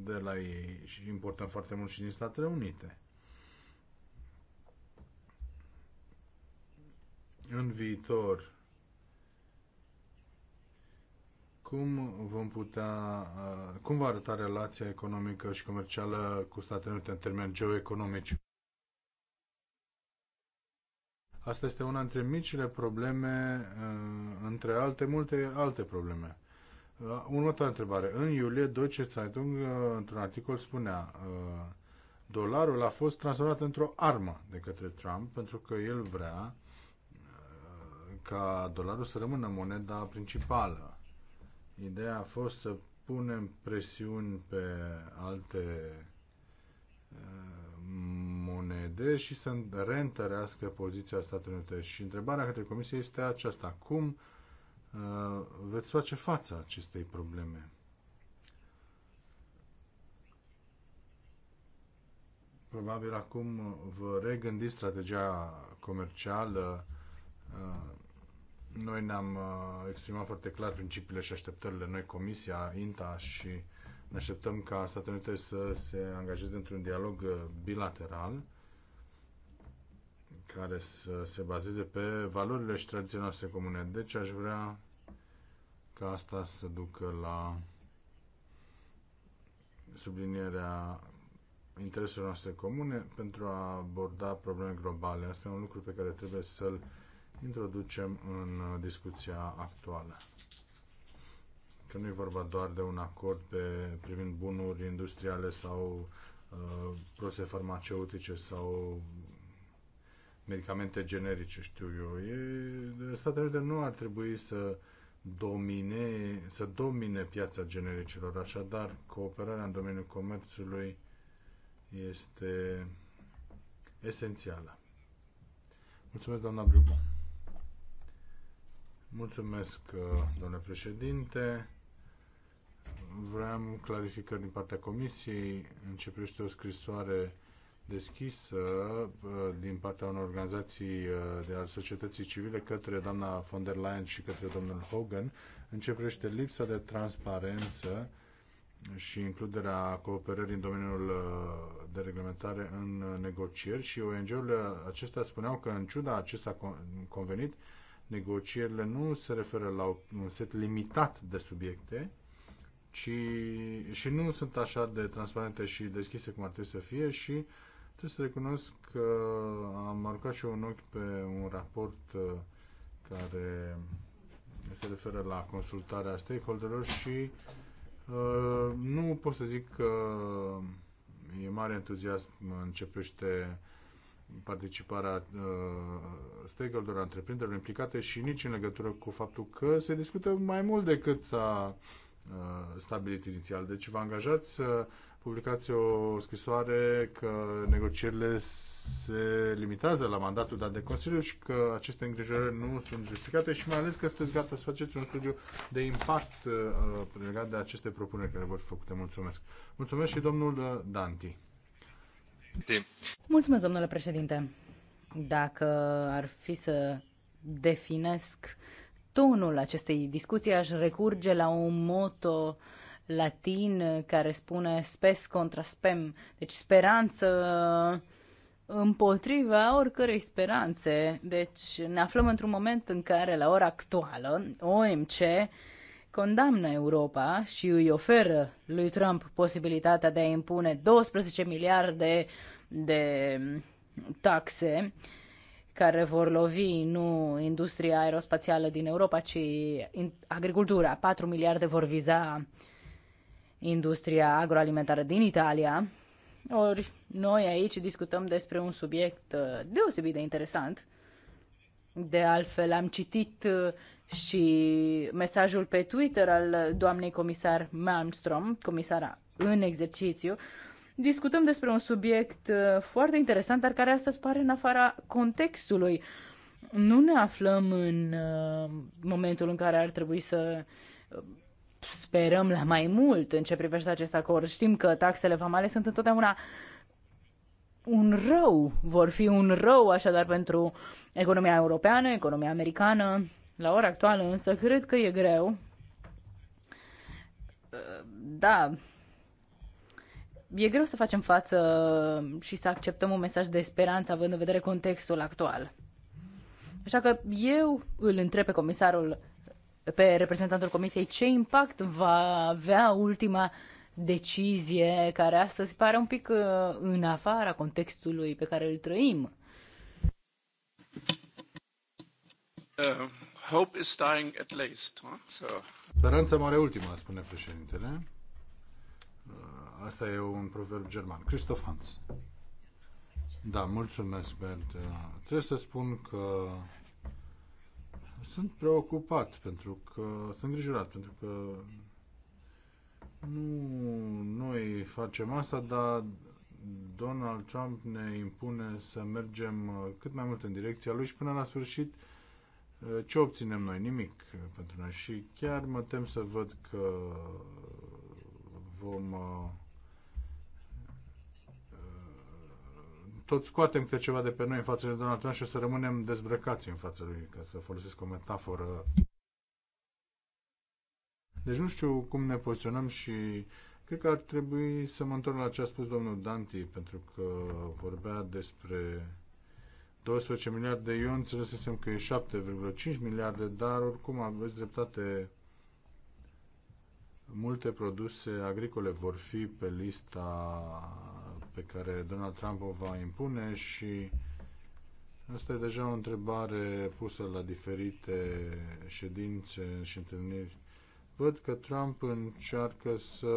de la ei și importăm foarte mult și din Statele Unite. În viitor, cum vom putea, cum va arăta relația economică și comercială cu Statele Unite în termeni geoeconomici? Asta este una dintre micile probleme, uh, între alte, multe alte probleme. Uh, următoarea întrebare. În iulie, Deutsche Zeitung, uh, într-un articol, spunea dolarul a fost transformat într-o armă de către Trump pentru că el vrea ca dolarul să rămână moneda principală. Ideea a fost să punem presiuni pe alte OCDE și să reîntărească poziția Statelor Unite. Și întrebarea către Comisie este aceasta. Cum uh, veți face față acestei probleme? Probabil acum vă regândiți strategia comercială. noi ne-am exprimat foarte clar principiile și așteptările. Noi, Comisia, INTA și ne așteptăm ca Statele Unite să se angajeze într-un dialog bilateral care să se bazeze pe valorile și tradițiile noastre comune. Deci aș vrea ca asta să ducă la sublinierea intereselor noastre comune pentru a aborda probleme globale. Asta e un lucru pe care trebuie să-l introducem în discuția actuală. Că nu e vorba doar de un acord pe, privind bunuri industriale sau uh, produse farmaceutice sau medicamente generice, știu eu. E, Statele Unite nu ar trebui să domine, să domine piața genericilor. Așadar, cooperarea în domeniul comerțului este esențială. Mulțumesc, doamna Brubon. Mulțumesc, uh, domnule președinte. Vreau clarificări din partea comisiei. Începește o scrisoare deschisă uh, din partea unor organizații uh, de al societății civile către doamna von der Leyen și către domnul Hogan în ce lipsa de transparență și includerea cooperării în domeniul uh, de reglementare în negocieri și ONG-urile acestea spuneau că în ciuda acesta convenit, negocierile nu se referă la un set limitat de subiecte, ci și nu sunt așa de transparente și deschise cum ar trebui să fie și uh, Trebuie să recunosc că am aruncat și eu un ochi pe un raport uh, care se referă la consultarea stakeholderilor și uh, nu pot să zic că e mare entuziasm începește participarea uh, stakeholderilor, întreprinderilor implicate și nici în legătură cu faptul că se discută mai mult decât s-a uh, stabilit inițial. Deci vă angajați să publicați o scrisoare că negocierile se limitează la mandatul dat de Consiliu și că aceste îngrijorări nu sunt justificate și mai ales că sunteți gata să faceți un studiu de impact uh, legat de aceste propuneri care vor fi făcute. Mulțumesc. Mulțumesc și domnul uh, Danti. Mulțumesc, domnule președinte. Dacă ar fi să definesc tonul acestei discuții, aș recurge la un moto uh, latin uh, care spune spes contra spem, deci speranță uh, împotriva oricărei speranțe. Deci ne aflăm într-un moment în care, la ora actuală, OMC condamnă Europa și îi oferă lui Trump posibilitatea de a impune 12 miliarde de um, taxe care vor lovi nu industria aerospațială din Europa, ci agricultura. 4 miliarde vor viza uh, industria agroalimentară din Italia. Ori noi aici discutăm despre un subiect uh, deosebit de interesant. De altfel, am citit uh, și mesajul pe Twitter al doamnei comisar Malmström, comisara în exercițiu. Discutăm despre un subiect uh, foarte interesant, dar care astăzi pare în afara contextului. Nu ne aflăm în momentul în care ar trebui să sperăm la mai mult în ce privește acest acord. Știm că taxele vamale sunt întotdeauna un rău, vor fi un rău așadar pentru economia europeană, economia americană. La ora actuală însă cred că e greu. Da, e greu să facem față și să acceptăm un mesaj de speranță având în vedere contextul actual. Așa că eu îl întreb pe comisarul pe reprezentantul Comisiei ce impact va avea ultima decizie care astăzi pare un pic uh, în afara contextului pe care îl trăim. Uh, hope is dying at least. Huh? So. Speranța mare ultima, spune președintele. Uh, asta e un proverb german. Christoph Hans. Da, mulțumesc, Bert. Uh, trebuie să spun că sunt preocupat pentru că sunt îngrijorat pentru că nu noi facem asta, dar Donald Trump ne impune să mergem uh, cât mai mult în direcția lui și până la sfârșit uh, ce obținem noi? Nimic pentru noi. Și chiar mă tem să văd că vom uh, tot scoatem câte ceva de pe noi în fața lui Donald Trump și o să rămânem dezbrăcați în fața lui, ca să folosesc o metaforă. Deci nu știu cum ne poziționăm și cred că ar trebui să mă întorc la ce a spus domnul Danti, pentru că vorbea despre 12 miliarde, eu înțelesesem că e 7,5 miliarde, dar oricum aveți dreptate, multe produse agricole vor fi pe lista pe care Donald Trump o va impune și asta e deja o întrebare pusă la diferite ședințe și întâlniri. Văd că Trump încearcă să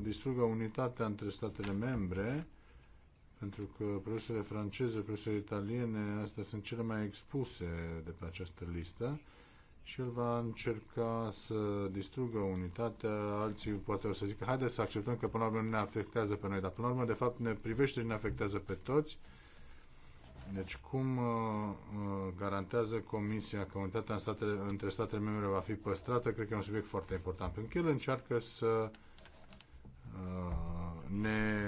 distrugă unitatea între statele membre, pentru că produsele franceze, produsele italiene, astea sunt cele mai expuse de pe această listă și el va încerca să distrugă unitatea, alții poate o să zică haideți să acceptăm că până la urmă ne afectează pe noi, dar până la urmă de fapt ne privește și ne afectează pe toți. Deci cum uh, uh, garantează Comisia că unitatea în statele, între statele membre va fi păstrată, cred că e un subiect foarte important, pentru că el încearcă să uh, Uh, ne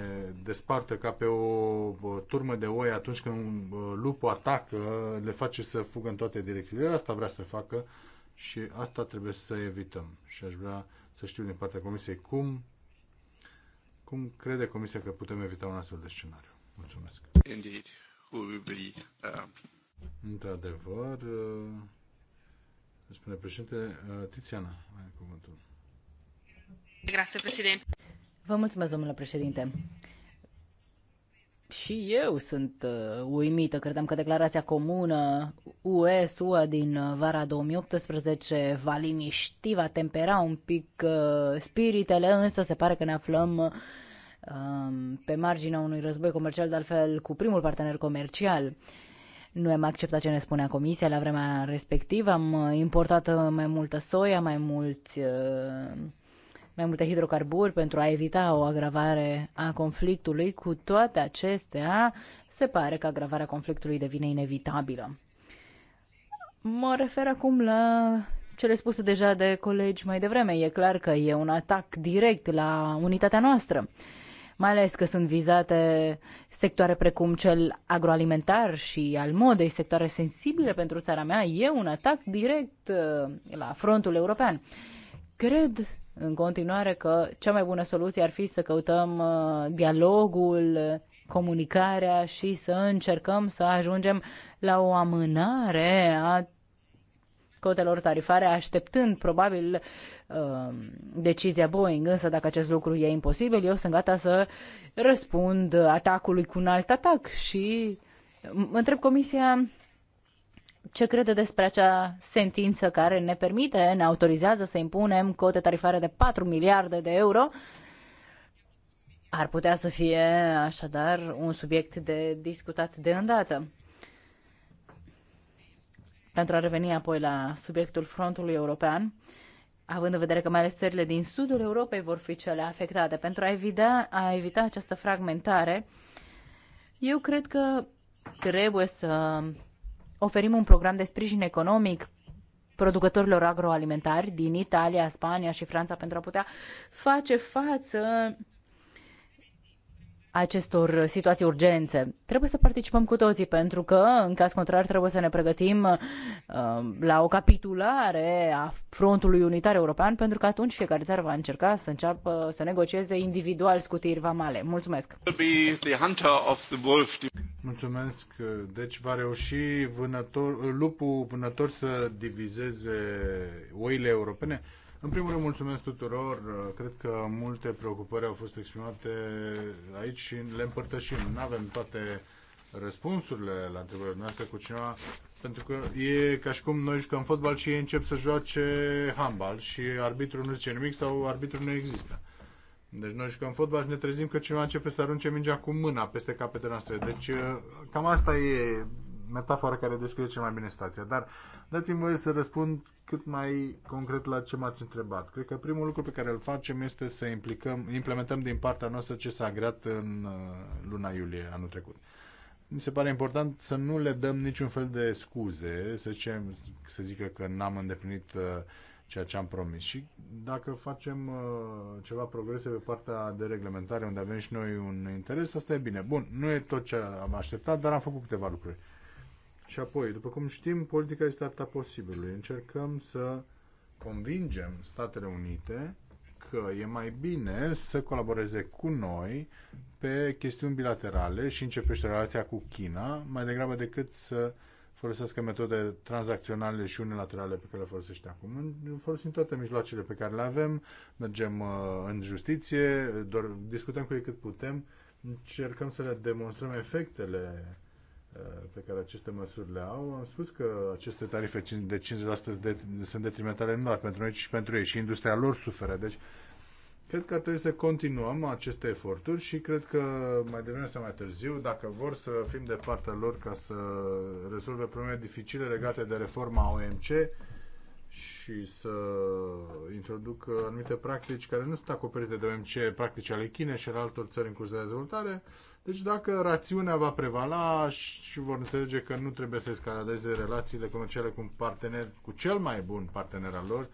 desparte ca pe o turmă de oi atunci când un uh, lupul atacă, le face să fugă în toate direcțiile. Asta vrea să facă și asta trebuie să evităm. Și aș vrea să știu din partea Comisiei cum, cum crede Comisia că putem evita un astfel de scenariu. Mulțumesc. Indeed. be, uh... Într-adevăr, uh, spune președinte, Tiziana, ai cuvântul. Grazie, presidente. Vă mulțumesc, domnule președinte. Și eu sunt uh, uimită. Credeam că declarația comună U.S. ua din uh, vara 2018 va liniști, va tempera un pic uh, spiritele, însă se pare că ne aflăm uh, pe marginea unui război comercial, de altfel cu primul partener comercial. Nu am acceptat ce ne spunea comisia la vremea respectivă, am uh, importat mai multă soia, mai mulți uh, mai multe hidrocarburi pentru a evita o agravare a conflictului. Cu toate acestea, se pare că agravarea conflictului devine inevitabilă. Mă refer acum la cele spuse deja de colegi mai devreme. E clar că e un atac direct la unitatea noastră mai ales că sunt vizate sectoare precum cel agroalimentar și al modei, sectoare sensibile pentru țara mea, e un atac direct uh, la frontul european. Cred în continuare că cea mai bună soluție ar fi să căutăm uh, dialogul, comunicarea și să încercăm să ajungem la o amânare a cotelor tarifare, așteptând probabil uh, decizia Boeing. Însă dacă acest lucru e imposibil, eu sunt gata să răspund atacului cu un alt atac și mă întreb comisia ce crede despre acea sentință care ne permite, ne autorizează să impunem cote tarifare de 4 miliarde de euro. Ar putea să fie așadar un subiect de discutat de îndată. Pentru a reveni apoi la subiectul frontului european, având în vedere că mai ales țările din sudul Europei vor fi cele afectate, pentru a evita, a evita această fragmentare, eu cred că trebuie să oferim un program de sprijin economic producătorilor agroalimentari din Italia, Spania și Franța pentru a putea face față acestor situații urgențe. Trebuie să participăm cu toții, pentru că, în caz contrar, trebuie să ne pregătim uh, la o capitulare a frontului unitar european, pentru că atunci fiecare țară va încerca să înceapă să negocieze individual scutiri vamale. Mulțumesc! Mulțumesc! Deci va reuși vânător, lupul vânător să divizeze oile europene? În primul rând, mulțumesc tuturor. Cred că multe preocupări au fost exprimate aici și le împărtășim. Nu avem toate răspunsurile la întrebările noastre cu cineva, pentru că e ca și cum noi jucăm fotbal și ei încep să joace handbal și arbitrul nu zice nimic sau arbitrul nu există. Deci noi jucăm fotbal și ne trezim că cineva începe să arunce mingea cu mâna peste capetele noastre. Deci cam asta e metafora care descrie cel mai bine stația. Dar dați-mi voie să răspund cât mai concret la ce m-ați întrebat. Cred că primul lucru pe care îl facem este să implicăm, implementăm din partea noastră ce s-a agreat în uh, luna iulie anul trecut. Mi se pare important să nu le dăm niciun fel de scuze, să, zicem, să zică că n-am îndeplinit uh, ceea ce am promis. Și dacă facem uh, ceva progrese pe partea de reglementare, unde avem și noi un interes, asta e bine. Bun, nu e tot ce am așteptat, dar am făcut câteva lucruri. Și apoi, după cum știm, politica este arta posibilului. Încercăm să convingem Statele Unite că e mai bine să colaboreze cu noi pe chestiuni bilaterale și începește relația cu China, mai degrabă decât să folosească metode tranzacționale și unilaterale pe care le folosește acum. Folosim toate mijloacele pe care le avem, mergem uh, în justiție, doar discutăm cu ei cât putem, încercăm să le demonstrăm efectele Uh, pe care aceste măsuri le au. Am spus că aceste tarife de 50% sunt detrimentale nu doar pentru noi, ci și pentru ei și industria lor suferă. Deci, cred că ar trebui să continuăm aceste eforturi și cred că mai devreme sau mai târziu, dacă vor să fim de partea lor ca să rezolve probleme dificile legate de reforma OMC și să introducă anumite practici care nu sunt acoperite de OMC, practici ale Chinei și ale altor țări în curs de dezvoltare, deci dacă rațiunea va prevala și vor înțelege că nu trebuie să escaladeze relațiile comerciale cu un partener, cu cel mai bun partener al lor,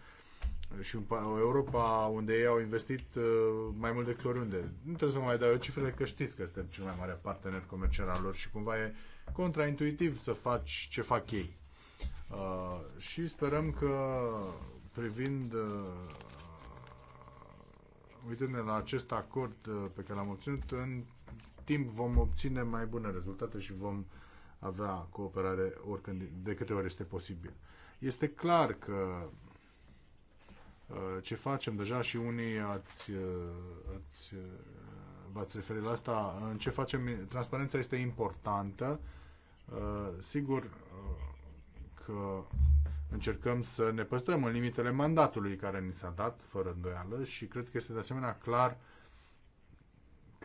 și o Europa unde ei au investit uh, mai mult decât oriunde. Nu trebuie să mai dau eu cifrele că știți că este cel mai mare partener comercial al lor și cumva e contraintuitiv să faci ce fac ei. Uh, și sperăm că privind uh, uitându-ne la acest acord uh, pe care l-am obținut, în timp vom obține mai bune rezultate și vom avea cooperare oricând, de câte ori este posibil. Este clar că uh, ce facem deja și unii ați, uh, ați, uh, v-ați referit la asta, în ce facem, transparența este importantă. Sigur că încercăm să ne păstrăm în limitele mandatului care ni s-a dat, fără îndoială, și cred că este de asemenea clar uh,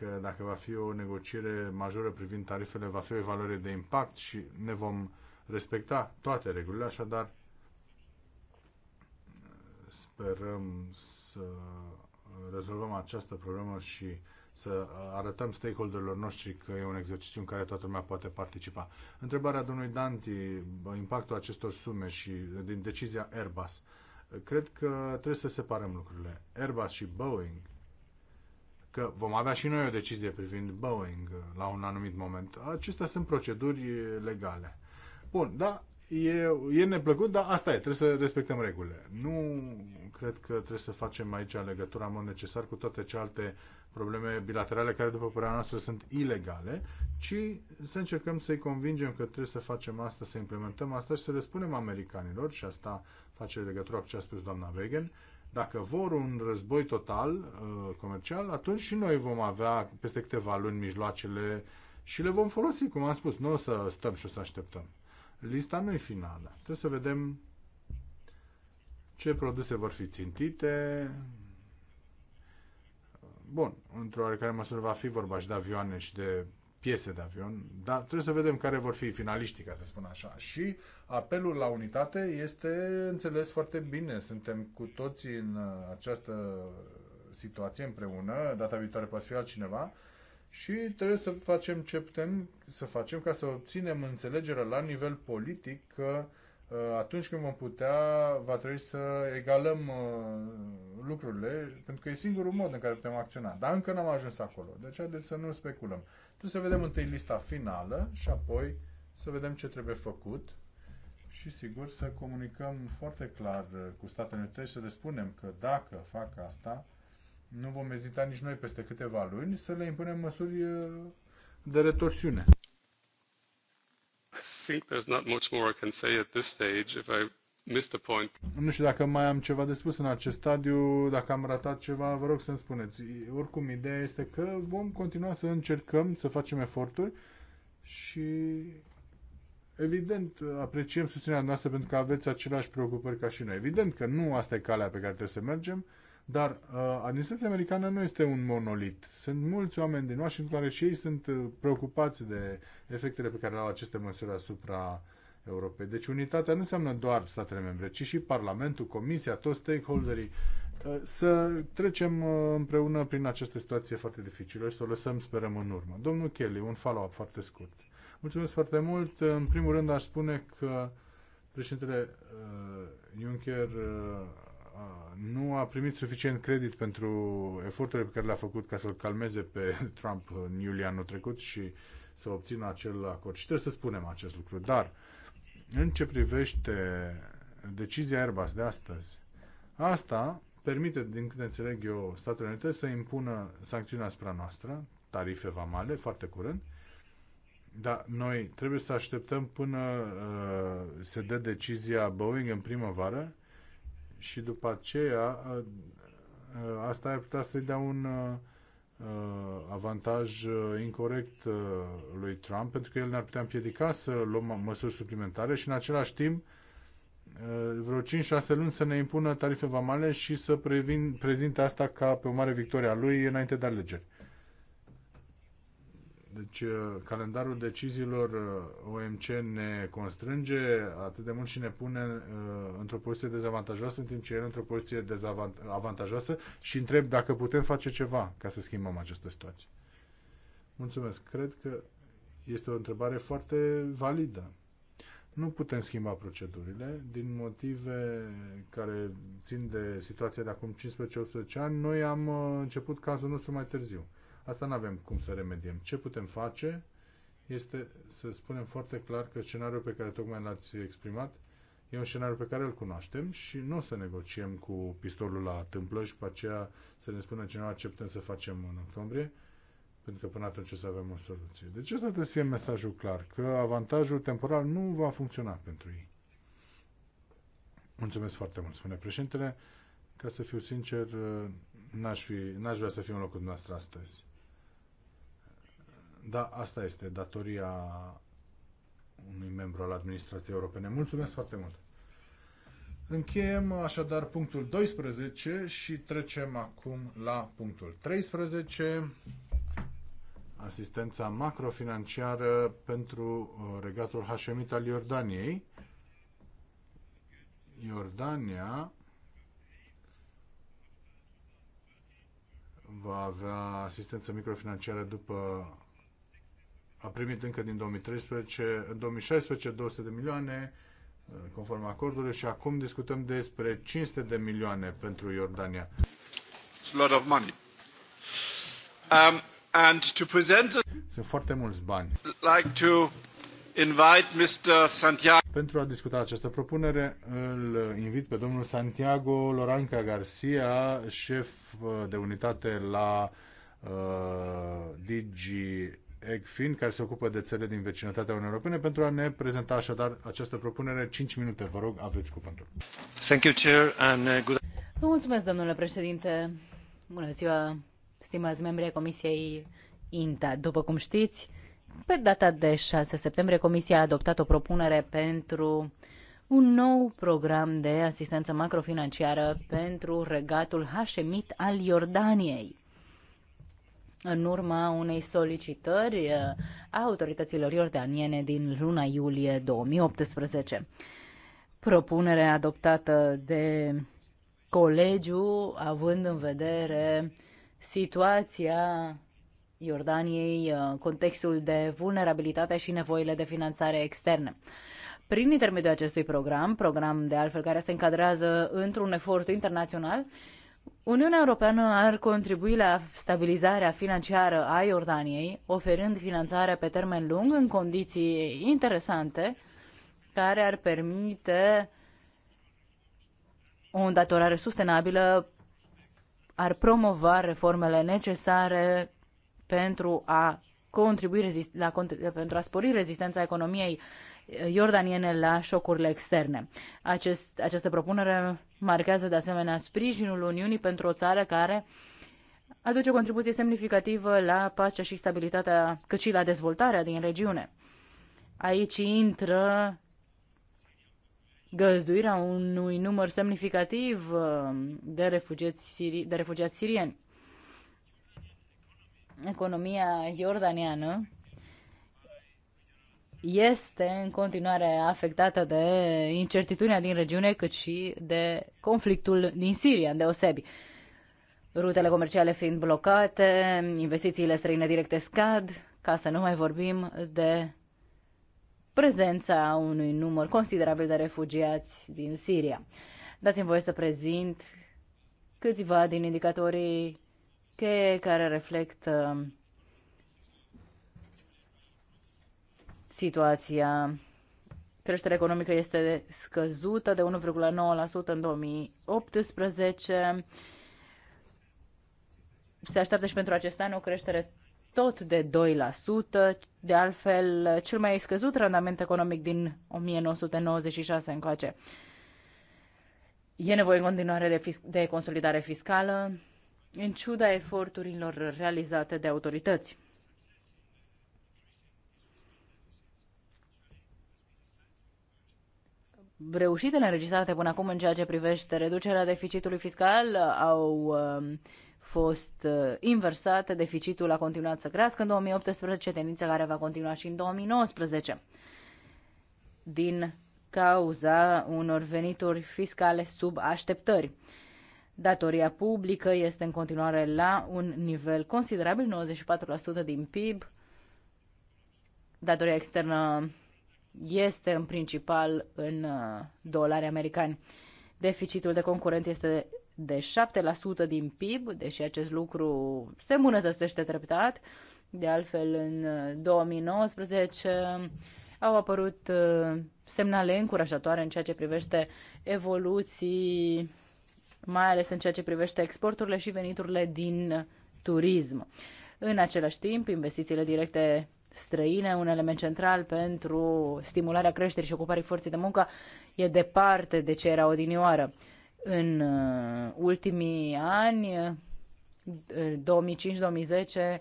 că dacă va fi o negociere majoră privind tarifele, va fi o evaluare de impact și ne vom respecta toate regulile, așadar sperăm să rezolvăm această problemă și să arătăm stakeholderilor noștri că e un exercițiu în care toată lumea poate participa. Întrebarea domnului Danti, impactul acestor sume și din decizia Airbus. Cred că trebuie să separăm lucrurile. Airbus și Boeing că vom avea și noi o decizie privind Boeing la un anumit moment. Acestea sunt proceduri legale. Bun, da, e, e neplăcut, dar asta e, trebuie să respectăm regulile. Nu cred că trebuie să facem aici legătura în mod necesar cu toate celelalte probleme bilaterale care, după părerea noastră, sunt ilegale, ci să încercăm să-i convingem că trebuie să facem asta, să implementăm asta și să le spunem americanilor, și asta face legătura cu ce a spus doamna Wegen, dacă vor un război total uh, comercial, atunci și noi vom avea peste câteva luni mijloacele și le vom folosi, cum am spus. Nu o să stăm și o să așteptăm. Lista nu e finală. Trebuie să vedem ce produse vor fi țintite. Bun, într-o oarecare măsură va fi vorba și de avioane și de piese de avion, dar trebuie să vedem care vor fi finaliștii, ca să spun așa. Și apelul la unitate este înțeles foarte bine. Suntem cu toții în această situație împreună, data viitoare poate fi altcineva, și trebuie să facem ce putem să facem ca să obținem înțelegerea la nivel politic că uh, Uh, atunci când vom putea, va trebui să egalăm uh, lucrurile, pentru că e singurul mod în care putem acționa. Dar încă n-am ajuns acolo, deci haideți să nu speculăm. Trebuie să vedem întâi lista finală și apoi să vedem ce trebuie făcut și sigur să comunicăm foarte clar uh, cu Statele Unite și să le spunem că dacă fac asta, nu vom ezita nici noi peste câteva luni să le impunem măsuri de retorsiune think there's not much more I can say at this stage. If I missed a point. Nu știu dacă mai am ceva de spus în acest stadiu, dacă am ratat ceva, vă rog să-mi spuneți. Oricum, ideea este că vom continua să încercăm să facem eforturi și evident apreciem susținerea noastră pentru că aveți aceleași preocupări ca și noi. Evident că nu asta e calea pe care trebuie să mergem, dar uh, administrația americană nu este un monolit. Sunt mulți oameni din Washington care și ei sunt uh, preocupați de efectele pe care le au aceste măsuri asupra Europei. Deci unitatea nu înseamnă doar statele membre, ci și Parlamentul, Comisia, toți stakeholderii uh, să trecem uh, împreună prin această situație foarte dificilă și să o lăsăm, sperăm, în urmă. Domnul Kelly, un follow-up foarte scurt. Mulțumesc foarte mult. În primul rând aș spune că președintele Juncker nu a primit suficient credit pentru eforturile pe care le-a făcut ca să-l calmeze pe Trump în iulie anul trecut și să obțină acel acord. Și trebuie să spunem acest lucru. Dar, în ce privește decizia Airbus de astăzi, asta permite, din câte înțeleg eu, Statele Unite să impună sancțiuni asupra noastră, tarife vamale, foarte curând, dar noi trebuie să așteptăm până uh, se dă decizia Boeing în primăvară și după aceea asta ar putea să-i dea un avantaj incorrect lui Trump, pentru că el ne-ar putea împiedica să luăm măsuri suplimentare și în același timp vreo 5-6 luni să ne impună tarife vamale și să previn, prezinte asta ca pe o mare victoria lui înainte de alegeri. Deci uh, calendarul deciziilor uh, OMC ne constrânge atât de mult și ne pune uh, într-o poziție dezavantajoasă, în timp ce el într-o poziție avantajoasă și întreb dacă putem face ceva ca să schimbăm această situație. Mulțumesc. Cred că este o întrebare foarte validă. Nu putem schimba procedurile din motive care țin de situația de acum 15-18 ani. Noi am început cazul nostru mai târziu. Asta nu avem cum să remediem. Ce putem face este să spunem foarte clar că scenariul pe care tocmai l-ați exprimat e un scenariu pe care îl cunoaștem și nu o să negociem cu pistolul la tâmplă și pe aceea să ne spună cineva ce putem să facem în octombrie, pentru că până atunci o să avem o soluție. Deci asta trebuie să fie mesajul clar, că avantajul temporal nu va funcționa pentru ei. Mulțumesc foarte mult, spune președintele. Ca să fiu sincer, n-aș, fi, n-aș vrea să fiu în locul dumneavoastră astăzi. Da, asta este datoria unui membru al administrației europene. Mulțumesc foarte mult! Încheiem așadar punctul 12 și trecem acum la punctul 13, asistența macrofinanciară pentru uh, regatul Hașemit al Iordaniei. Iordania va avea asistență microfinanciară după a primit încă din 2013, în 2016 200 de milioane uh, conform acordului și acum discutăm despre 500 de milioane pentru Iordania. It's a lot of money. Um, and to present... Sunt foarte mulți bani. Like to invite Mr. Santiago. Pentru a discuta această propunere, îl invit pe domnul Santiago Loranca Garcia, șef uh, de unitate la uh, Digi ECFIN, care se ocupă de țările din vecinătatea Uniunii Europene, pentru a ne prezenta așadar această propunere. 5 minute, vă rog, aveți cuvântul. Thank you, Chair, and uh, good... Vă mulțumesc, domnule președinte. Bună ziua, stimați membri ai Comisiei INTA. După cum știți, pe data de 6 septembrie, Comisia a adoptat o propunere pentru un nou program de asistență macrofinanciară pentru regatul Hashemit al Iordaniei în urma unei solicitări uh, a autorităților iordaniene din luna iulie 2018. Propunerea adoptată de colegiu, având în vedere situația Iordaniei, uh, contextul de vulnerabilitate și nevoile de finanțare externe. Prin intermediul acestui program, program de altfel care se încadrează într-un efort internațional, Uniunea Europeană ar contribui la stabilizarea financiară a Iordaniei, oferând finanțare pe termen lung în condiții interesante care ar permite o îndatorare sustenabilă, ar promova reformele necesare pentru a contribui la, pentru a spori rezistența economiei iordaniene la șocurile externe. Acest, această propunere marchează de asemenea sprijinul Uniunii pentru o țară care aduce o contribuție semnificativă la pacea și stabilitatea, cât și la dezvoltarea din regiune. Aici intră găzduirea unui număr semnificativ um, de refugiați, siri, de refugiați sirieni. Economia iordaniană este în continuare afectată de incertitudinea din regiune, cât și de conflictul din Siria, îndeosebi. Rutele comerciale fiind blocate, investițiile străine directe scad, ca să nu mai vorbim de prezența unui număr considerabil de refugiați din Siria. Dați-mi voie să prezint câțiva din indicatorii cheie care reflectă situația. Creșterea economică este scăzută de 1,9% în 2018. Se așteaptă și pentru acest an o creștere tot de 2%, de altfel cel mai scăzut randament economic din 1996 încoace. E nevoie în continuare de, fisc- de consolidare fiscală, în ciuda eforturilor realizate de autorități. reușitele înregistrate până acum în ceea ce privește reducerea deficitului fiscal au um, fost uh, inversate, deficitul a continuat să crească în 2018, tendința care va continua și în 2019. Din cauza unor venituri fiscale sub așteptări. Datoria publică este în continuare la un nivel considerabil, 94% din PIB. Datoria externă este în principal în uh, dolari americani. Deficitul de concurent este de 7% din PIB, deși acest lucru se îmbunătățește treptat. De altfel, în 2019 uh, au apărut uh, semnale încurajatoare în ceea ce privește evoluții, mai ales în ceea ce privește exporturile și veniturile din turism. În același timp, investițiile directe străine, un element central pentru stimularea creșterii și ocuparii forței de muncă, e departe de ce era odinioară. În uh, ultimii ani, 2005-2010, uh,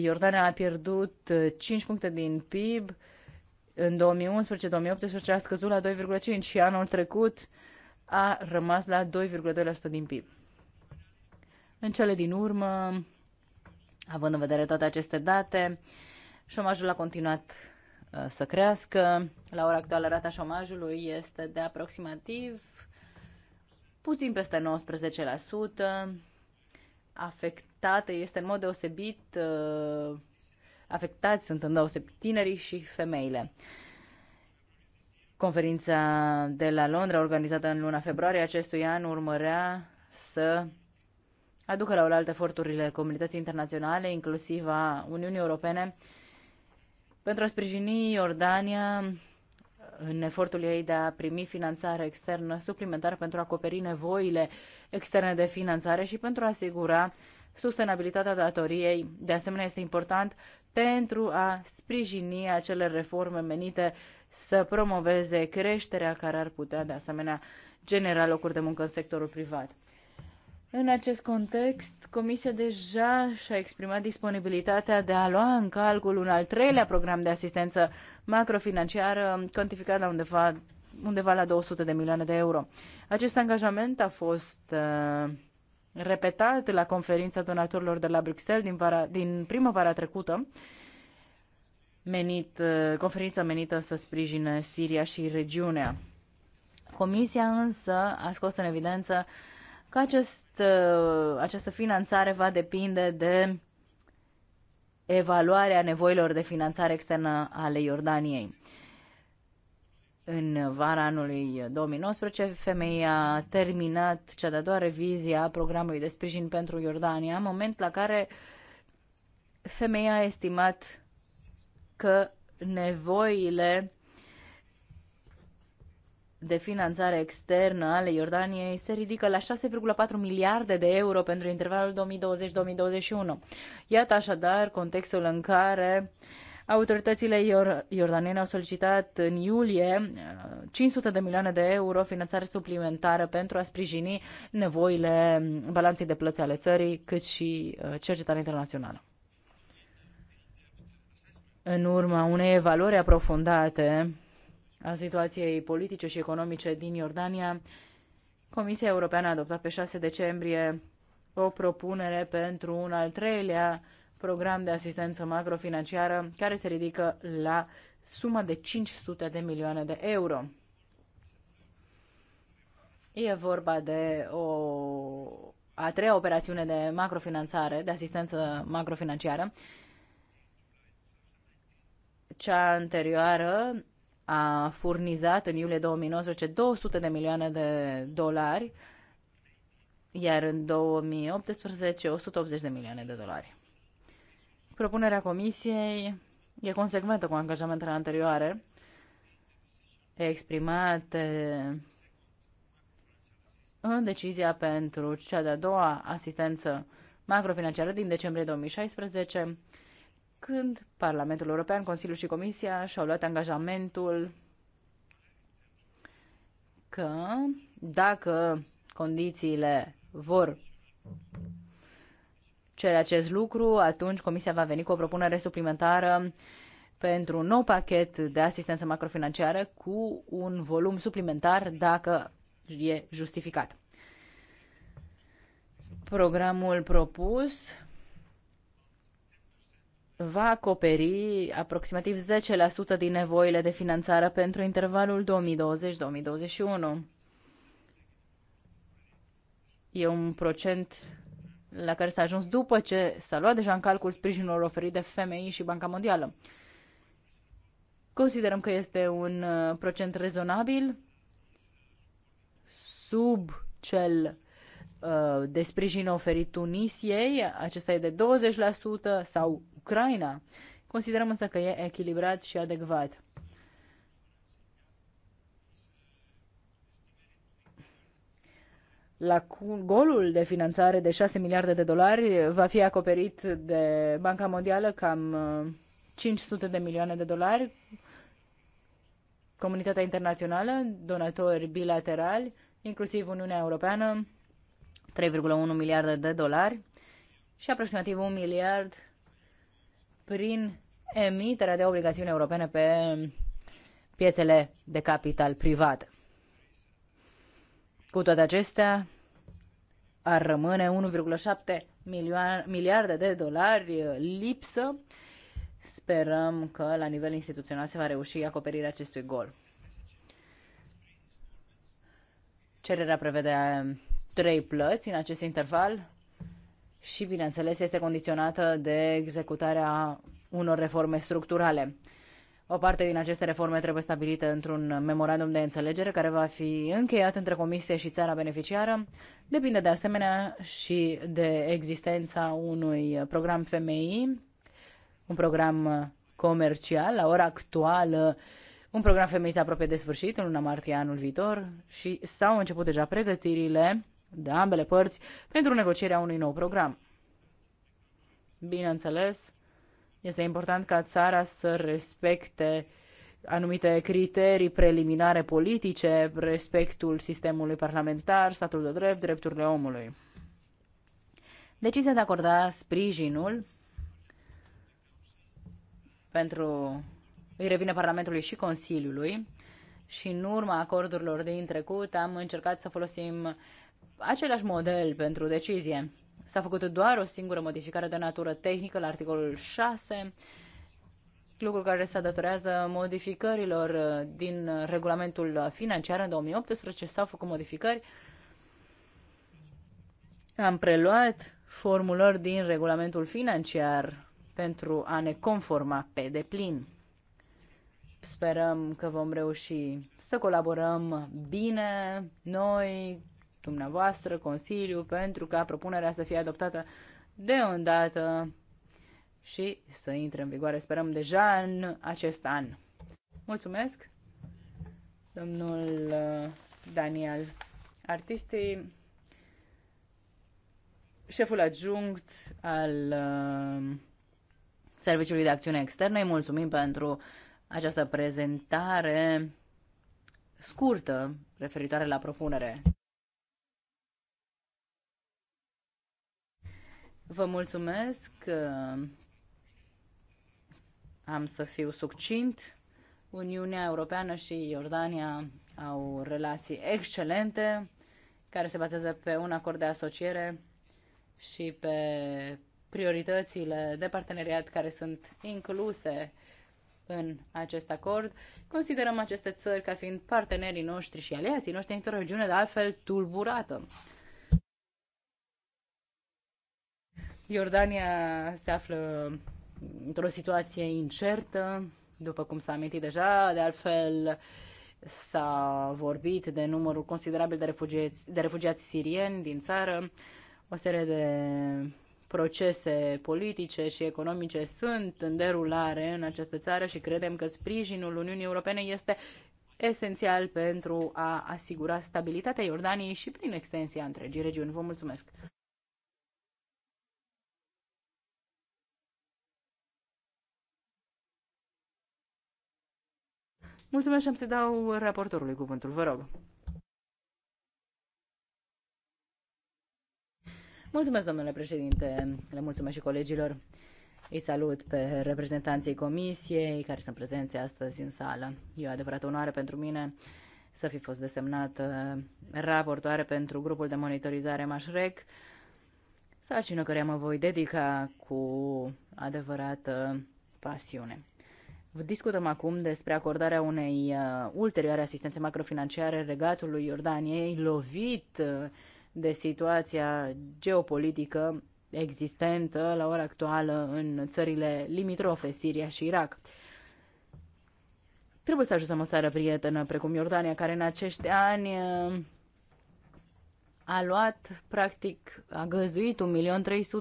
Iordania a pierdut 5 uh, puncte din PIB, în 2011-2018 a scăzut la 2,5 și anul trecut a rămas la 2,2% din PIB. În cele din urmă, Având în vedere toate aceste date, șomajul a continuat uh, să crească. La ora actuală rata șomajului este de aproximativ puțin peste 19%. Afectată este în mod deosebit, uh, afectați sunt în deosebit tinerii și femeile. Conferința de la Londra, organizată în luna februarie acestui an, urmărea să aducă la oaltă eforturile comunității internaționale, inclusiv a Uniunii Europene, pentru a sprijini Iordania în efortul ei de a primi finanțare externă suplimentară pentru a acoperi nevoile externe de finanțare și pentru a asigura sustenabilitatea datoriei. De asemenea, este important pentru a sprijini acele reforme menite să promoveze creșterea care ar putea, de asemenea, genera locuri de muncă în sectorul privat. În acest context, Comisia deja și-a exprimat disponibilitatea de a lua în calcul un al treilea program de asistență macrofinanciară cantificat la undeva, undeva la 200 de milioane de euro. Acest angajament a fost uh, repetat la conferința donatorilor de la Bruxelles din, vara, din primăvara trecută, menit, uh, conferința menită să sprijine Siria și regiunea. Comisia însă a scos în evidență uh, că acest, uh, această finanțare va depinde de evaluarea nevoilor de finanțare externă ale Iordaniei. În vara anului 2019, femeia a terminat cea de-a doua revizie a programului de sprijin pentru Iordania, moment la care femeia a estimat că nevoile de finanțare externă ale Iordaniei se ridică la 6,4 miliarde de euro pentru intervalul 2020-2021. Iată așadar contextul în care autoritățile iordaniene au solicitat în iulie 500 uh, de milioane de euro finanțare suplimentară pentru a sprijini nevoile balanței de plăți ale țării, cât și uh, cercetare internațională. În urma unei evaluări aprofundate a situației politice și economice din Iordania, Comisia Europeană a adoptat pe 6 decembrie o propunere pentru un al treilea program de asistență macrofinanciară care se ridică la suma de 500 de milioane de euro. E vorba de o a treia operațiune de macrofinanțare, de asistență macrofinanciară. Cea anterioară a furnizat în iulie 2019 200 de milioane de dolari, iar în 2018 180 de milioane de dolari. Propunerea Comisiei e consecventă cu angajamentele anterioare exprimate în decizia pentru cea de-a doua asistență macrofinanciară din decembrie 2016 când Parlamentul European, Consiliul și Comisia și-au luat angajamentul că dacă condițiile vor cere acest lucru, atunci Comisia va veni cu o propunere suplimentară pentru un nou pachet de asistență macrofinanciară cu un volum suplimentar dacă e justificat. Programul propus va acoperi aproximativ 10% din nevoile de finanțare pentru intervalul 2020-2021. E un procent la care s-a ajuns după ce s-a luat deja în calcul sprijinul oferit de FMI și Banca Mondială. Considerăm că este un uh, procent rezonabil sub cel Uh, de sprijin oferit Tunisiei, acesta e de 20% sau Ucraina. Considerăm însă că e echilibrat și adecvat. La golul de finanțare de 6 miliarde de dolari va fi acoperit de Banca Mondială cam 500 uh, de milioane de dolari, comunitatea internațională, donatori bilaterali, inclusiv Uniunea Europeană, 3,1 miliarde de dolari și aproximativ 1 miliard prin emiterea de obligațiuni europene pe piețele de capital privat. Cu toate acestea, ar rămâne 1,7 miliarde de dolari lipsă. Sperăm că la nivel instituțional se va reuși acoperirea acestui gol. Cererea prevede trei plăți în acest interval și, bineînțeles, este condiționată de executarea unor reforme structurale. O parte din aceste reforme trebuie stabilită într-un memorandum de înțelegere care va fi încheiat între Comisie și țara beneficiară. Depinde de asemenea și de existența unui program FMI, un program comercial. La ora actuală, un program FMI se apropie de sfârșit în luna martie anul viitor și s-au început deja pregătirile de ambele părți pentru negocierea unui nou program. Bineînțeles, este important ca țara să respecte anumite criterii preliminare politice, respectul sistemului parlamentar, statul de drept, drepturile omului. Decizia de a acorda sprijinul pentru îi revine Parlamentului și Consiliului și în urma acordurilor din trecut am încercat să folosim același model pentru decizie. S-a făcut doar o singură modificare de natură tehnică la articolul 6, lucru care se datorează modificărilor uh, din regulamentul financiar în 2018. S-au făcut modificări. Am preluat formulări din regulamentul financiar pentru a ne conforma pe deplin. Sperăm că vom reuși să colaborăm bine noi dumneavoastră, Consiliu, pentru ca propunerea să fie adoptată de îndată și să intre în vigoare, sperăm, deja în acest an. Mulțumesc, domnul uh, Daniel Artistii, șeful adjunct al uh, Serviciului de Acțiune Externă. Îi mulțumim pentru această prezentare scurtă referitoare la propunere. Vă mulțumesc. Am să fiu succint. Uniunea Europeană și Iordania au relații excelente care se bazează pe un acord de asociere și pe prioritățile de parteneriat care sunt incluse în acest acord. Considerăm aceste țări ca fiind partenerii noștri și aliații noștri într-o regiune de altfel tulburată. Iordania se află într-o situație incertă, după cum s-a amintit deja, de altfel s-a vorbit de numărul considerabil de refugiați, de refugiați sirieni din țară, o serie de procese politice și economice sunt în derulare în această țară și credem că sprijinul Uniunii Europene este esențial pentru a asigura stabilitatea Iordaniei și prin extensia întregii regiuni. Vă mulțumesc! Mulțumesc și am să dau raportorului cuvântul, vă rog. Mulțumesc, domnule președinte, le mulțumesc și colegilor. Îi salut pe reprezentanții comisiei care sunt prezenți astăzi în sală. E o adevărată onoare pentru mine să fi fost desemnată raportoare pentru grupul de monitorizare Mașrec, sarcină căreia mă voi dedica cu adevărată pasiune. Discutăm acum despre acordarea unei uh, ulterioare asistențe macrofinanciare regatului Iordaniei, lovit uh, de situația geopolitică existentă la ora actuală în țările limitrofe, Siria și Irak. Trebuie să ajutăm o țară prietenă precum Iordania, care în acești ani uh, a luat, practic, a găzduit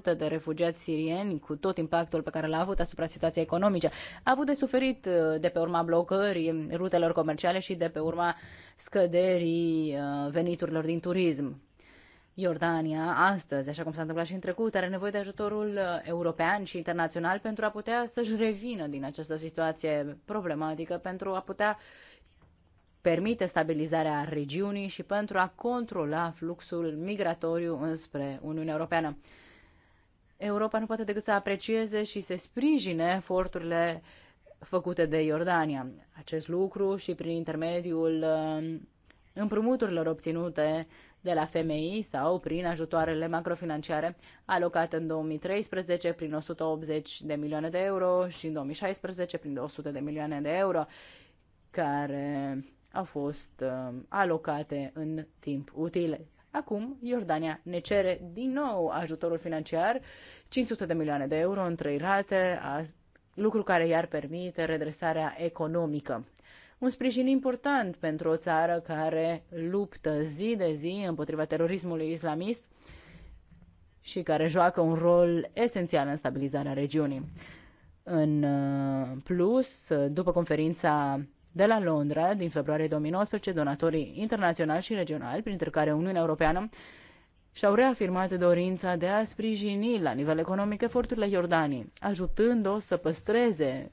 1.300.000 de refugiați sirieni cu tot impactul pe care l-a avut asupra situației economice. A avut de suferit uh, de pe urma blocării rutelor comerciale și de pe urma scăderii uh, veniturilor din turism. Iordania, astăzi, așa cum s-a întâmplat și în trecut, are nevoie de ajutorul uh, european și internațional pentru a putea să-și revină din această situație problematică, pentru a putea uh, permite stabilizarea regiunii și pentru a controla fluxul migratoriu înspre Uniunea Europeană. Europa nu poate decât să aprecieze și să sprijine eforturile făcute de Iordania. Acest lucru și prin intermediul um, împrumuturilor obținute de la FMI sau prin ajutoarele macrofinanciare alocate în 2013 prin 180 de milioane de euro și în 2016 prin 200 de milioane de euro, care au fost uh, alocate în timp util. Acum, Iordania ne cere din nou ajutorul financiar, 500 de milioane de euro în trei rate, a, lucru care i-ar permite redresarea economică. Un sprijin important pentru o țară care luptă zi de zi împotriva terorismului islamist și care joacă un rol esențial în stabilizarea regiunii. În uh, plus, după conferința de la Londra din februarie 2019, donatorii internaționali și regionali, printre care Uniunea Europeană, și-au reafirmat dorința de a sprijini la nivel economic eforturile Iordanii, ajutând-o să păstreze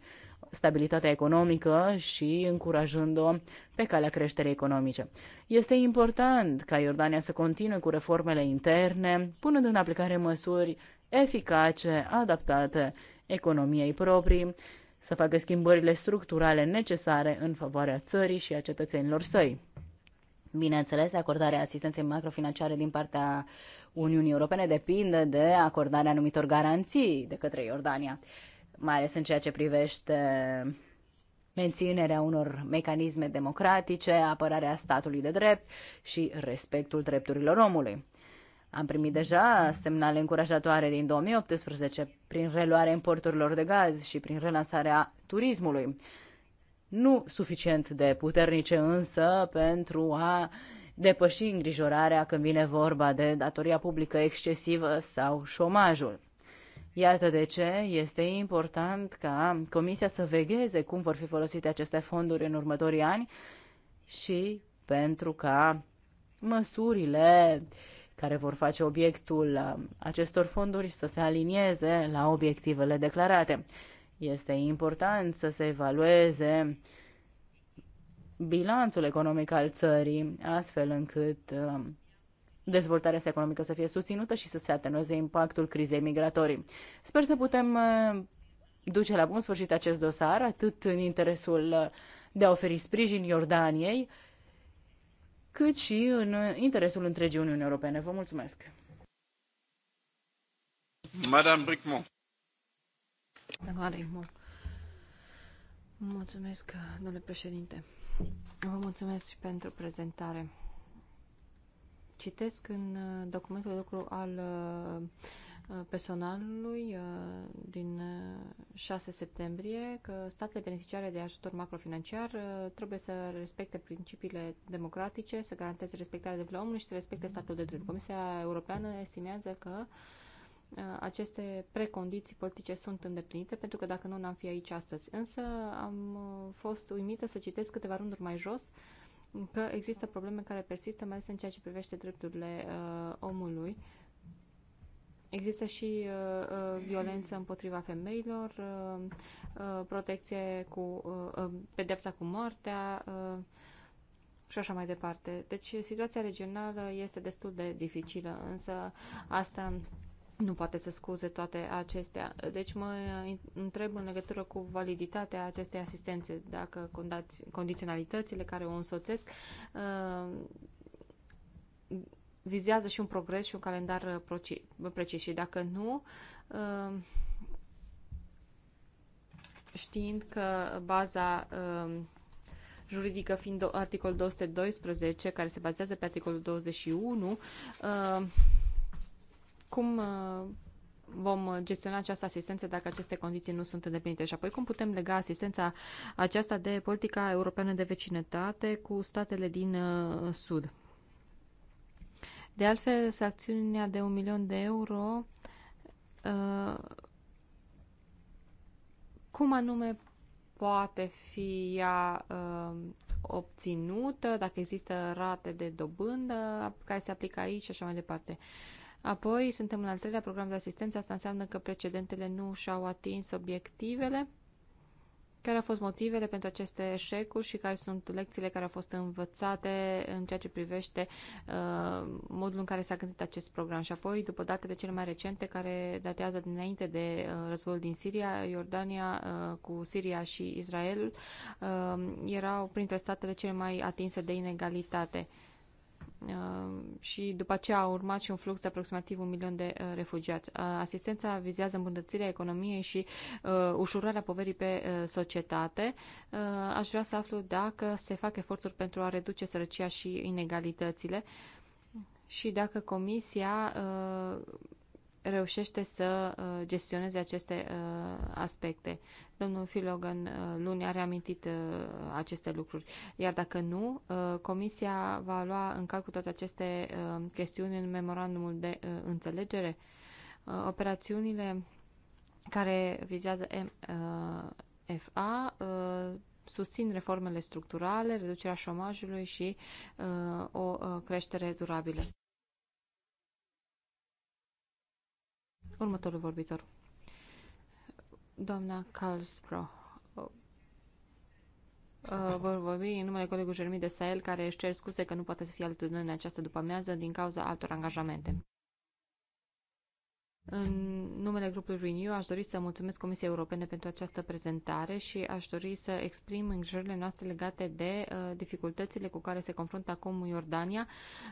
stabilitatea economică și încurajând-o pe calea creșterii economice. Este important ca Iordania să continue cu reformele interne, punând în aplicare măsuri eficace, adaptate economiei proprii, să facă schimbările structurale necesare în favoarea țării și a cetățenilor săi. Bineînțeles, acordarea asistenței macrofinanciare din partea Uniunii Europene depinde de acordarea anumitor garanții de către Iordania, mai ales în ceea ce privește menținerea unor mecanisme democratice, apărarea statului de drept și respectul drepturilor omului. Am primit deja semnale încurajatoare din 2018 prin reluarea importurilor de gaz și prin relansarea turismului. Nu suficient de puternice însă pentru a depăși îngrijorarea când vine vorba de datoria publică excesivă sau șomajul. Iată de ce este important ca Comisia să vegheze cum vor fi folosite aceste fonduri în următorii ani și pentru ca măsurile uh, care vor face obiectul um, acestor fonduri să se alinieze la obiectivele declarate. Este important să se evalueze bilanțul economic al țării, astfel încât um, dezvoltarea sa economică să fie susținută și să se atenueze impactul crizei migratorii. Sper să putem uh, duce la bun sfârșit acest dosar, atât în interesul uh, de a oferi sprijin Iordaniei, cât și în interesul întregii Uniuni Europene. Vă mulțumesc! Madame Bricmont. Doamna Bricmont. Mulțumesc, domnule președinte. Vă mulțumesc și pentru prezentare. Citesc în documentul de lucru al uh, Uh, personalului uh, din 6 uh, septembrie că statele beneficiare de ajutor macrofinanciar trebuie să respecte principiile democratice, să garanteze respectarea drepturilor omului și să respecte statul de drept. Comisia Europeană estimează că aceste precondiții politice sunt îndeplinite, pentru că dacă nu, n-am fi aici astăzi. Însă am fost uimită să citesc câteva rânduri mai jos că există probleme care persistă, mai ales în ceea ce privește drepturile uh, omului Există și uh, uh, violență împotriva femeilor, uh, protecție cu pedepsa cu moartea și așa mai departe. Deci situația regională este destul de dificilă, însă asta nu poate să scuze toate acestea. Deci mă întreb în legătură cu validitatea acestei asistențe, dacă condiționalitățile care o însoțesc vizează și un progres și un calendar uh, uh, precis. Și dacă nu, uh, știind că baza juridică fiind articolul 212, care se bazează pe articolul 21, cum vom gestiona această asistență dacă aceste condiții nu sunt îndeplinite și apoi cum putem lega asistența aceasta de politica europeană de vecinătate cu statele din Sud. De altfel, sancțiunea de un milion de euro, uh, cum anume poate fi ea uh, obținută, dacă există rate de dobândă care se aplică aici și așa mai departe. Apoi, suntem în al treilea program de asistență, asta înseamnă că precedentele nu și-au atins obiectivele care au fost motivele pentru aceste eșecuri și care sunt lecțiile care au fost învățate în ceea ce privește uh, modul în care s-a gândit acest program? Și apoi, după datele cele mai recente, care datează dinainte de uh, războiul din Siria, Iordania uh, cu Siria și Israelul uh, erau printre statele cele mai atinse de inegalitate. Uh, Uh, și după aceea a urmat și un flux de aproximativ un milion de uh, refugiați. Uh, asistența vizează îmbunătățirea economiei și ușurarea poverii pe societate. Aș vrea să aflu dacă se fac eforturi pentru a reduce sărăcia și inegalitățile și dacă Comisia reușește să uh, gestioneze aceste uh, aspecte. Domnul Filogan uh, luni a reamintit aceste lucruri. Iar dacă nu, Comisia va lua în calcul toate aceste chestiuni în memorandumul de înțelegere. Operațiunile care vizează MFA susțin reformele structurale, reducerea șomajului și o creștere durabilă. Următorul vorbitor. Doamna Uh, Vor vorbi în numele colegului Jeremy de Sael, care își cer scuze că nu poate să fie alături de noi în această după-amiază din cauza altor angajamente. În numele grupului Renew aș dori să mulțumesc Comisiei Europene pentru această prezentare și aș dori să exprim îngrijorările noastre legate de uh, dificultățile cu care se confruntă acum Iordania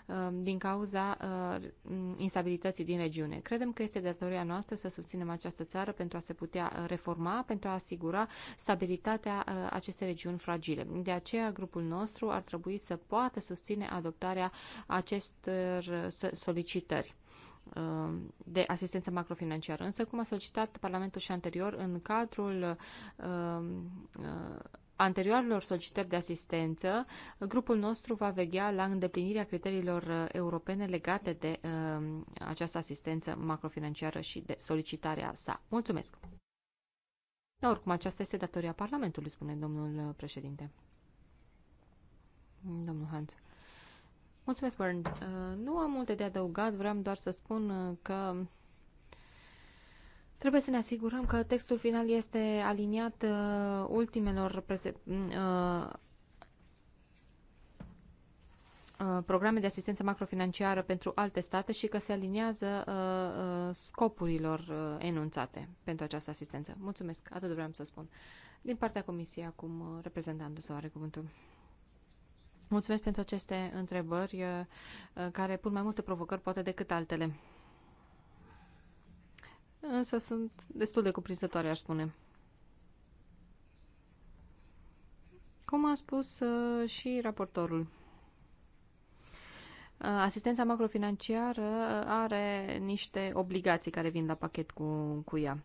uh, din cauza uh, instabilității din regiune. Credem că este datoria noastră să susținem această țară pentru a se putea uh, reforma, pentru a asigura stabilitatea uh, acestei regiuni fragile. De aceea, grupul nostru ar trebui să poată susține adoptarea acestor uh, solicitări. Uh, de asistență macrofinanciară. Însă, cum a solicitat Parlamentul și anterior, în cadrul uh, uh, anterioarelor solicitări de asistență, grupul nostru va veghea la îndeplinirea criteriilor europene legate de această asistență macrofinanciară și de solicitarea sa. Mulțumesc! Da, oricum, aceasta este datoria Parlamentului, spune domnul președinte. Domnul Hans. Mulțumesc, Bernd. Uh, nu am multe de adăugat, vreau doar să spun uh, că Trebuie să ne asigurăm că textul final este aliniat uh, ultimelor mm, uh, uh, programe de asistență macrofinanciară pentru alte state și că se aliniază uh, uh, scopurilor uh, enunțate pentru această asistență. Mulțumesc, atât vreau să spun. Din partea Comisiei, acum uh, reprezentantul să are cuvântul. Mulțumesc pentru aceste întrebări eh, eh, care pun mai multe provocări poate decât altele. Însă sunt destul de cuprinzătoare, aș spune. Cum a spus eh, și raportorul, asistența macrofinanciară are niște obligații care vin la pachet cu, cu ea.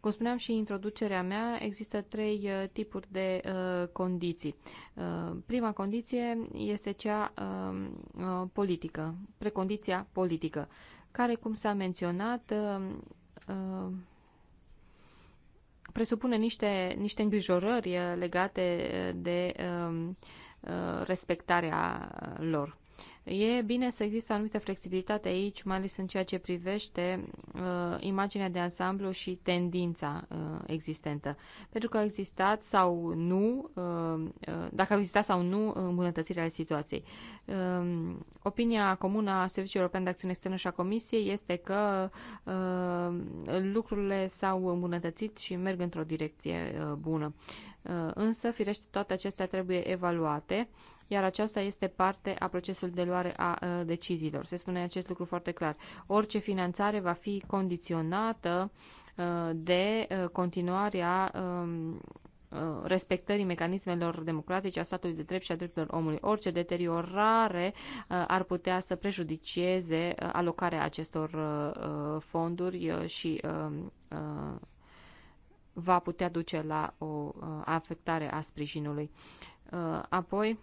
Cum spuneam și în introducerea mea, există trei uh, tipuri de uh, condiții. Uh, prima condiție este cea um, uh, politică, precondiția politică, care, cum s-a menționat, uh, uh, presupune niște, niște îngrijorări legate de um, respectarea lor. E bine să există anumită flexibilitate aici, mai ales în ceea ce privește uh, imaginea de ansamblu și tendința uh, existentă. Pentru că a existat sau nu, uh, uh dacă a existat sau nu îmbunătățirea situației. Uh, opinia comună a Serviciului European de Acțiune Externă și a Comisiei este că uh, lucrurile s-au îmbunătățit și merg într-o direcție uh, bună. Uh, însă, firește, toate acestea trebuie evaluate. Uh, iar aceasta este parte a procesului de luare a deciziilor. Se spune acest lucru foarte clar. Orice finanțare va fi condiționată de continuarea respectării mecanismelor democratice, a statului de drept și a drepturilor omului. Orice deteriorare ar putea să prejudicieze alocarea acestor fonduri și va putea duce la o afectare a sprijinului. Apoi,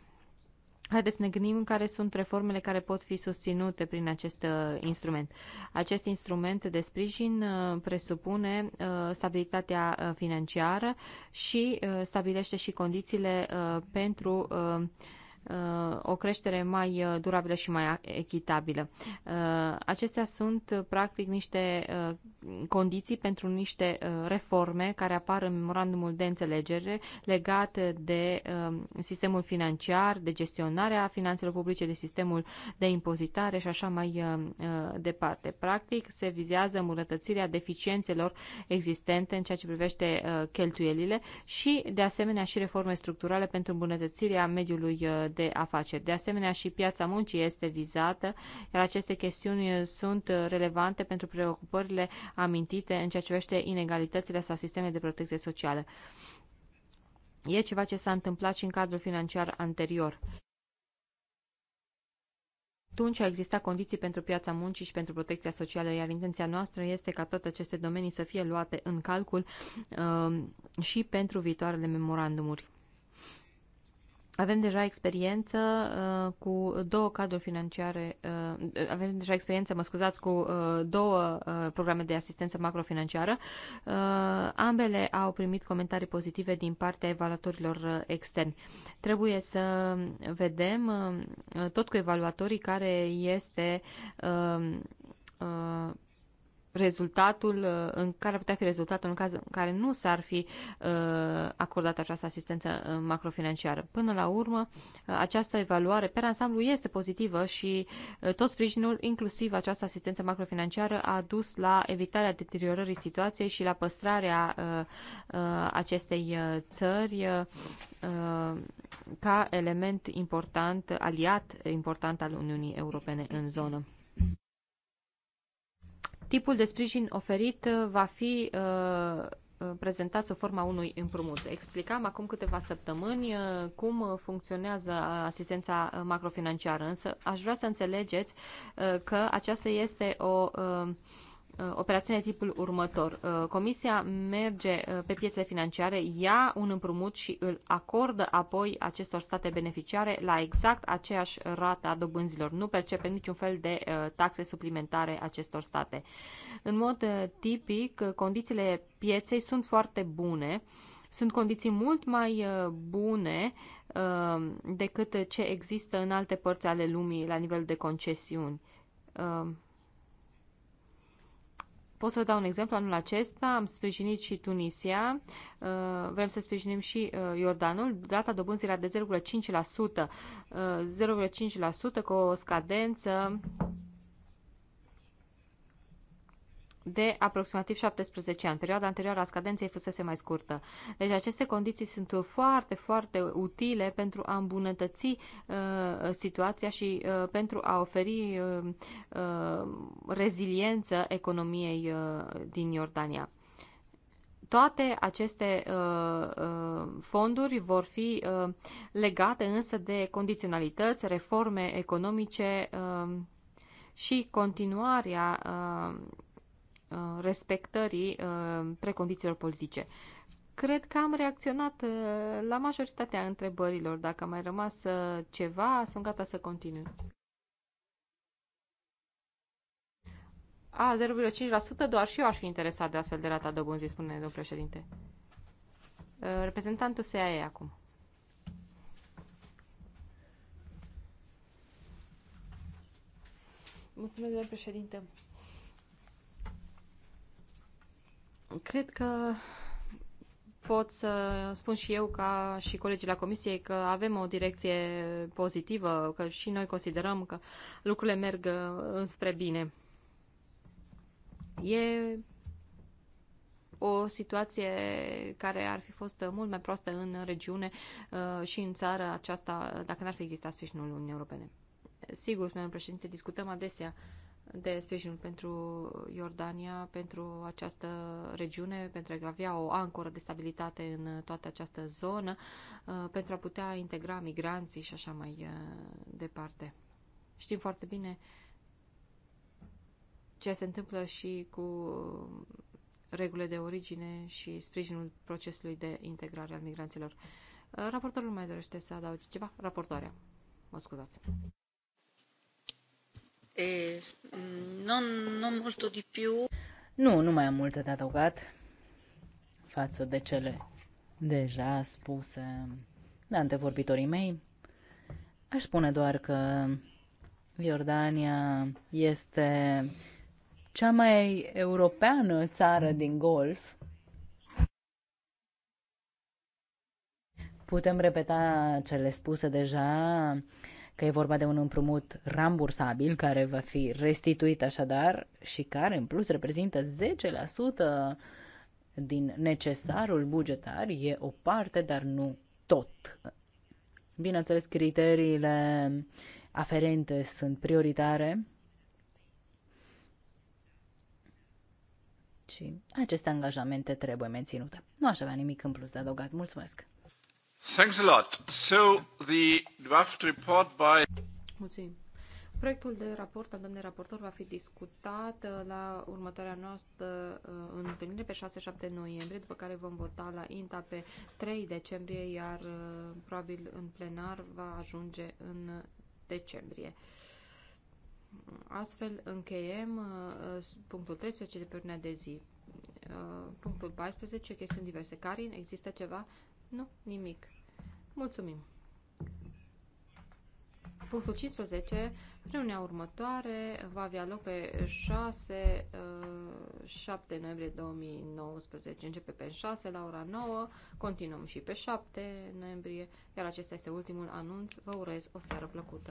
Haideți să ne gândim care sunt reformele care pot fi susținute prin acest uh, instrument. Acest instrument de sprijin uh, presupune uh, stabilitatea financiară și stabilește și condițiile pentru o creștere mai uh, durabilă și mai uh, echitabilă. Uh, acestea sunt practic niște condiții pentru niște reforme care apar în memorandumul de înțelegere legat de sistemul financiar, de gestionarea finanțelor publice, de sistemul de impozitare și așa mai departe. Practic se vizează îmbunătățirea deficiențelor existente în ceea ce privește cheltuielile și de asemenea și reforme structurale pentru îmbunătățirea mediului de afaceri. De asemenea, și piața muncii este vizată, iar aceste chestiuni sunt relevante pentru preocupările amintite în ceea ce privește inegalitățile sau sistemele de protecție socială. E ceva ce s-a întâmplat și în cadrul financiar anterior. Atunci au existat condiții pentru piața muncii și pentru protecția socială, iar intenția noastră este ca toate aceste domenii să fie luate în calcul uh, și pentru viitoarele memorandumuri. Avem deja experiență uh, cu două cadre financiare, uh, avem deja experiență, mă scuzați, cu uh, două uh, programe de asistență macrofinanciară. Uh, ambele au primit comentarii pozitive din partea evaluatorilor uh, externi. Trebuie să vedem uh, tot cu evaluatorii care este uh, uh, rezultatul uh, în care putea fi rezultatul în caz în care nu s-ar fi uh, acordat această asistență uh, macrofinanciară. Până la urmă, această evaluare pe ansamblu este pozitivă și tot sprijinul, inclusiv această asistență macrofinanciară, a dus la evitarea deteriorării situației și la păstrarea acestei țări ca element important, aliat important al Uniunii Europene în zonă tipul de sprijin oferit uh, va fi uh, uh, prezentat sub forma unui împrumut. Explicam acum câteva săptămâni cum funcționează asistența macrofinanciară, însă aș vrea să înțelegeți că aceasta este o Uh, operațiune de tipul următor. Uh, comisia merge uh, pe piețele financiare, ia un împrumut și îl acordă apoi acestor state beneficiare la exact aceeași rată a dobânzilor. Nu percepe niciun fel de taxe suplimentare acestor state. În mod tipic, condițiile pieței sunt foarte bune. Sunt condiții mult mai bune decât ce există în alte părți ale lumii la nivel de concesiuni Pot să dau un exemplu. Anul acesta am sprijinit și Tunisia, uh, vrem să sprijinim și uh, Iordanul. Data dobânzii era de 0,5%, 0,5% uh, cu o scadență de aproximativ 17 ani. Perioada anterioară a scadenței fusese mai scurtă. Deci aceste condiții sunt foarte, foarte utile pentru a îmbunătăți uh, situația și uh, pentru a oferi uh, uh, reziliență economiei uh, din Iordania toate aceste uh, uh, fonduri vor fi uh, legate însă de condiționalități, reforme economice uh, și continuarea uh, Uh, respectării uh, precondițiilor politice. Cred că am reacționat uh, la majoritatea întrebărilor. Dacă a mai rămas ceva, sunt gata să continui. A, 0,5% doar și eu aș fi interesat de astfel de rata dobânzii, spune domnul președinte. Reprezentantul SAE acum. Mulțumesc, domnule președinte. Cred că pot să spun și eu ca și colegii la comisie că avem o direcție pozitivă, că și noi considerăm că lucrurile merg uh, spre bine. E o situație care ar fi fost mult mai proastă în regiune uh, și în țară aceasta dacă n-ar fi existat sprijinul Uniunii Europene. Sigur, domnule președinte, discutăm adesea uh, de sprijinul pentru Iordania, pentru această regiune, pentru a avea o ancoră de stabilitate în toată această zonă, uh, pentru a putea integra migranții și așa mai uh, departe. Știm foarte bine ce se întâmplă și cu regulile de origine și sprijinul procesului de integrare al migranților. Uh, raportorul mai dorește să adauge ceva? Raportoarea. Mă scuzați. E mm, non, non molto di più. Nu, nu mai am multe de adăugat față de cele deja spuse de antevorbitorii mei. Aș spune doar că Iordania este cea mai europeană țară din Golf. Putem repeta cele spuse deja că e vorba de un împrumut rambursabil care va fi restituit așadar și care în plus reprezintă 10% din necesarul bugetar, e o parte, dar nu tot. Bineînțeles, criteriile aferente sunt prioritare și aceste angajamente trebuie menținute. Nu aș avea nimic în plus de adăugat. Mulțumesc! Thanks a lot. So, the draft report by... Mulțumim. Proiectul de raport al domnului raportor va fi discutat uh, la următoarea noastră uh, întâlnire pe 6-7 noiembrie, după care vom vota la INTA pe 3 decembrie, iar uh, probabil în plenar va ajunge în decembrie. Astfel încheiem punctul 13 de pe urnea de zi. Punctul 14, chestiuni diverse. Karin, există ceva? Nu, nimic. Mulțumim. Punctul 15. Reuniunea următoare va avea loc pe 6, 7 uh, noiembrie 2019. Începe pe 6 la ora 9, continuăm și pe 7 noiembrie, iar acesta este ultimul anunț. Vă urez o seară plăcută!